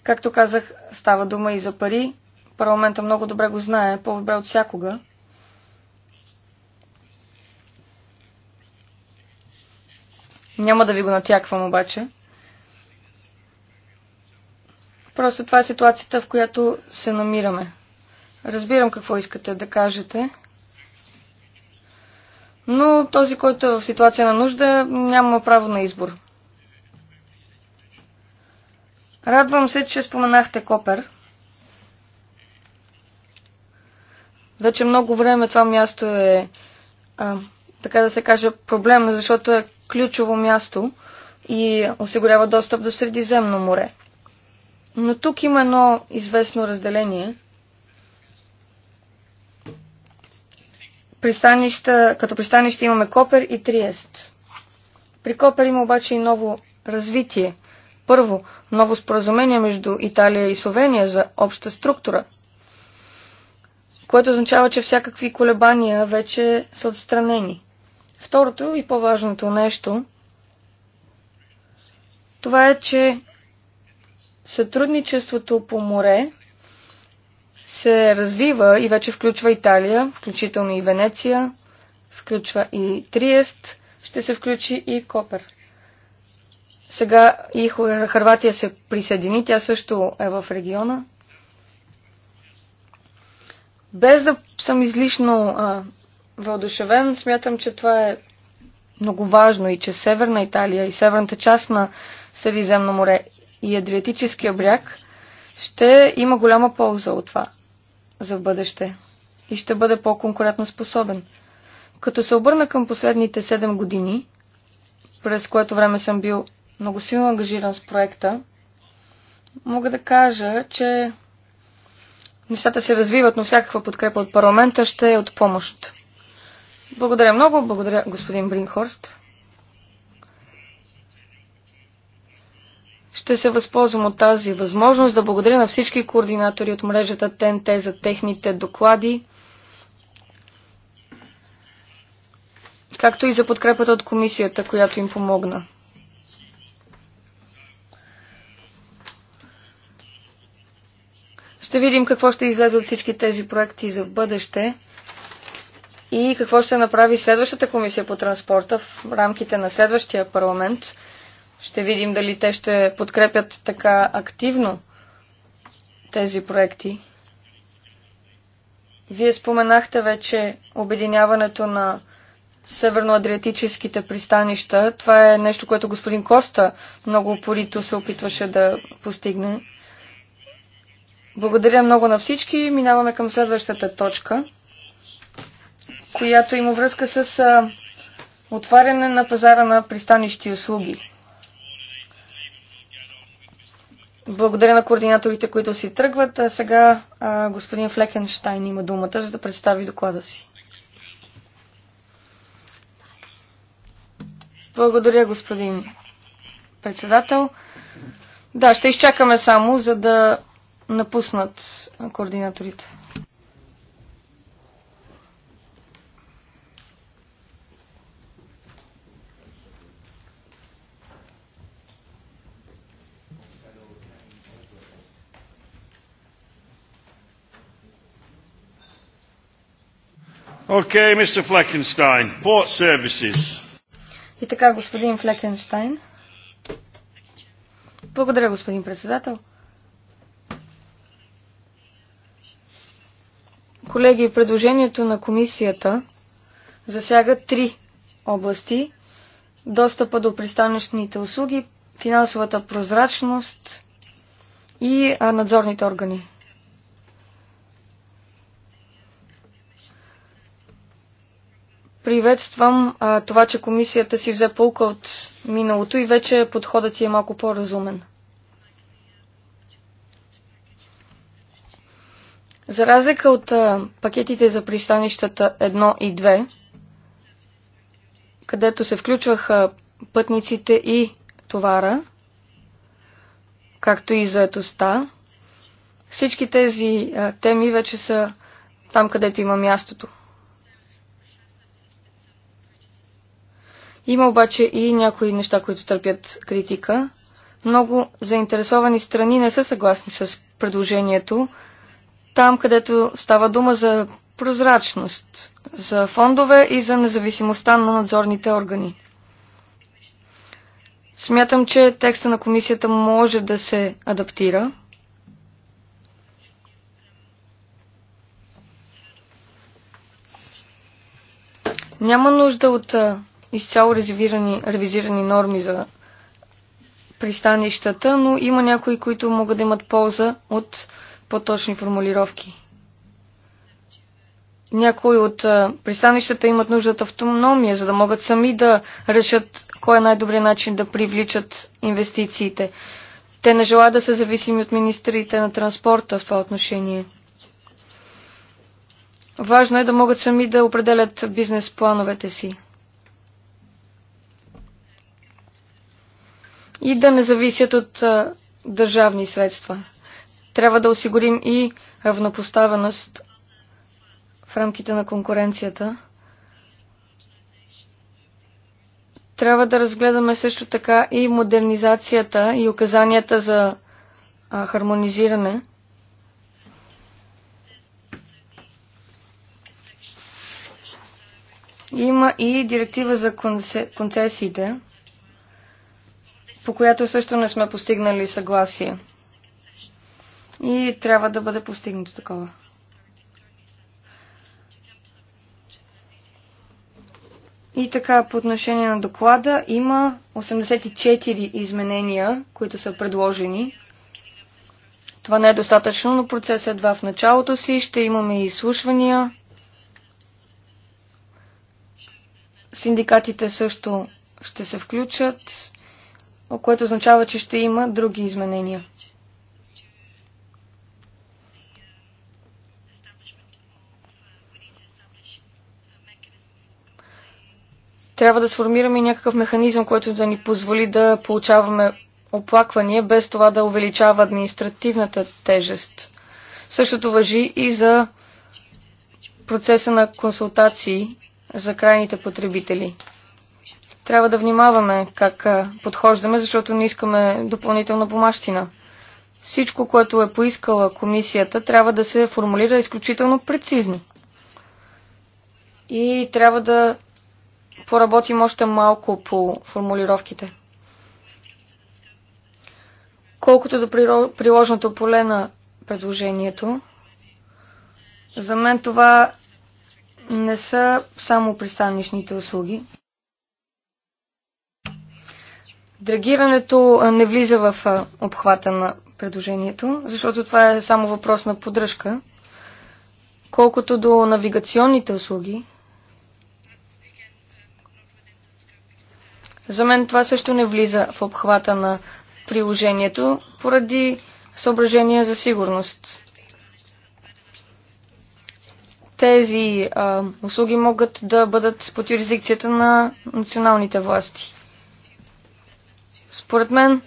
Както казах, става дума и за пари. Парламента много добре го знае, по-добре от всякога. Няма да ви го натяквам обаче. Просто това е ситуацията, в която се намираме. Разбирам какво искате да кажете но този, който е в ситуация на нужда, няма право на избор. Радвам се, че споменахте Копер. Вече много време това място е, а, така да се каже, проблем, защото е ключово място и осигурява достъп до Средиземно море. Но тук има едно известно разделение – пристанища, като пристанища имаме Копер и Триест. При Копер има обаче и ново развитие. Първо, ново споразумение между Италия и Словения за обща структура, което означава, че всякакви колебания вече са отстранени. Второто и по-важното нещо, това е, че сътрудничеството по море се развива и вече включва Италия, включително и Венеция, включва и Триест, ще се включи и Копер. Сега и Харватия се присъедини, тя също е в региона. Без да съм излишно а, въодушевен, смятам, че това е много важно и че Северна Италия и северната част на Средиземно море и Адриатическия бряг – ще има голяма полза от това за бъдеще и ще бъде по-конкурентно способен. Като се обърна към последните 7 години, през което време съм бил много силно ангажиран с проекта, мога да кажа, че нещата се развиват, но всякаква подкрепа от парламента ще е от помощ. Благодаря много, благодаря господин Бринхорст. Ще се възползвам от тази възможност да благодаря на всички координатори от мрежата ТНТ за техните доклади, както и за подкрепата от комисията, която им помогна. Ще видим какво ще излезе от всички тези проекти за в бъдеще и какво ще направи следващата комисия по транспорта в рамките на следващия парламент – ще видим дали те ще подкрепят така активно тези проекти. Вие споменахте вече обединяването на северно-адриатическите пристанища. Това е нещо, което господин Коста много упорито се опитваше да постигне. Благодаря много на всички. Минаваме към следващата точка, която има връзка с отваряне на пазара на пристанищи услуги. Благодаря на координаторите, които си тръгват. А сега а, господин Флекенштайн има думата, за да представи доклада си. Благодаря, господин председател. Да, ще изчакаме само, за да напуснат координаторите. Okay, Mr. Fleckenstein, Port Services. И така, господин Флекенштайн. Благодаря, господин председател. Колеги, предложението на комисията засяга три области. Достъпа до пристанищните услуги, финансовата прозрачност и надзорните органи. Приветствам а, това, че комисията си взе полка от миналото и вече подходът ти е малко по-разумен. За разлика от а, пакетите за пристанищата 1 и 2, където се включваха пътниците и товара, както и заетостта, всички тези а, теми вече са там, където има мястото. Има обаче и някои неща, които търпят критика. Много заинтересовани страни не са съгласни с предложението. Там, където става дума за прозрачност, за фондове и за независимостта на надзорните органи. Смятам, че текста на комисията може да се адаптира. Няма нужда от изцяло ревизирани норми за пристанищата, но има някои, които могат да имат полза от по-точни формулировки. Някои от пристанищата имат нужда от автономия, за да могат сами да решат кой е най-добрият начин да привличат инвестициите. Те не желаят да са зависими от министрите на транспорта в това отношение. Важно е да могат сами да определят бизнес плановете си. и да не зависят от а, държавни средства. Трябва да осигурим и равнопоставеност в рамките на конкуренцията. Трябва да разгледаме също така и модернизацията и указанията за а, хармонизиране. Има и директива за концесиите по която също не сме постигнали съгласие. И трябва да бъде постигнато такова. И така, по отношение на доклада, има 84 изменения, които са предложени. Това не е достатъчно, но процесът е едва в началото си. Ще имаме и изслушвания. Синдикатите също ще се включат което означава, че ще има други изменения. Трябва да сформираме някакъв механизъм, който да ни позволи да получаваме оплаквания, без това да увеличава административната тежест. Същото въжи и за процеса на консултации за крайните потребители. Трябва да внимаваме как подхождаме, защото не искаме допълнителна бумащина. Всичко, което е поискала комисията, трябва да се формулира изключително прецизно. И трябва да поработим още малко по формулировките. Колкото до приложното поле на предложението, за мен това не са само пристанищните услуги. Драгирането не влиза в обхвата на предложението, защото това е само въпрос на поддръжка. Колкото до навигационните услуги, за мен това също не влиза в обхвата на приложението поради съображения за сигурност. Тези а, услуги могат да бъдат под юрисдикцията на националните власти. Според мен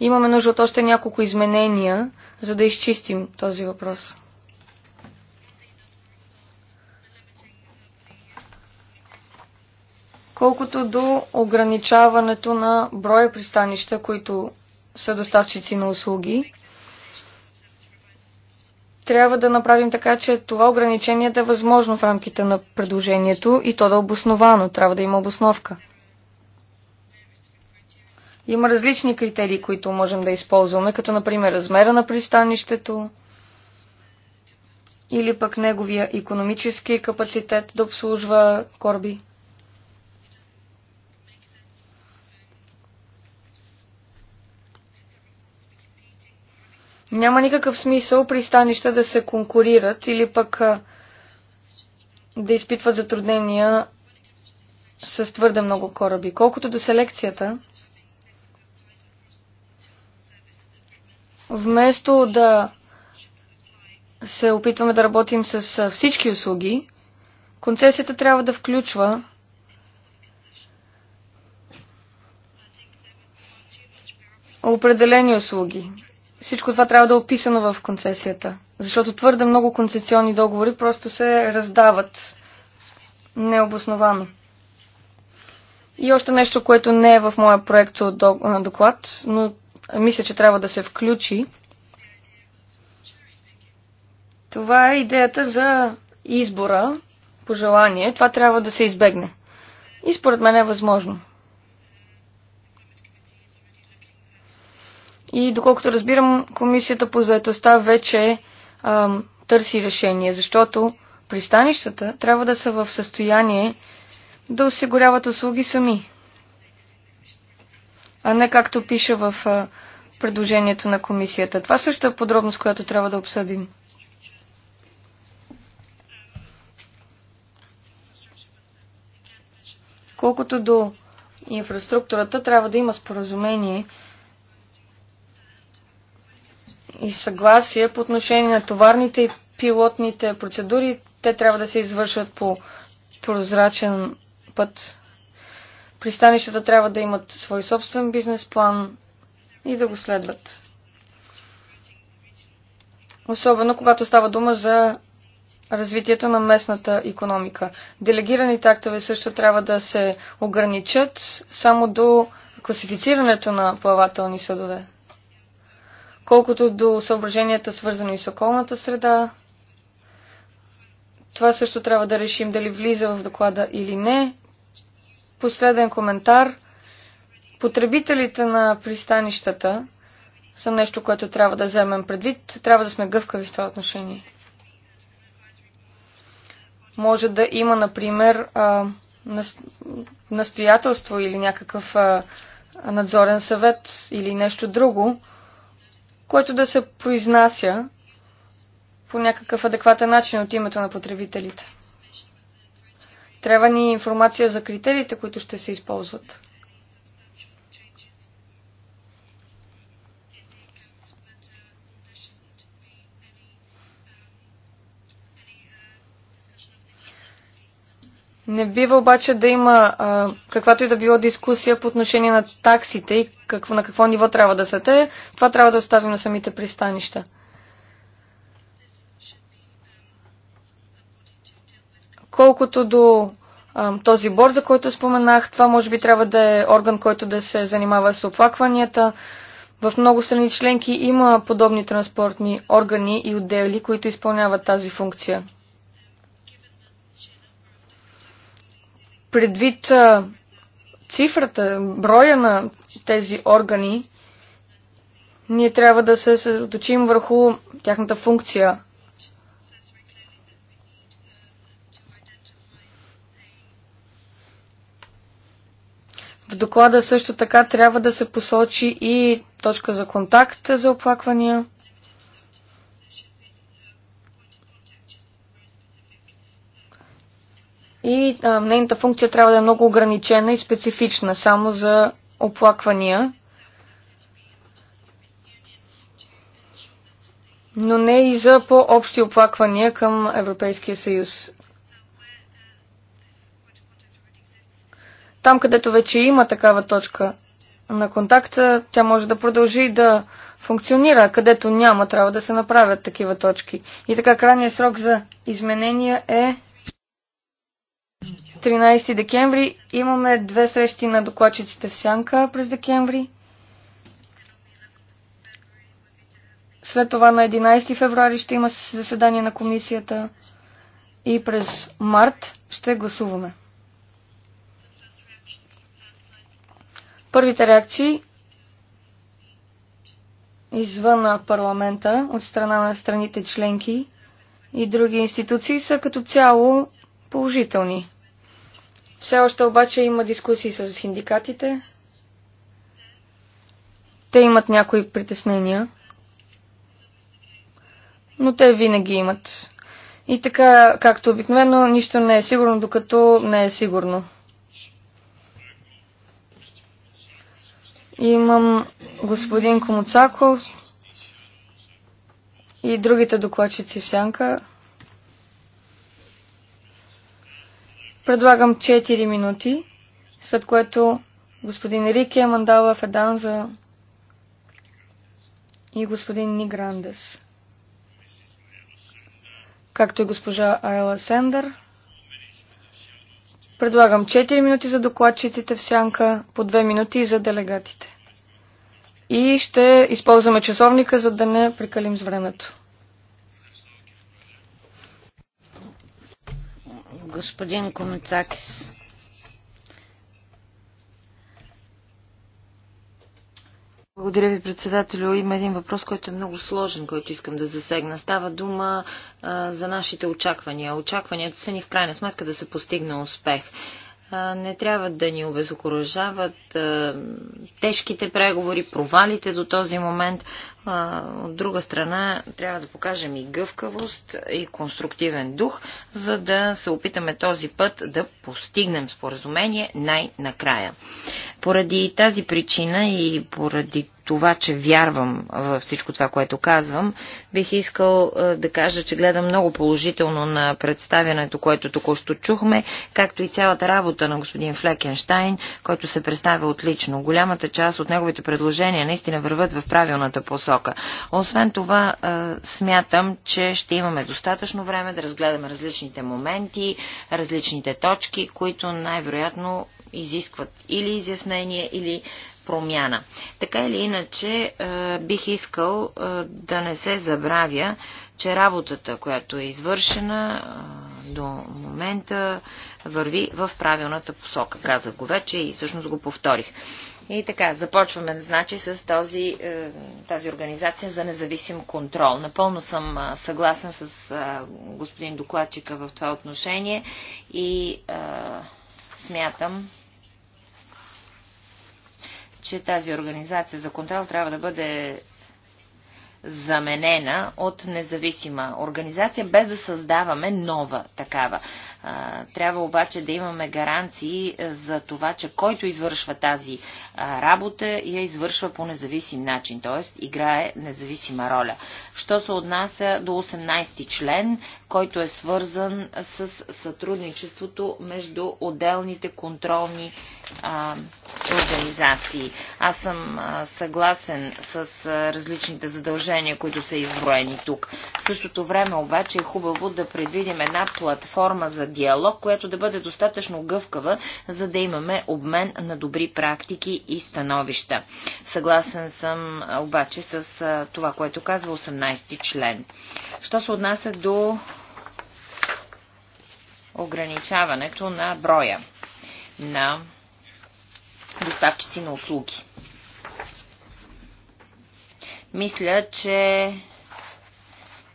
имаме нужда от още няколко изменения, за да изчистим този въпрос. Колкото до ограничаването на броя пристанища, които са доставчици на услуги, трябва да направим така, че това ограничение да е възможно в рамките на предложението и то да е обосновано. Трябва да има обосновка. Има различни критерии, които можем да използваме, като например размера на пристанището или пък неговия економически капацитет да обслужва кораби. Няма никакъв смисъл пристанища да се конкурират или пък да изпитват затруднения с твърде много кораби. Колкото до селекцията, Вместо да се опитваме да работим с всички услуги, концесията трябва да включва определени услуги. Всичко това трябва да е описано в концесията, защото твърде много концесионни договори просто се раздават необосновано. И още нещо, което не е в моя проект доклад, но мисля, че трябва да се включи. Това е идеята за избора, пожелание. Това трябва да се избегне. И според мен е възможно. И доколкото разбирам, комисията по заедостта вече ам, търси решение, защото пристанищата трябва да са в състояние да осигуряват услуги сами а не както пише в предложението на комисията. Това също е подробност, която трябва да обсъдим. Колкото до инфраструктурата, трябва да има споразумение и съгласие по отношение на товарните и пилотните процедури. Те трябва да се извършват по прозрачен път Пристанищата трябва да имат свой собствен бизнес план и да го следват. Особено когато става дума за развитието на местната економика. Делегираните актове също трябва да се ограничат само до класифицирането на плавателни съдове. Колкото до съображенията, свързани с околната среда, това също трябва да решим дали влиза в доклада или не последен коментар. Потребителите на пристанищата са нещо, което трябва да вземем предвид. Трябва да сме гъвкави в това отношение. Може да има, например, настоятелство или някакъв надзорен съвет или нещо друго, което да се произнася по някакъв адекватен начин от името на потребителите. Трябва ни информация за критериите, които ще се използват. Не бива обаче да има а, каквато и да било дискусия по отношение на таксите и какво, на какво ниво трябва да са те. Това трябва да оставим на самите пристанища. Колкото до този бор, за който споменах, това може би трябва да е орган, който да се занимава с оплакванията. В много страни членки има подобни транспортни органи и отдели, които изпълняват тази функция. Предвид цифрата, броя на тези органи, ние трябва да се съсредоточим върху тяхната функция, В доклада също така трябва да се посочи и точка за контакт за оплаквания. И а, нейната функция трябва да е много ограничена и специфична, само за оплаквания. Но не и за по-общи оплаквания към Европейския съюз. Там, където вече има такава точка на контакта, тя може да продължи да функционира, където няма, трябва да се направят такива точки. И така, крайният срок за изменения е 13 декември. Имаме две срещи на докладчиците в Сянка през декември. След това на 11 февруари ще има заседание на комисията и през март ще гласуваме. Първите реакции извън парламента от страна на страните членки и други институции са като цяло положителни. Все още обаче има дискусии с синдикатите. Те имат някои притеснения, но те винаги имат. И така, както обикновено, нищо не е сигурно, докато не е сигурно. Имам господин Комуцаков и другите докладчици в сянка. Предлагам 4 минути, след което господин е Мандала Феданза и господин Ниграндес, както и госпожа Айла Сендър. Предлагам 4 минути за докладчиците в сянка, по 2 минути за делегатите. И ще използваме часовника, за да не прекалим с времето. Господин Комицакис, Благодаря ви, председателю. Има един въпрос, който е много сложен, който искам да засегна. Става дума а, за нашите очаквания. Очакванията са ни в крайна сметка да се постигне успех не трябва да ни обезокоръжават тежките преговори, провалите до този момент. От друга страна, трябва да покажем и гъвкавост, и конструктивен дух, за да се опитаме този път да постигнем споразумение най-накрая. Поради тази причина и поради това, че вярвам във всичко това, което казвам, бих искал е, да кажа, че гледам много положително на представянето, което току-що чухме, както и цялата работа на господин Флекенштайн, който се представя отлично. Голямата част от неговите предложения наистина върват в правилната посока. Освен това, е, смятам, че ще имаме достатъчно време да разгледаме различните моменти, различните точки, които най-вероятно изискват или изяснение, или промяна. Така или иначе, е, бих искал е, да не се забравя, че работата, която е извършена е, до момента, върви в правилната посока. Казах го вече и всъщност го повторих. И така, започваме, значи, с този, тази организация за независим контрол. Напълно съм съгласен с господин докладчика в това отношение и смятам, че тази организация за контрол трябва да бъде заменена от независима организация, без да създаваме нова такава. Трябва обаче да имаме гаранции е, за това, че който извършва тази работа, я извършва по независим начин, т.е. играе независима роля. Що се отнася до 18 ти член, който е свързан с сътрудничеството между отделните контролни организации. Аз съм съгласен с различните задължения, които са изброени тук. В същото време обаче е хубаво да предвидим една платформа за диалог, която да бъде достатъчно гъвкава, за да имаме обмен на добри практики и становища. Съгласен съм обаче с това, което казва 18 ти член. Що се отнася до ограничаването на броя на доставчици на услуги. Мисля, че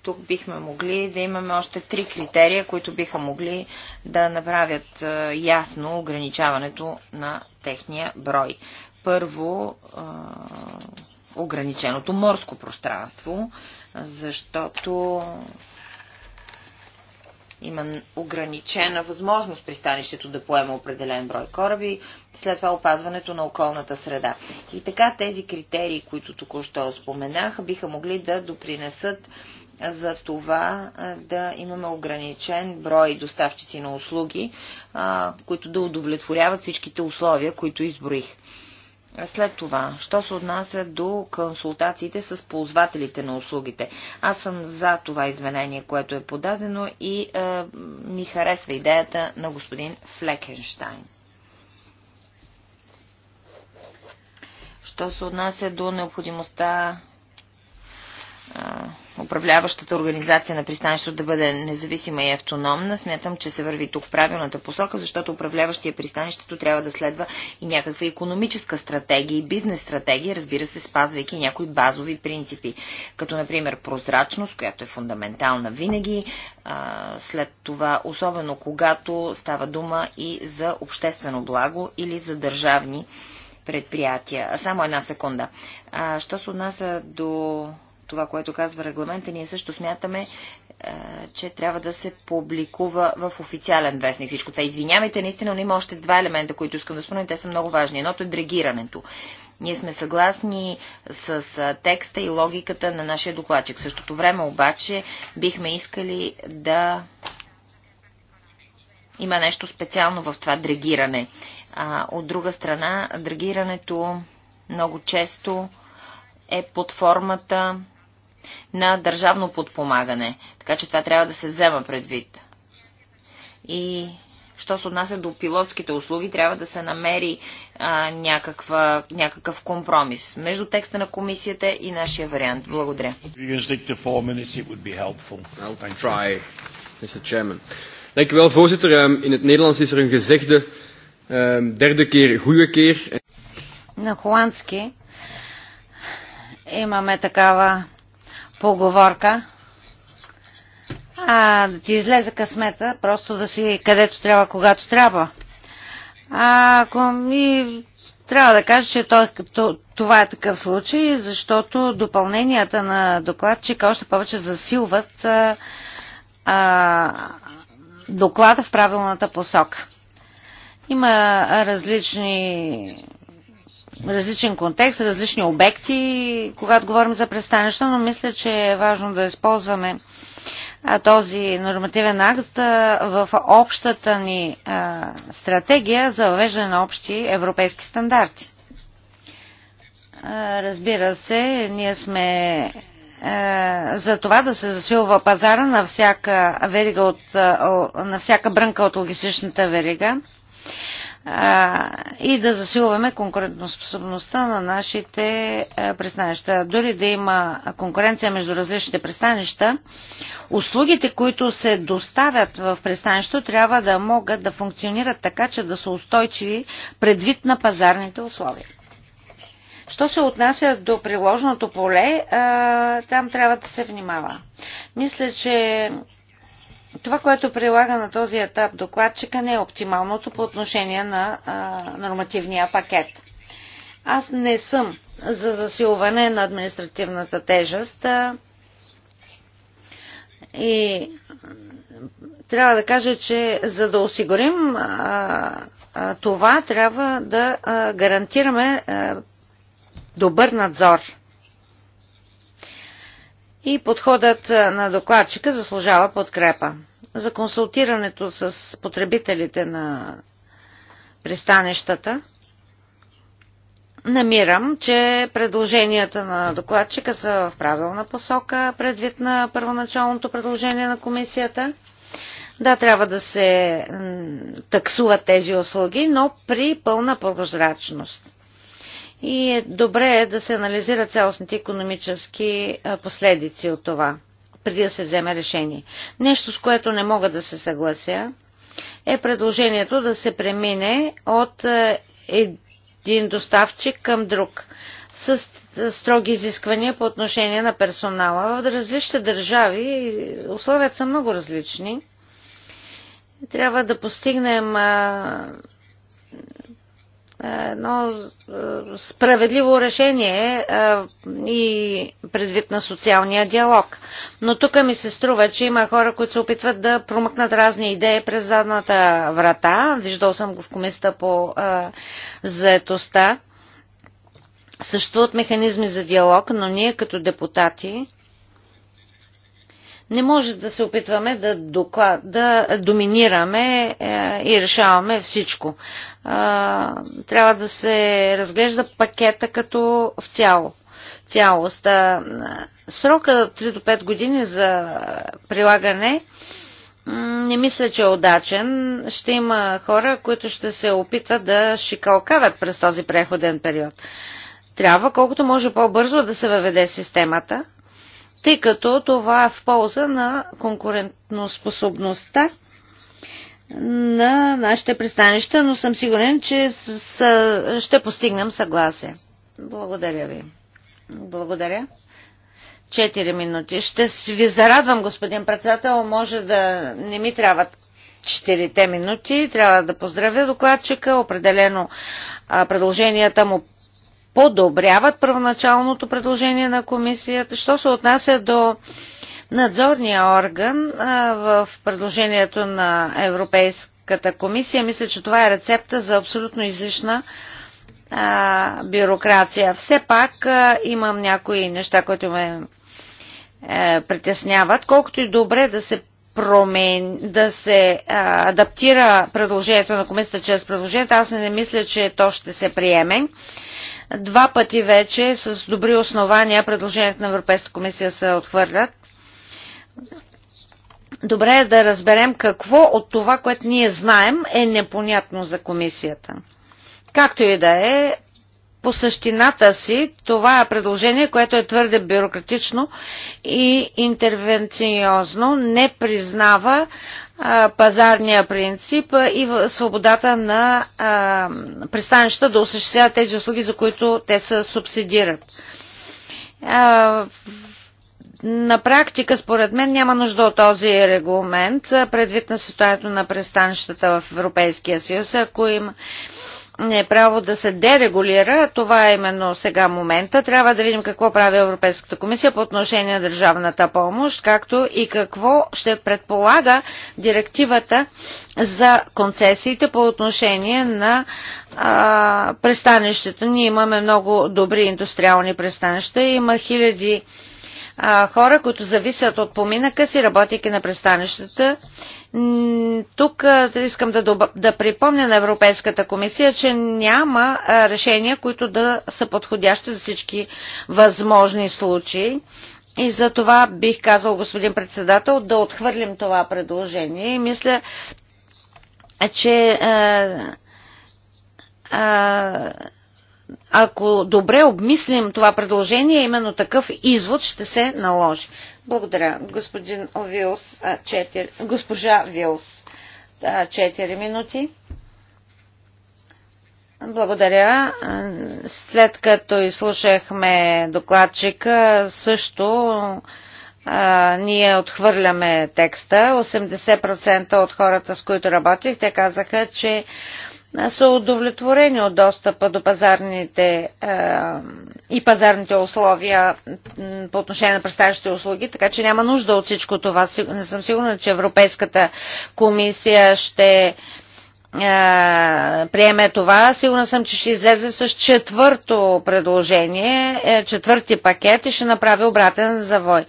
тук бихме могли да имаме още три критерия, които биха могли да направят е, ясно ограничаването на техния брой. Първо, е, ограниченото морско пространство, защото има ограничена възможност пристанището да поема определен брой кораби, след това опазването на околната среда. И така тези критерии, които току-що споменах, биха могли да допринесат за това да имаме ограничен брой доставчици на услуги, които да удовлетворяват всичките условия, които изброих. След това, що се отнася до консултациите с ползвателите на услугите. Аз съм за това изменение, което е подадено и е, ми харесва идеята на господин Флекенштайн. Що се отнася до необходимостта управляващата организация на пристанището да бъде независима и автономна, смятам, че се върви тук в правилната посока, защото управляващия пристанището трябва да следва и някаква економическа стратегия и бизнес стратегия, разбира се, спазвайки някои базови принципи, като например прозрачност, която е фундаментална винаги, след това, особено когато става дума и за обществено благо или за държавни предприятия. Само една секунда. А, що се отнася до това, което казва регламента, ние също смятаме, е, че трябва да се публикува в официален вестник всичко това. Извинявайте, наистина, но има още два елемента, които искам да спомена. Те са много важни. Едното е дрегирането. Ние сме съгласни с текста и логиката на нашия докладчик. В същото време обаче бихме искали да има нещо специално в това дрегиране. А, от друга страна, драгирането много често е под формата на държавно подпомагане. Така че това трябва да се взема предвид. И що се отнася до пилотските услуги, трябва да се намери а, някаква, някакъв компромис между текста на комисията и нашия вариант. Благодаря. Dank u wel, voorzitter. Ehm, in het Nederlands is er een gezegde, ehm, derde keer goede keer. На холандски имаме такава поговорка. А, да ти излезе късмета, просто да си където трябва, когато трябва. А, ако ми трябва да кажа, че това е такъв случай, защото допълненията на докладчика още повече засилват а, а, доклада в правилната посока. Има различни различен контекст, различни обекти, когато говорим за пристанища, но мисля, че е важно да използваме този нормативен акт в общата ни стратегия за въвеждане на общи европейски стандарти. Разбира се, ние сме за това да се засилва пазара на всяка, верига от, на всяка брънка от логистичната верига а, и да засилваме конкурентоспособността на нашите а, пристанища. Дори да има конкуренция между различните пристанища, услугите, които се доставят в пристанището, трябва да могат да функционират така, че да са устойчиви предвид на пазарните условия. Що се отнася до приложното поле, а, там трябва да се внимава. Мисля, че това, което прилага на този етап докладчика, не е оптималното по отношение на а, нормативния пакет. Аз не съм за засилване на административната тежест а, и трябва да кажа, че за да осигурим а, а, това, трябва да а, гарантираме а, добър надзор и подходът е, на докладчика заслужава подкрепа. За консултирането с потребителите на пристанищата намирам, че предложенията на докладчика са в правилна посока предвид на първоначалното предложение на комисията. Да, трябва да се таксуват тези услуги, но при пълна прозрачност и е добре е да се анализират цялостните економически последици от това, преди да се вземе решение. Нещо, с което не мога да се съглася, е предложението да се премине от един доставчик към друг с строги изисквания по отношение на персонала. В различните държави условията са много различни. Трябва да постигнем едно е, справедливо решение е, и предвид на социалния диалог. Но тук ми се струва, че има хора, които се опитват да промъкнат разни идеи през задната врата. Виждал съм го в комисията по е, заетостта. Съществуват механизми за диалог, но ние като депутати не може да се опитваме да, доклад, да доминираме е, и решаваме всичко. трябва да се разглежда пакета като в цяло. Цялост. срока 3 до 5 години за прилагане не мисля, че е удачен. Ще има хора, които ще се опитат да шикалкават през този преходен период. Трябва колкото може по-бързо да се въведе системата, тъй като това е в полза на конкурентноспособността на нашите пристанища, но съм сигурен, че с, с, ще постигнем съгласие. Благодаря ви. Благодаря. Четири минути. Ще ви зарадвам, господин председател. Може да не ми трябват четирите минути. Трябва да поздравя докладчика. Определено а, предложенията му подобряват първоначалното предложение на комисията. Що се отнася до надзорния орган в предложението на Европейската комисия, мисля, че това е рецепта за абсолютно излишна бюрокрация. Все пак имам някои неща, които ме е, притесняват. Колкото и добре да се промен, да се а, адаптира предложението на комисията чрез предложението, аз не мисля, че то ще се приеме. Два пъти вече с добри основания предложението на Европейската комисия се отхвърлят. Добре е да разберем какво от това, което ние знаем, е непонятно за комисията. Както и да е, по същината си това е предложение, което е твърде бюрократично и интервенциозно, не признава а, пазарния принцип и свободата на а, пристанища да осъществяват тези услуги, за които те се субсидират. А, на практика, според мен, няма нужда от този регламент, предвид на ситуацията на пристанищата в Европейския съюз. Ако има не е право да се дерегулира. Това е именно сега момента. Трябва да видим какво прави Европейската комисия по отношение на държавната помощ, както и какво ще предполага директивата за концесиите по отношение на а, пристанището. Ние имаме много добри индустриални пристанища. Има хиляди а, хора, които зависят от поминъка си, работейки на пристанищата тук искам да, да припомня на Европейската комисия, че няма решения, които да са подходящи за всички възможни случаи. И за това бих казал, господин председател, да отхвърлим това предложение. И мисля, че а, а, ако добре обмислим това предложение, именно такъв извод ще се наложи. Благодаря, господин Вилс, 4, госпожа Вилс. 4 минути. Благодаря. След като изслушахме докладчика, също а, ние отхвърляме текста. 80% от хората, с които работих, те казаха, че са удовлетворени от достъпа до пазарните е, и пазарните условия по отношение на представящите услуги, така че няма нужда от всичко това. Не съм сигурна, че Европейската комисия ще е, приеме това. Сигурна съм, че ще излезе с четвърто предложение, е, четвърти пакет и ще направи обратен завой.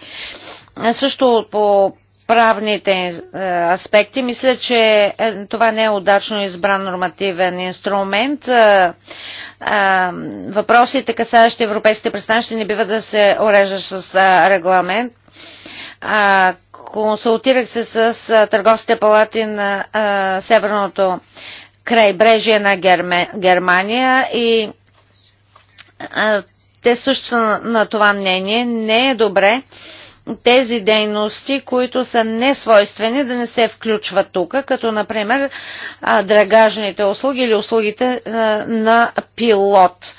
Също по правните е, аспекти. Мисля, че е, това не е удачно избран нормативен инструмент. Е, въпросите, касащи европейските пристанища, не бива да се уреждат с регламент. Консултирах се с търговските палати на Северното крайбрежие на Германия и те също са на това мнение. Не е добре тези дейности, които са несвойствени да не се включват тук, като например драгажните услуги или услугите на пилот.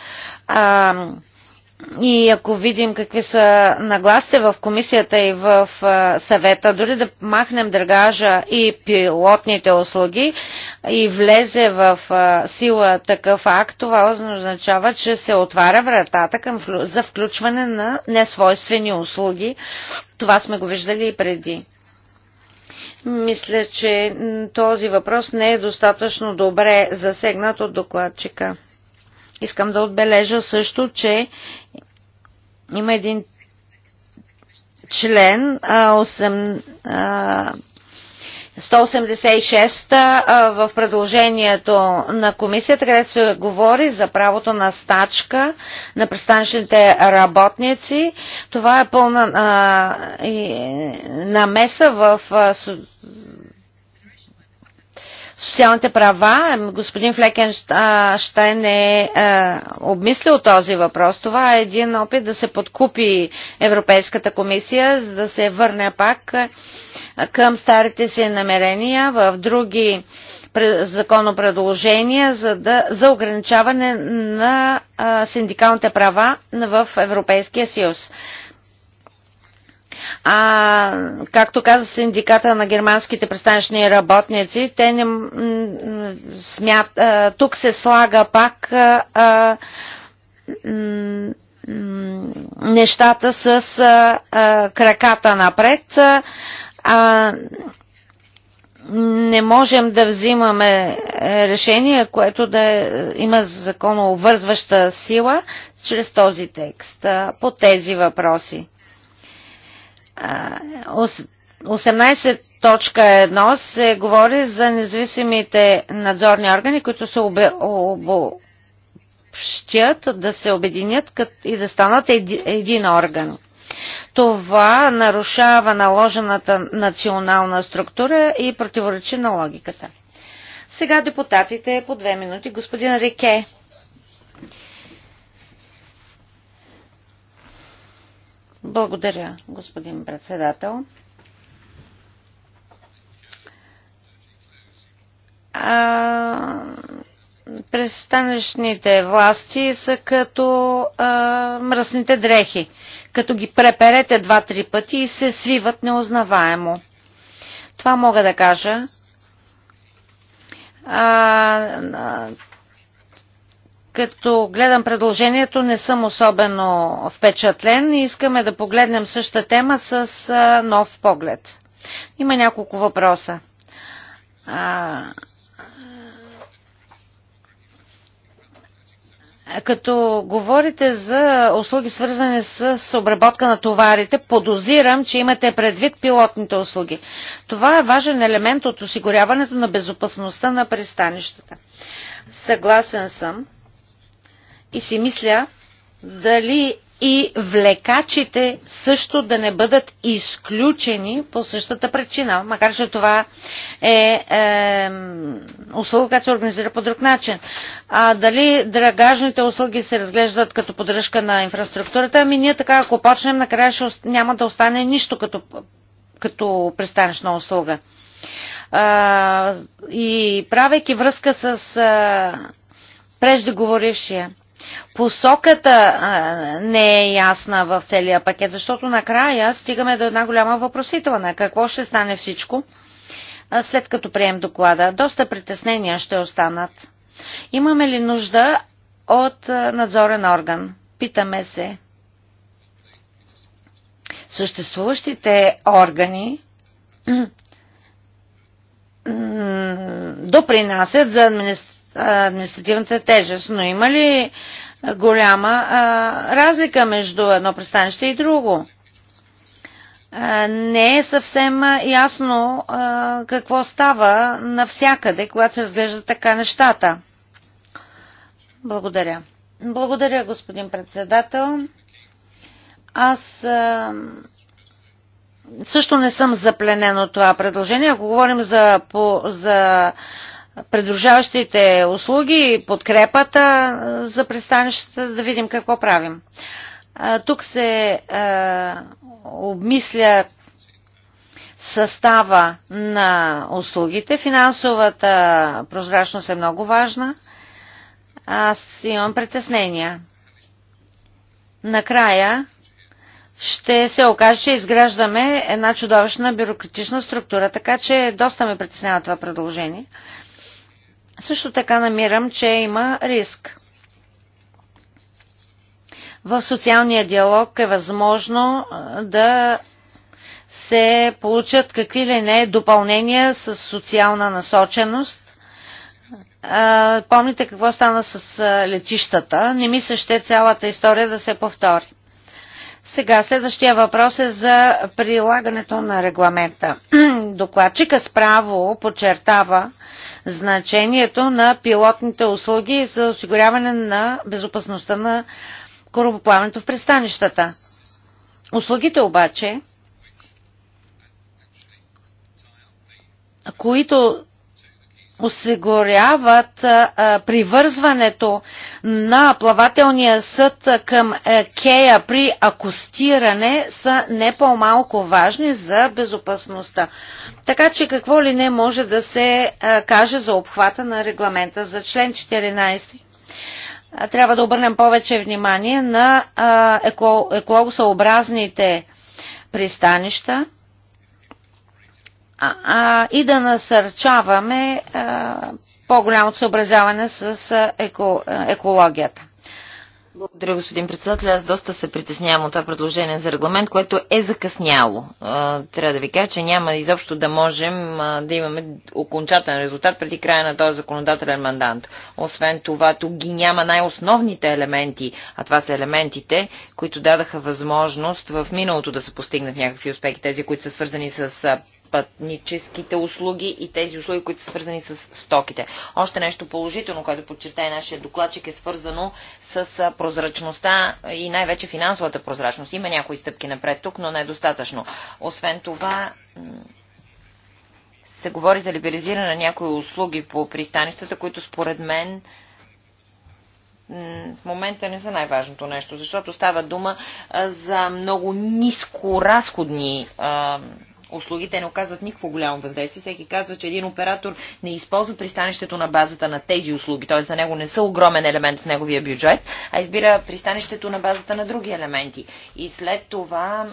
И ако видим какви са нагласите в комисията и в съвета, дори да махнем драгажа и пилотните услуги и влезе в сила такъв акт, това означава, че се отваря вратата към, за включване на несвойствени услуги. Това сме го виждали и преди. Мисля, че този въпрос не е достатъчно добре засегнат от докладчика. Искам да отбележа също, че има един член 186 в предложението на комисията, където се говори за правото на стачка на пристанищните работници. Това е пълна намеса в социалните права. Господин Флекенштайн е, е обмислил този въпрос. Това е един опит да се подкупи Европейската комисия, за да се върне пак е, към старите си намерения в други законопредложения за, да, за ограничаване на а, е, синдикалните права в Европейския съюз. А, както каза синдиката на германските пристанищни работници, те не, смят, а, тук се слага пак а, а, нещата с а, а, краката напред. А, не можем да взимаме е, решение, което да е, има законовързваща сила чрез този текст по тези въпроси. 18.1 се говори за независимите надзорни органи, които се обе, обобщят, да се обединят и да станат един орган. Това нарушава наложената национална структура и противоречи на логиката. Сега депутатите по две минути. Господин Рике. Благодаря, господин председател. А, престанешните власти са като а, мръсните дрехи. Като ги преперете два-три пъти и се свиват неузнаваемо. Това мога да кажа. А, като гледам предложението, не съм особено впечатлен и искаме да погледнем същата тема с нов поглед. Има няколко въпроса. като говорите за услуги свързани с обработка на товарите, подозирам, че имате предвид пилотните услуги. Това е важен елемент от осигуряването на безопасността на пристанищата. Съгласен съм, и си мисля дали и влекачите също да не бъдат изключени по същата причина, макар че това е, е услуга, която се организира по друг начин. А дали драгажните услуги се разглеждат като поддръжка на инфраструктурата, ами ние така, ако почнем, накрая ще, няма да остане нищо като, като пристанищна услуга. А, и правейки връзка с а, преждеговорившия, посоката не е ясна в целия пакет, защото накрая стигаме до една голяма въпросителна. Какво ще стане всичко, след като прием доклада? Доста притеснения ще останат. Имаме ли нужда от надзорен орган? Питаме се. Съществуващите органи допринасят за административната тежест, но има ли голяма а, разлика между едно пристанище и друго. А, не е съвсем ясно а, какво става навсякъде, когато се разглеждат така нещата. Благодаря. Благодаря, господин председател. Аз а, също не съм запленен от това предложение. Ако говорим за, по, за придружаващите услуги, подкрепата за пристанищата, да видим какво правим. Тук се обмисля състава на услугите. Финансовата прозрачност е много важна. Аз имам притеснения. Накрая ще се окаже, че изграждаме една чудовищна бюрократична структура, така че доста ме притеснява това предложение. Също така намирам, че има риск. В социалния диалог е възможно да се получат какви ли не допълнения с социална насоченост. Помните какво стана с летищата? Не ми се ще цялата история да се повтори. Сега следващия въпрос е за прилагането на регламента. Докладчика справо подчертава, значението на пилотните услуги за осигуряване на безопасността на корабоплаването в пристанищата. Услугите обаче, които осигуряват привързването на плавателния съд към кея при акустиране са не по-малко важни за безопасността. Така че какво ли не може да се каже за обхвата на регламента за член 14 трябва да обърнем повече внимание на екологосъобразните пристанища, а, и да насърчаваме по-голямото съобразяване с еко, екологията. Благодаря, господин председател. Аз доста се притеснявам от това предложение за регламент, което е закъсняло. Трябва да ви кажа, че няма изобщо да можем да имаме окончателен резултат преди края на този законодателен мандант. Освен това, тук ги няма най-основните елементи, а това са елементите, които дадаха възможност в миналото да се постигнат някакви успехи, тези, които са свързани с пътническите услуги и тези услуги, които са свързани с стоките. Още нещо положително, което подчертае нашия докладчик, е свързано с прозрачността и най-вече финансовата прозрачност. Има някои стъпки напред тук, но не е достатъчно. Освен това, се говори за либерализиране на някои услуги по пристанищата, които според мен в момента не са най-важното нещо, защото става дума за много ниско разходни услуги, те не оказват никакво голямо въздействие. Всеки казва, че един оператор не използва пристанището на базата на тези услуги, т.е. за него не са огромен елемент в неговия бюджет, а избира пристанището на базата на други елементи. И след това...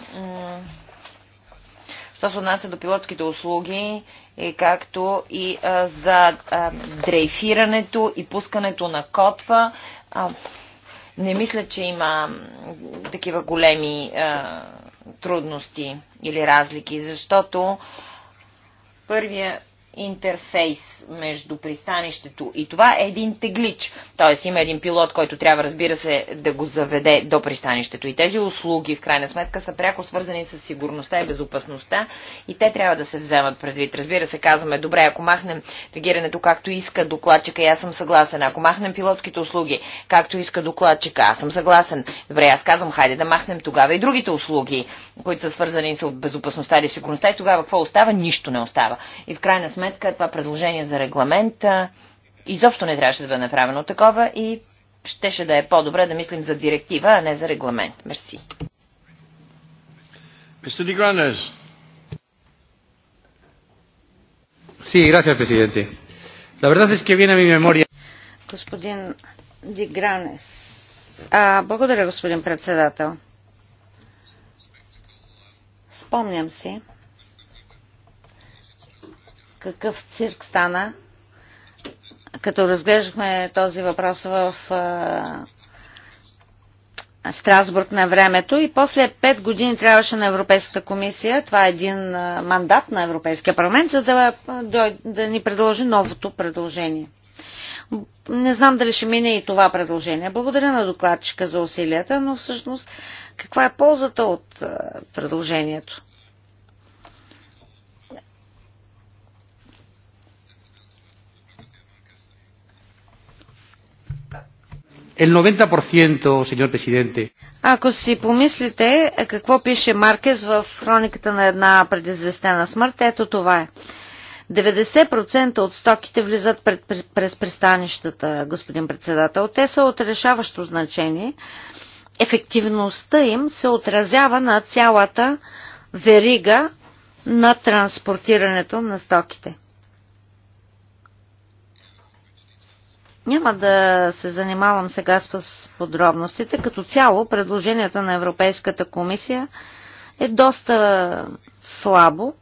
Що се отнася до пилотските услуги, е както и а, за а, дрейфирането и пускането на котва, а, не мисля, че има такива големи а, трудности или разлики, защото първия интерфейс между пристанището и това е един теглич. Т.е. има един пилот, който трябва, разбира се, да го заведе до пристанището. И тези услуги, в крайна сметка, са пряко свързани с сигурността и безопасността и те трябва да се вземат предвид. Разбира се, казваме, добре, ако махнем тегирането, както иска докладчика, аз съм съгласен. Ако махнем пилотските услуги както иска докладчика, аз съм съгласен. Добре, аз казвам, хайде да махнем тогава и другите услуги, които са свързани с безопасността или сигурността и тогава какво остава? Нищо не остава. И в крайна сметка сметка това предложение за регламент изобщо не трябваше да бъде направено такова и щеше да е по-добре да мислим за директива, а не за регламент. Мерси. Господин Дигранес. А, благодаря, господин председател. Спомням си, какъв цирк стана, като разглеждахме този въпрос в Страсбург на времето и после 5 години трябваше на Европейската комисия, това е един мандат на Европейския парламент, за да, да, да ни предложи новото предложение. Не знам дали ще мине и това предложение. Благодаря на докладчика за усилията, но всъщност каква е ползата от предложението? El 90%, señor presidente. Ако си помислите какво пише Маркес в хрониката на една предизвестена смърт, ето това е. 90% от стоките влизат пред, през, през пристанищата, господин председател. Те са от решаващо значение. Ефективността им се отразява на цялата верига на транспортирането на стоките. Няма да се занимавам сега с подробностите. Като цяло, предложението на Европейската комисия е доста слабо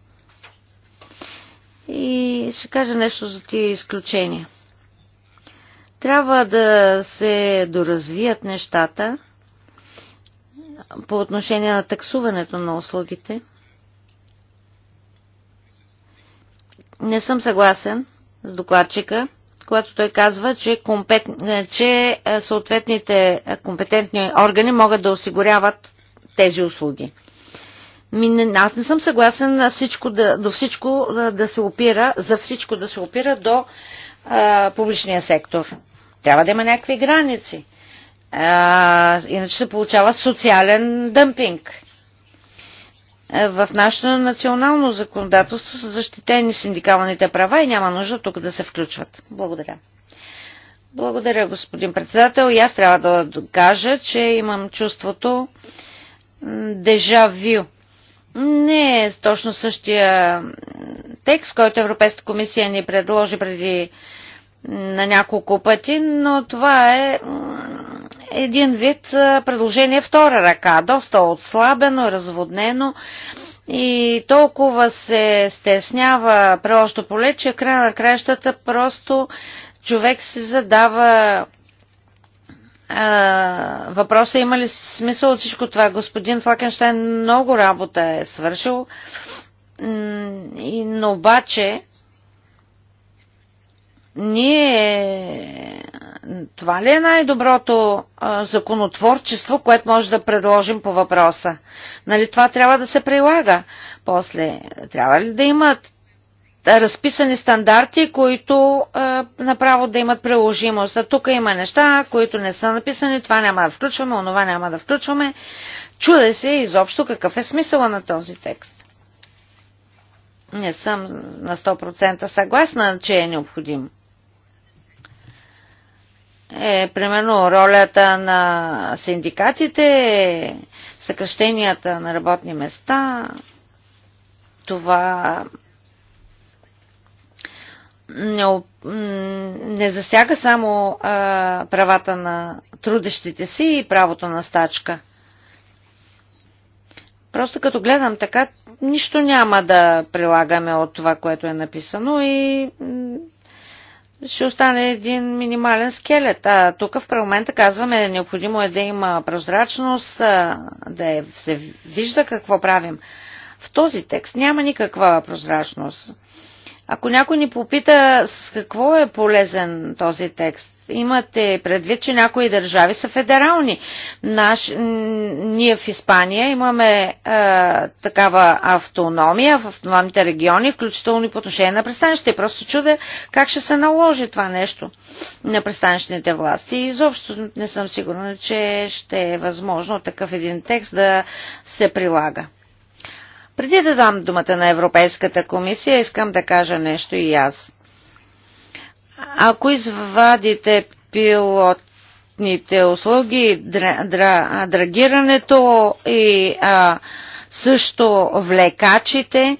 и ще кажа нещо за тия изключения. Трябва да се доразвият нещата по отношение на таксуването на услугите. Не съм съгласен с докладчика когато той казва, че, компет... Е, че е, съответните компетентни органи могат да осигуряват тези услуги. Ми, аз не съм съгласен на всичко да, до всичко е, да се опира, за всичко да се опира до а, публичния сектор. Трябва да има някакви граници. А, иначе се получава социален дъмпинг. Е, в нашето национално законодателство са защитени синдикалните права и няма нужда тук да се включват. Благодаря. Благодаря, господин председател. И аз трябва да кажа, че имам чувството дежавю. Не е точно същия текст, който Европейската комисия ни предложи преди на няколко пъти, но това е един вид предложение втора ръка, доста отслабено, разводнено и толкова се стеснява прелощо поле, че края на краищата просто човек си задава а, въпроса има ли смисъл от всичко това. Господин Флакенштайн много работа е свършил, но обаче ние това ли е най-доброто законотворчество, което може да предложим по въпроса? Нали това трябва да се прилага? После, трябва ли да имат разписани стандарти, които а, направо да имат приложимост. А тук има неща, които не са написани, това няма да включваме, онова няма да включваме. Чуде се изобщо какъв е смисъла на този текст. Не съм на 100% съгласна, че е необходим е примерно ролята на синдикатите, съкръщенията на работни места. Това не, не засяга само а, правата на трудещите си и правото на стачка. Просто като гледам така, нищо няма да прилагаме от това, което е написано и ще остане един минимален скелет. А тук в парламента казваме, необходимо е да има прозрачност, да е- се вижда какво правим. В този текст няма никаква прозрачност. Ако някой ни попита с какво е полезен този текст, имате предвид, че някои държави са федерални. Наш, ние в Испания имаме е, такава автономия в автономните региони, включително и по отношение на пристанище. Просто чудя как ще се наложи това нещо на пристанищните власти. изобщо не съм сигурна, че ще е възможно такъв един текст да се прилага. Преди да дам думата на Европейската комисия, искам да кажа нещо и аз. Ако извадите пилотните услуги, драгирането и а, също влекачите,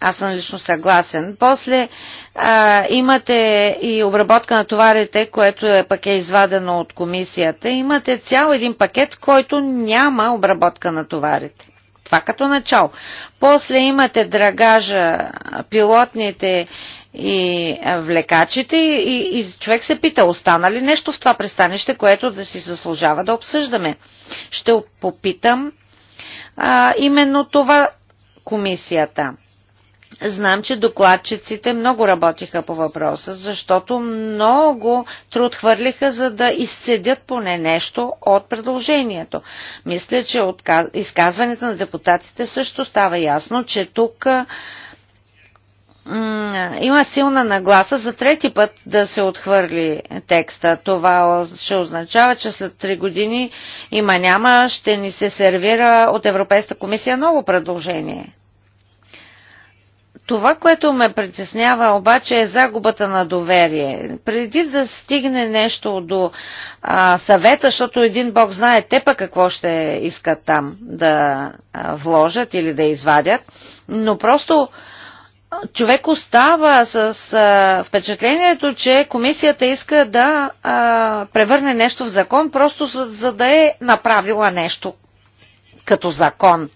аз съм лично съгласен. После а, имате и обработка на товарите, което е пък е извадено от комисията. Имате цял един пакет, който няма обработка на товарите. Това като начало. После имате драгажа, пилотните и влекачите и, и човек се пита, остана ли нещо в това пристанище, което да си заслужава да обсъждаме. Ще попитам а, именно това комисията. Знам, че докладчиците много работиха по въпроса, защото много труд хвърлиха, за да изцедят поне нещо от предложението. Мисля, че от изказването на депутатите също става ясно, че тук има силна нагласа за трети път да се отхвърли текста. Това ще означава, че след три години има няма, ще ни се сервира от Европейската комисия ново предложение. Това, което ме притеснява обаче е загубата на доверие. Преди да стигне нещо до а, съвета, защото един бог знае те пък какво ще искат там да а, вложат или да извадят, но просто а, човек остава с а, впечатлението, че комисията иска да а, превърне нещо в закон, просто за, за да е направила нещо като закон.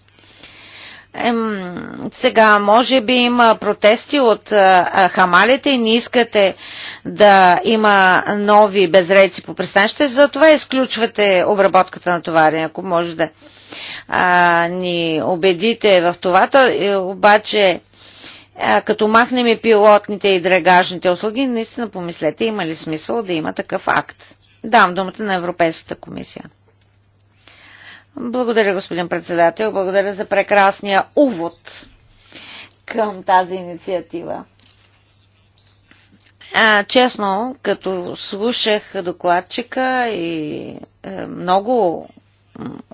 Ем, сега, може би има протести от а, хамалите и не искате да има нови безреци по пристанище, затова изключвате обработката на товари, ако може да а, ни убедите в това, то, е, обаче е, като махнем и пилотните и драгажните услуги, наистина помислете има ли смисъл да има такъв акт. Дам думата на Европейската комисия. Благодаря, господин председател. Благодаря за прекрасния увод към тази инициатива. А, честно, като слушах докладчика и е, много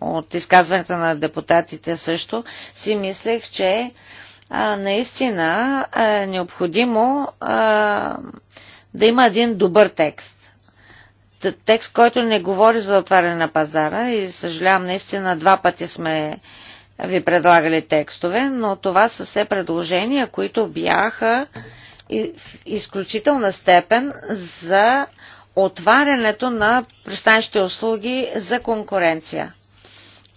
от изказването на депутатите също, си мислех, че а, наистина е необходимо а, да има един добър текст. Текст, който не говори за отваряне на пазара и съжалявам, наистина два пъти сме ви предлагали текстове, но това са все предложения, които бяха в изключителна степен за отварянето на пристанищите услуги за конкуренция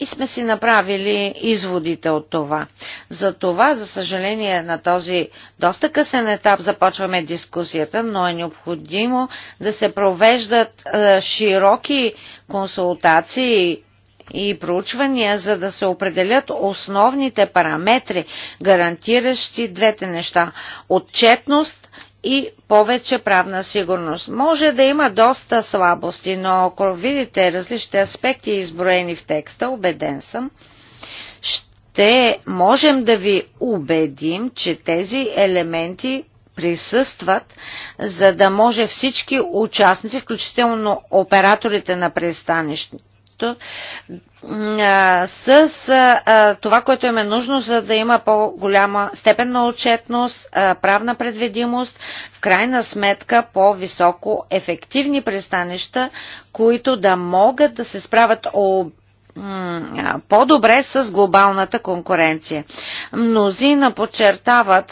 и сме си направили изводите от това. За това, за съжаление, на този доста късен етап започваме дискусията, но е необходимо да се провеждат е, широки консултации и проучвания, за да се определят основните параметри, гарантиращи двете неща – отчетност и повече правна сигурност. Може да има доста слабости, но ако видите различните аспекти изброени в текста, убеден съм, ще можем да ви убедим, че тези елементи присъстват, за да може всички участници, включително операторите на пристанището, нещо с а, това, което им е нужно, за да има по-голяма степен на отчетност, а, правна предвидимост, в крайна сметка по-високо ефективни пристанища, които да могат да се справят по-добре с глобалната конкуренция. Мнозина подчертават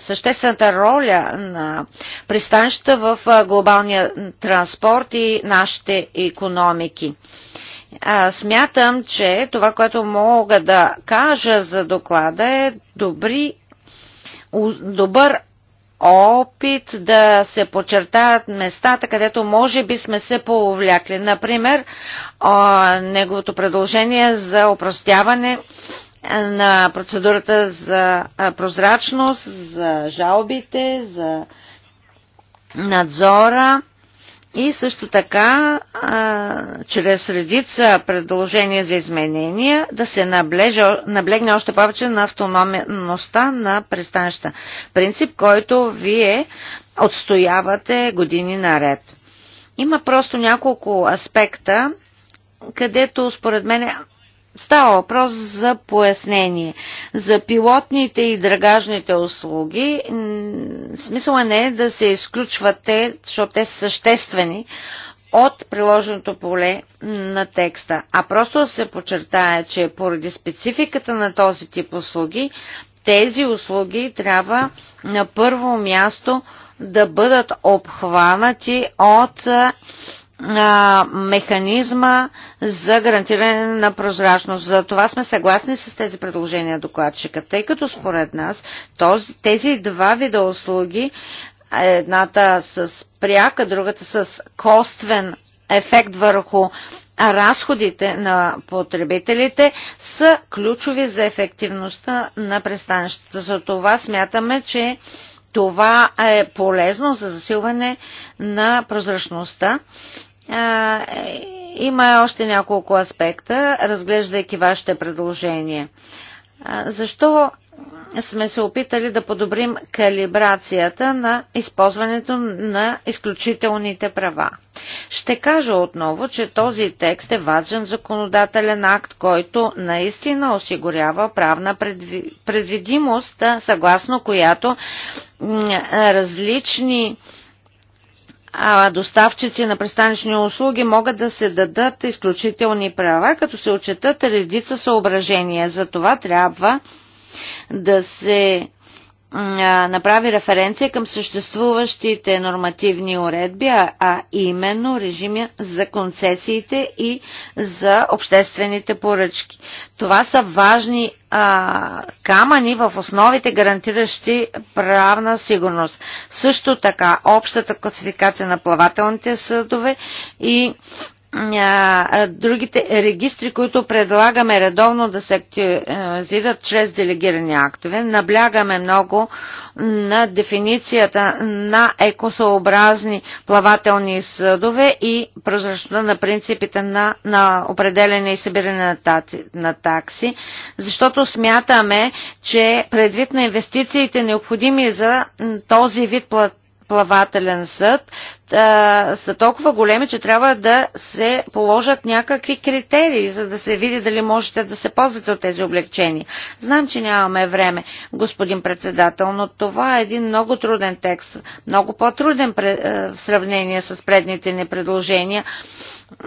съществената роля на пристанищата в глобалния транспорт и нашите економики. смятам, че това, което мога да кажа за доклада е добри, добър опит да се подчертаят местата, където може би сме се повлякли. Например, неговото предложение за опростяване на процедурата за прозрачност, за жалбите, за надзора и също така, а, чрез редица предложения за изменения, да се наблежа, наблегне още повече на автономността на пристанища. Принцип, който вие отстоявате години наред. Има просто няколко аспекта, където според мен Става въпрос за пояснение. За пилотните и драгажните услуги смисъл е не е да се изключват те, защото те са съществени от приложеното поле на текста, а просто се подчертая, че поради спецификата на този тип услуги, тези услуги трябва на първо място да бъдат обхванати от механизма за гарантиране на прозрачност. За това сме съгласни с тези предложения докладчика, тъй като според нас този, тези два вида услуги, едната с пряка, другата с коствен ефект върху разходите на потребителите са ключови за ефективността на пристанищата. За това смятаме, че това е полезно за засилване на прозрачността е, има още няколко аспекта, разглеждайки вашите предложения. Защо сме се опитали да подобрим калибрацията на използването на изключителните права. Ще кажа отново, че този текст е важен законодателен акт, който наистина осигурява правна предвидимост, съгласно която различни а доставчици на пристанищни услуги могат да се дадат изключителни права, като се отчетат редица съображения. За това трябва да се направи референция към съществуващите нормативни уредби, а именно режими за концесиите и за обществените поръчки. Това са важни а, камъни в основите, гарантиращи правна сигурност. Също така, общата класификация на плавателните съдове и другите регистри, които предлагаме редовно да се активизират чрез делегирани актове. Наблягаме много на дефиницията на екосообразни плавателни съдове и прозрачността на принципите на, на определене и събиране на, таци, на такси, защото смятаме, че предвид на инвестициите необходими за този вид плат плавателен съд, а, са толкова големи, че трябва да се положат някакви критерии, за да се види дали можете да се ползвате от тези облегчения. Знам, че нямаме време, господин председател, но това е един много труден текст, много по-труден в сравнение с предните ни предложения.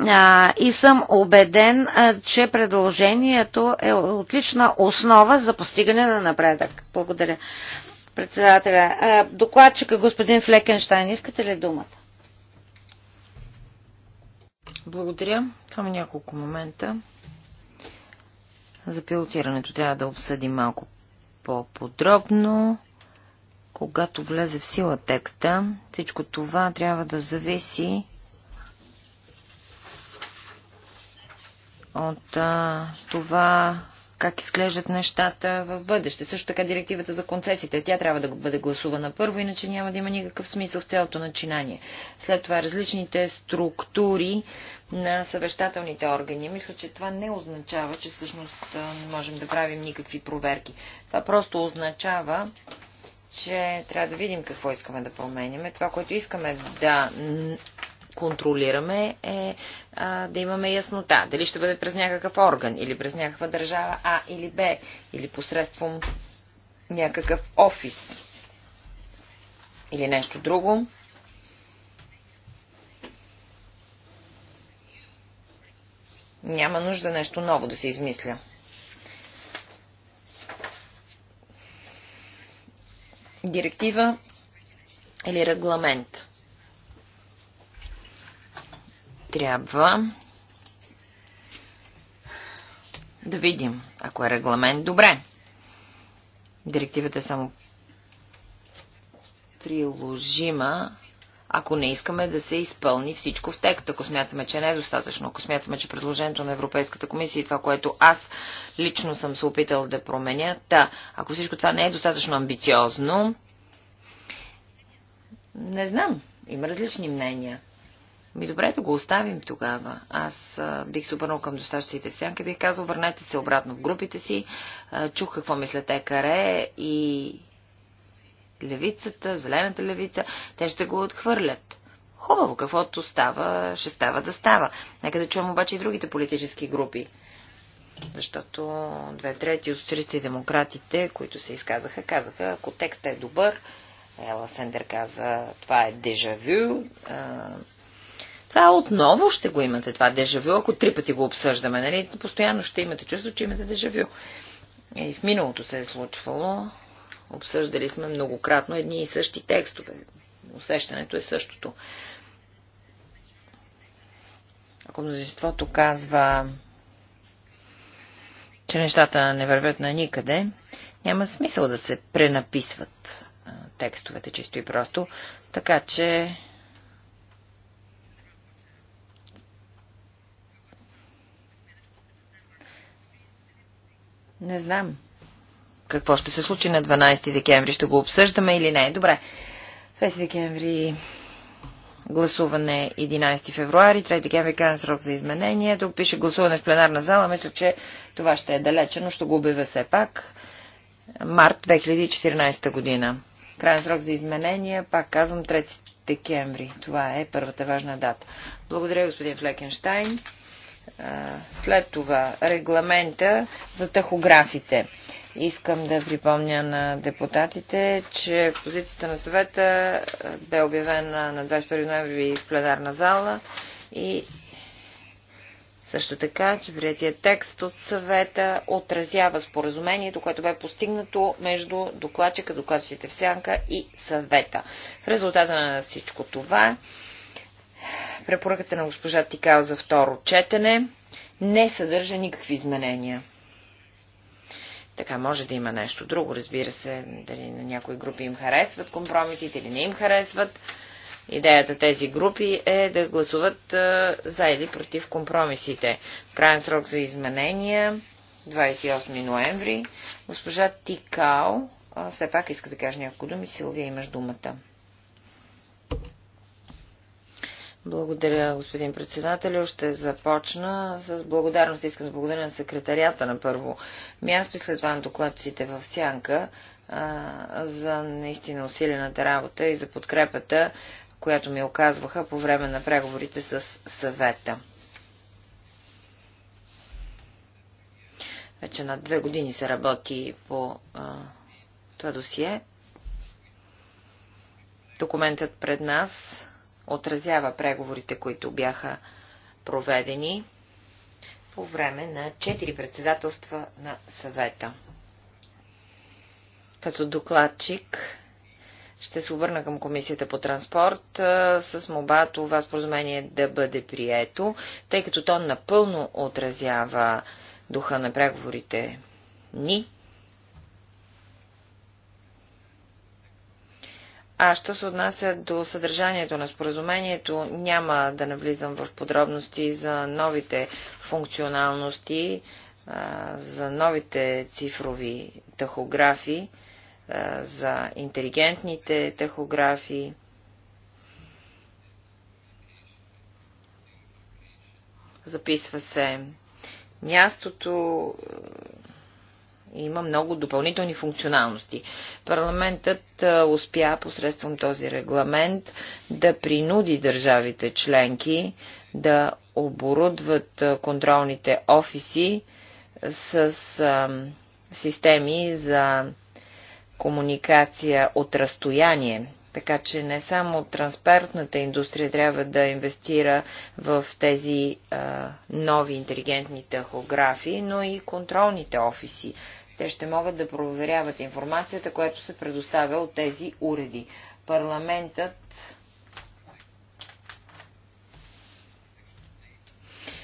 А, и съм убеден, че предложението е отлична основа за постигане на напредък. Благодаря. Председателя. докладчика господин Флекенштайн, искате ли думата? Благодаря. Само няколко момента. За пилотирането трябва да обсъдим малко по-подробно. Когато влезе в сила текста, всичко това трябва да зависи от а, това как изглеждат нещата в бъдеще. Също така директивата за концесиите, тя трябва да бъде гласувана първо, иначе няма да има никакъв смисъл в цялото начинание. След това различните структури на съвещателните органи. Мисля, че това не означава, че всъщност не можем да правим никакви проверки. Това просто означава, че трябва да видим какво искаме да променяме. Това, което искаме да контролираме, е а, да имаме яснота. Дали ще бъде през някакъв орган, или през някаква държава А или Б, или посредством някакъв офис, или нещо друго. Няма нужда нещо ново да се измисля. Директива или регламент трябва да видим, ако е регламент, добре. Директивата е само приложима, ако не искаме да се изпълни всичко в текст, ако смятаме, че не е достатъчно, ако смятаме, че предложението на Европейската комисия и това, което аз лично съм се опитал да променя, да, ако всичко това не е достатъчно амбициозно, не знам, има различни мнения. Ми добре, да го оставим тогава. Аз а, бих се обърнал към доставчиците в сянка, бих казал, върнете се обратно в групите си. А, чух какво мислят Екаре и левицата, зелената левица. Те ще го отхвърлят. Хубаво, каквото става, ще става да става. Нека да чуем обаче и другите политически групи. Защото две трети от социалистите и демократите, които се изказаха, казаха, ако текстът е добър, Ела Сендер каза, това е дежавю, това отново ще го имате, това дежавю, ако три пъти го обсъждаме, нали? Постоянно ще имате чувство, че имате дежавю. И в миналото се е случвало. Обсъждали сме многократно едни и същи текстове. Усещането е същото. Ако мнозинството казва, че нещата не вървят на никъде, няма смисъл да се пренаписват текстовете чисто и просто, така че Не знам. Какво ще се случи на 12 декември? Ще го обсъждаме или не? Добре. 20 декември гласуване 11 февруари, 3 декември крайен срок за изменение. Тук пише гласуване в пленарна зала. Мисля, че това ще е далече, но ще го обявя все пак. Март 2014 година. Крайен срок за изменение, пак казвам 3 декември. Това е първата важна дата. Благодаря, господин Флекенштайн след това регламента за тахографите. Искам да припомня на депутатите, че позицията на съвета бе обявена на 21 ноември в пленарна зала и също така, че приятия текст от съвета отразява споразумението, което бе постигнато между докладчика, докладчите в сянка и съвета. В резултата на всичко това Препоръката на госпожа Тикао за второ четене не съдържа никакви изменения. Така може да има нещо друго, разбира се, дали на някои групи им харесват компромисите или не им харесват. Идеята тези групи е да гласуват а, за или против компромисите. Крайен срок за изменения 28 ноември. Госпожа Тикао а, все пак иска да каже няколко думи. Силвия, имаш думата. Благодаря, господин председател, Ще започна с благодарност. Искам да благодаря на секретарията на първо място и след това на докладците в Сянка а, за наистина усилената работа и за подкрепата, която ми оказваха по време на преговорите с съвета. Вече над две години се работи по а, това досие. Документът пред нас отразява преговорите, които бяха проведени по време на четири председателства на съвета. Като докладчик ще се обърна към Комисията по транспорт с моба това споразумение да бъде прието, тъй като то напълно отразява духа на преговорите ни А що се отнася до съдържанието на споразумението, няма да навлизам в подробности за новите функционалности, за новите цифрови тахографи, за интелигентните тахографи. Записва се мястото, има много допълнителни функционалности. Парламентът успя посредством този регламент да принуди държавите членки да оборудват контролните офиси с системи за комуникация от разстояние. Така че не само транспортната индустрия трябва да инвестира в тези а, нови интелигентни тахографи, но и контролните офиси те ще могат да проверяват информацията, която се предоставя от тези уреди. Парламентът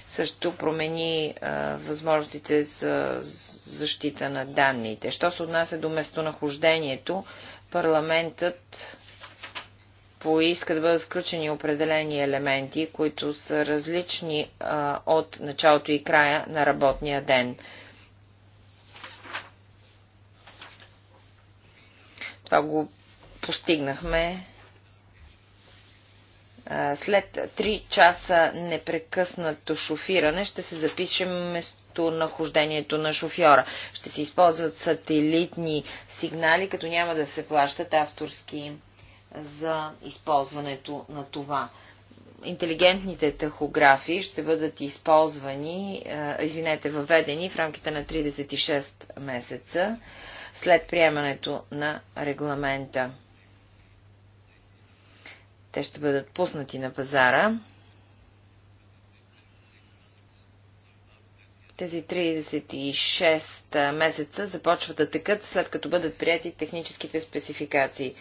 също промени а, възможностите за защита на данните. Що се отнася до местонахождението, парламентът поиска да бъдат включени определени елементи, които са различни а, от началото и края на работния ден. Това го постигнахме след 3 часа непрекъснато шофиране ще се запишем местонахождението на шофьора. Ще се използват сателитни сигнали, като няма да се плащат авторски за използването на това. Интелигентните тахографи ще бъдат използвани, извинете, въведени в рамките на 36 месеца след приемането на регламента. Те ще бъдат пуснати на пазара. Тези 36 месеца започват да текат, след като бъдат прияти техническите спецификации.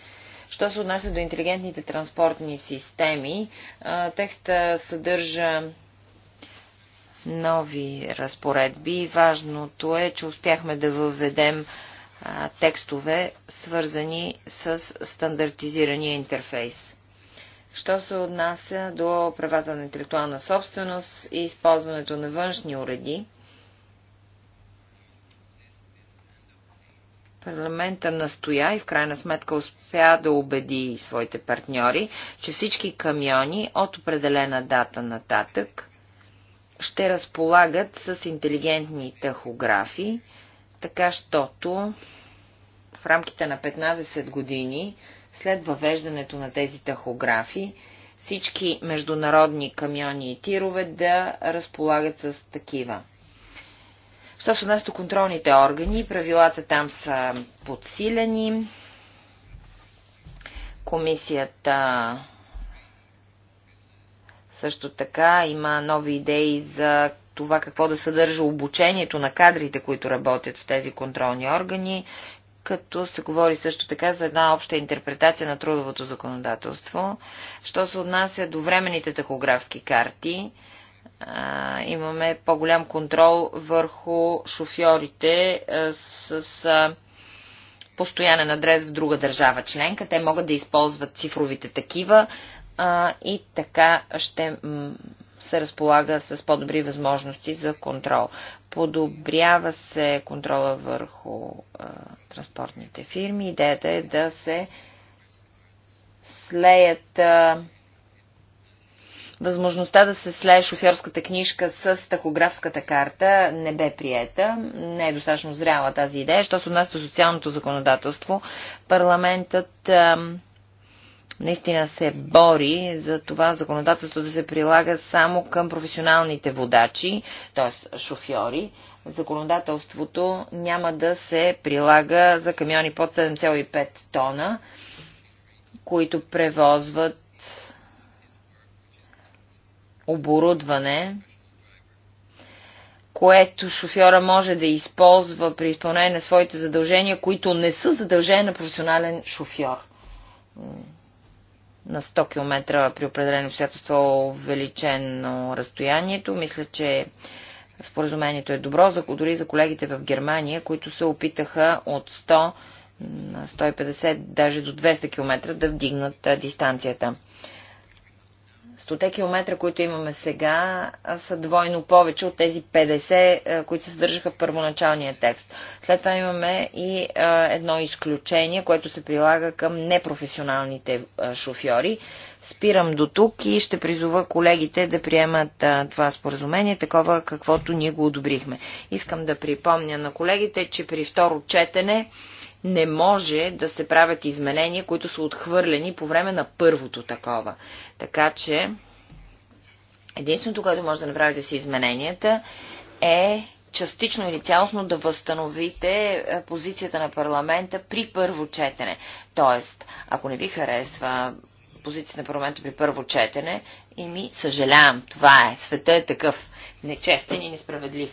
Що се отнася до интелигентните транспортни системи, текста съдържа нови разпоредби. Важното е, че успяхме да въведем текстове, свързани с стандартизирания интерфейс. Що се отнася до правата на интелектуална собственост и използването на външни уреди, парламента настоя и в крайна сметка успя да убеди своите партньори, че всички камиони от определена дата нататък ще разполагат с интелигентни тахографи, така щото в рамките на 15 години след въвеждането на тези тахографи всички международни камиони и тирове да разполагат с такива. Що са нас до контролните органи, правилата там са подсилени. Комисията също така има нови идеи за това какво да съдържа обучението на кадрите, които работят в тези контролни органи, като се говори също така за една обща интерпретация на трудовото законодателство. Що се отнася до времените тахографски карти, а, имаме по-голям контрол върху шофьорите а, с, с а, постоянен адрес в друга държава членка. Те могат да използват цифровите такива а, и така ще се разполага с по-добри възможности за контрол. Подобрява се контрола върху а, транспортните фирми. Идеята е да се слеят а, възможността да се слее шофьорската книжка с тахографската карта не бе приета. Не е достатъчно зряла тази идея. Що се отнася до социалното законодателство, парламентът а, наистина се бори за това законодателство да се прилага само към професионалните водачи, т.е. шофьори. Законодателството няма да се прилага за камиони под 7,5 тона, които превозват оборудване, което шофьора може да използва при изпълнение на своите задължения, които не са задължения на професионален шофьор на 100 км при определено обстоятелство увеличено разстоянието. Мисля, че споразумението е добро, дори за колегите в Германия, които се опитаха от 100 на 150, даже до 200 км да вдигнат дистанцията. 100 километра, които имаме сега, са двойно повече от тези 50, които се съдържаха в първоначалния текст. След това имаме и едно изключение, което се прилага към непрофесионалните шофьори. Спирам до тук и ще призова колегите да приемат това споразумение, такова каквото ние го одобрихме. Искам да припомня на колегите, че при второ четене не може да се правят изменения, които са отхвърлени по време на първото такова. Така че единственото, което може да направите с измененията е частично или цялостно да възстановите е, позицията на парламента при първо четене. Тоест, ако не ви харесва позицията на парламента при първо четене, и ми съжалявам, това е. Света е такъв нечестен и несправедлив.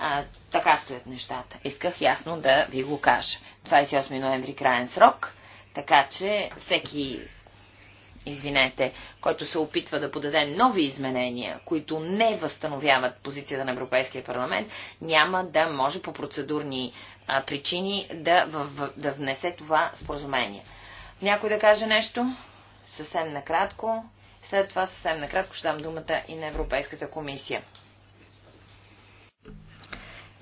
А, така стоят нещата. Исках ясно да ви го кажа. 28 ноември крайен срок, така че всеки извинете, който се опитва да подаде нови изменения, които не възстановяват позицията на Европейския парламент, няма да може по процедурни а, причини да, в, да внесе това споразумение. Някой да каже нещо? Съвсем накратко. След това съвсем накратко ще дам думата и на Европейската комисия.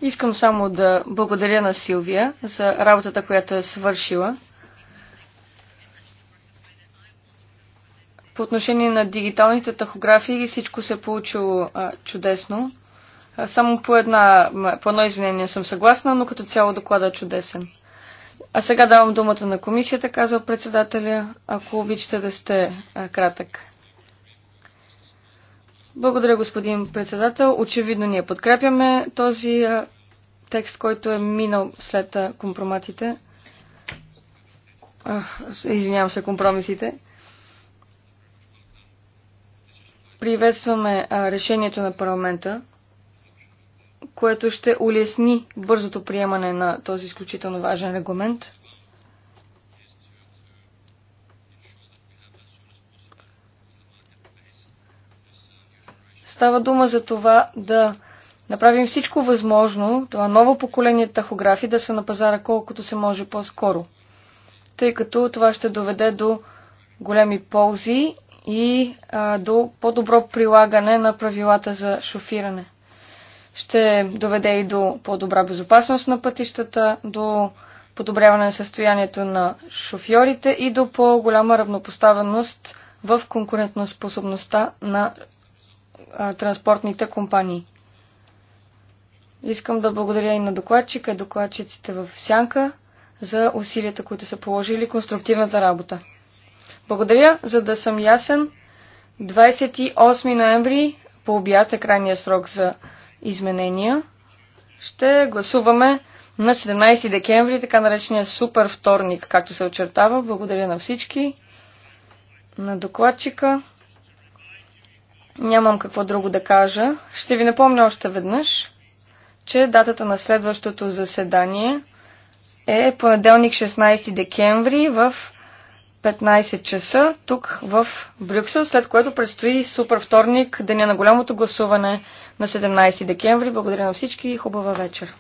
Искам само да благодаря на Силвия за работата, която е свършила. По отношение на дигиталните тахографии всичко се е получило а, чудесно. А, само по, една, по едно извинение съм съгласна, но като цяло доклада е чудесен. А сега давам думата на комисията, казва председателя, ако обичате да сте а, кратък. Благодаря, господин председател. Очевидно ние подкрепяме този текст, който е минал след компроматите. Извинявам се, компромисите. Приветстваме решението на парламента, което ще улесни бързото приемане на този изключително важен регламент – Става дума за това да направим всичко възможно това ново поколение тахографи да са на пазара колкото се може по-скоро, тъй като това ще доведе до големи ползи и а, до по-добро прилагане на правилата за шофиране. Ще доведе и до по-добра безопасност на пътищата, до подобряване на състоянието на шофьорите и до по-голяма равнопоставеност в конкурентоспособността на транспортните компании. Искам да благодаря и на докладчика и докладчиците в Сянка за усилията, които са положили конструктивната работа. Благодаря, за да съм ясен. 28 ноември по обяд е крайния срок за изменения. Ще гласуваме на 17 декември, така наречения супер вторник, както се очертава. Благодаря на всички, на докладчика. Нямам какво друго да кажа. Ще ви напомня още веднъж, че датата на следващото заседание е понеделник 16 декември в 15 часа тук в Брюксел, след което предстои супер вторник, деня на голямото гласуване на 17 декември. Благодаря на всички и хубава вечер.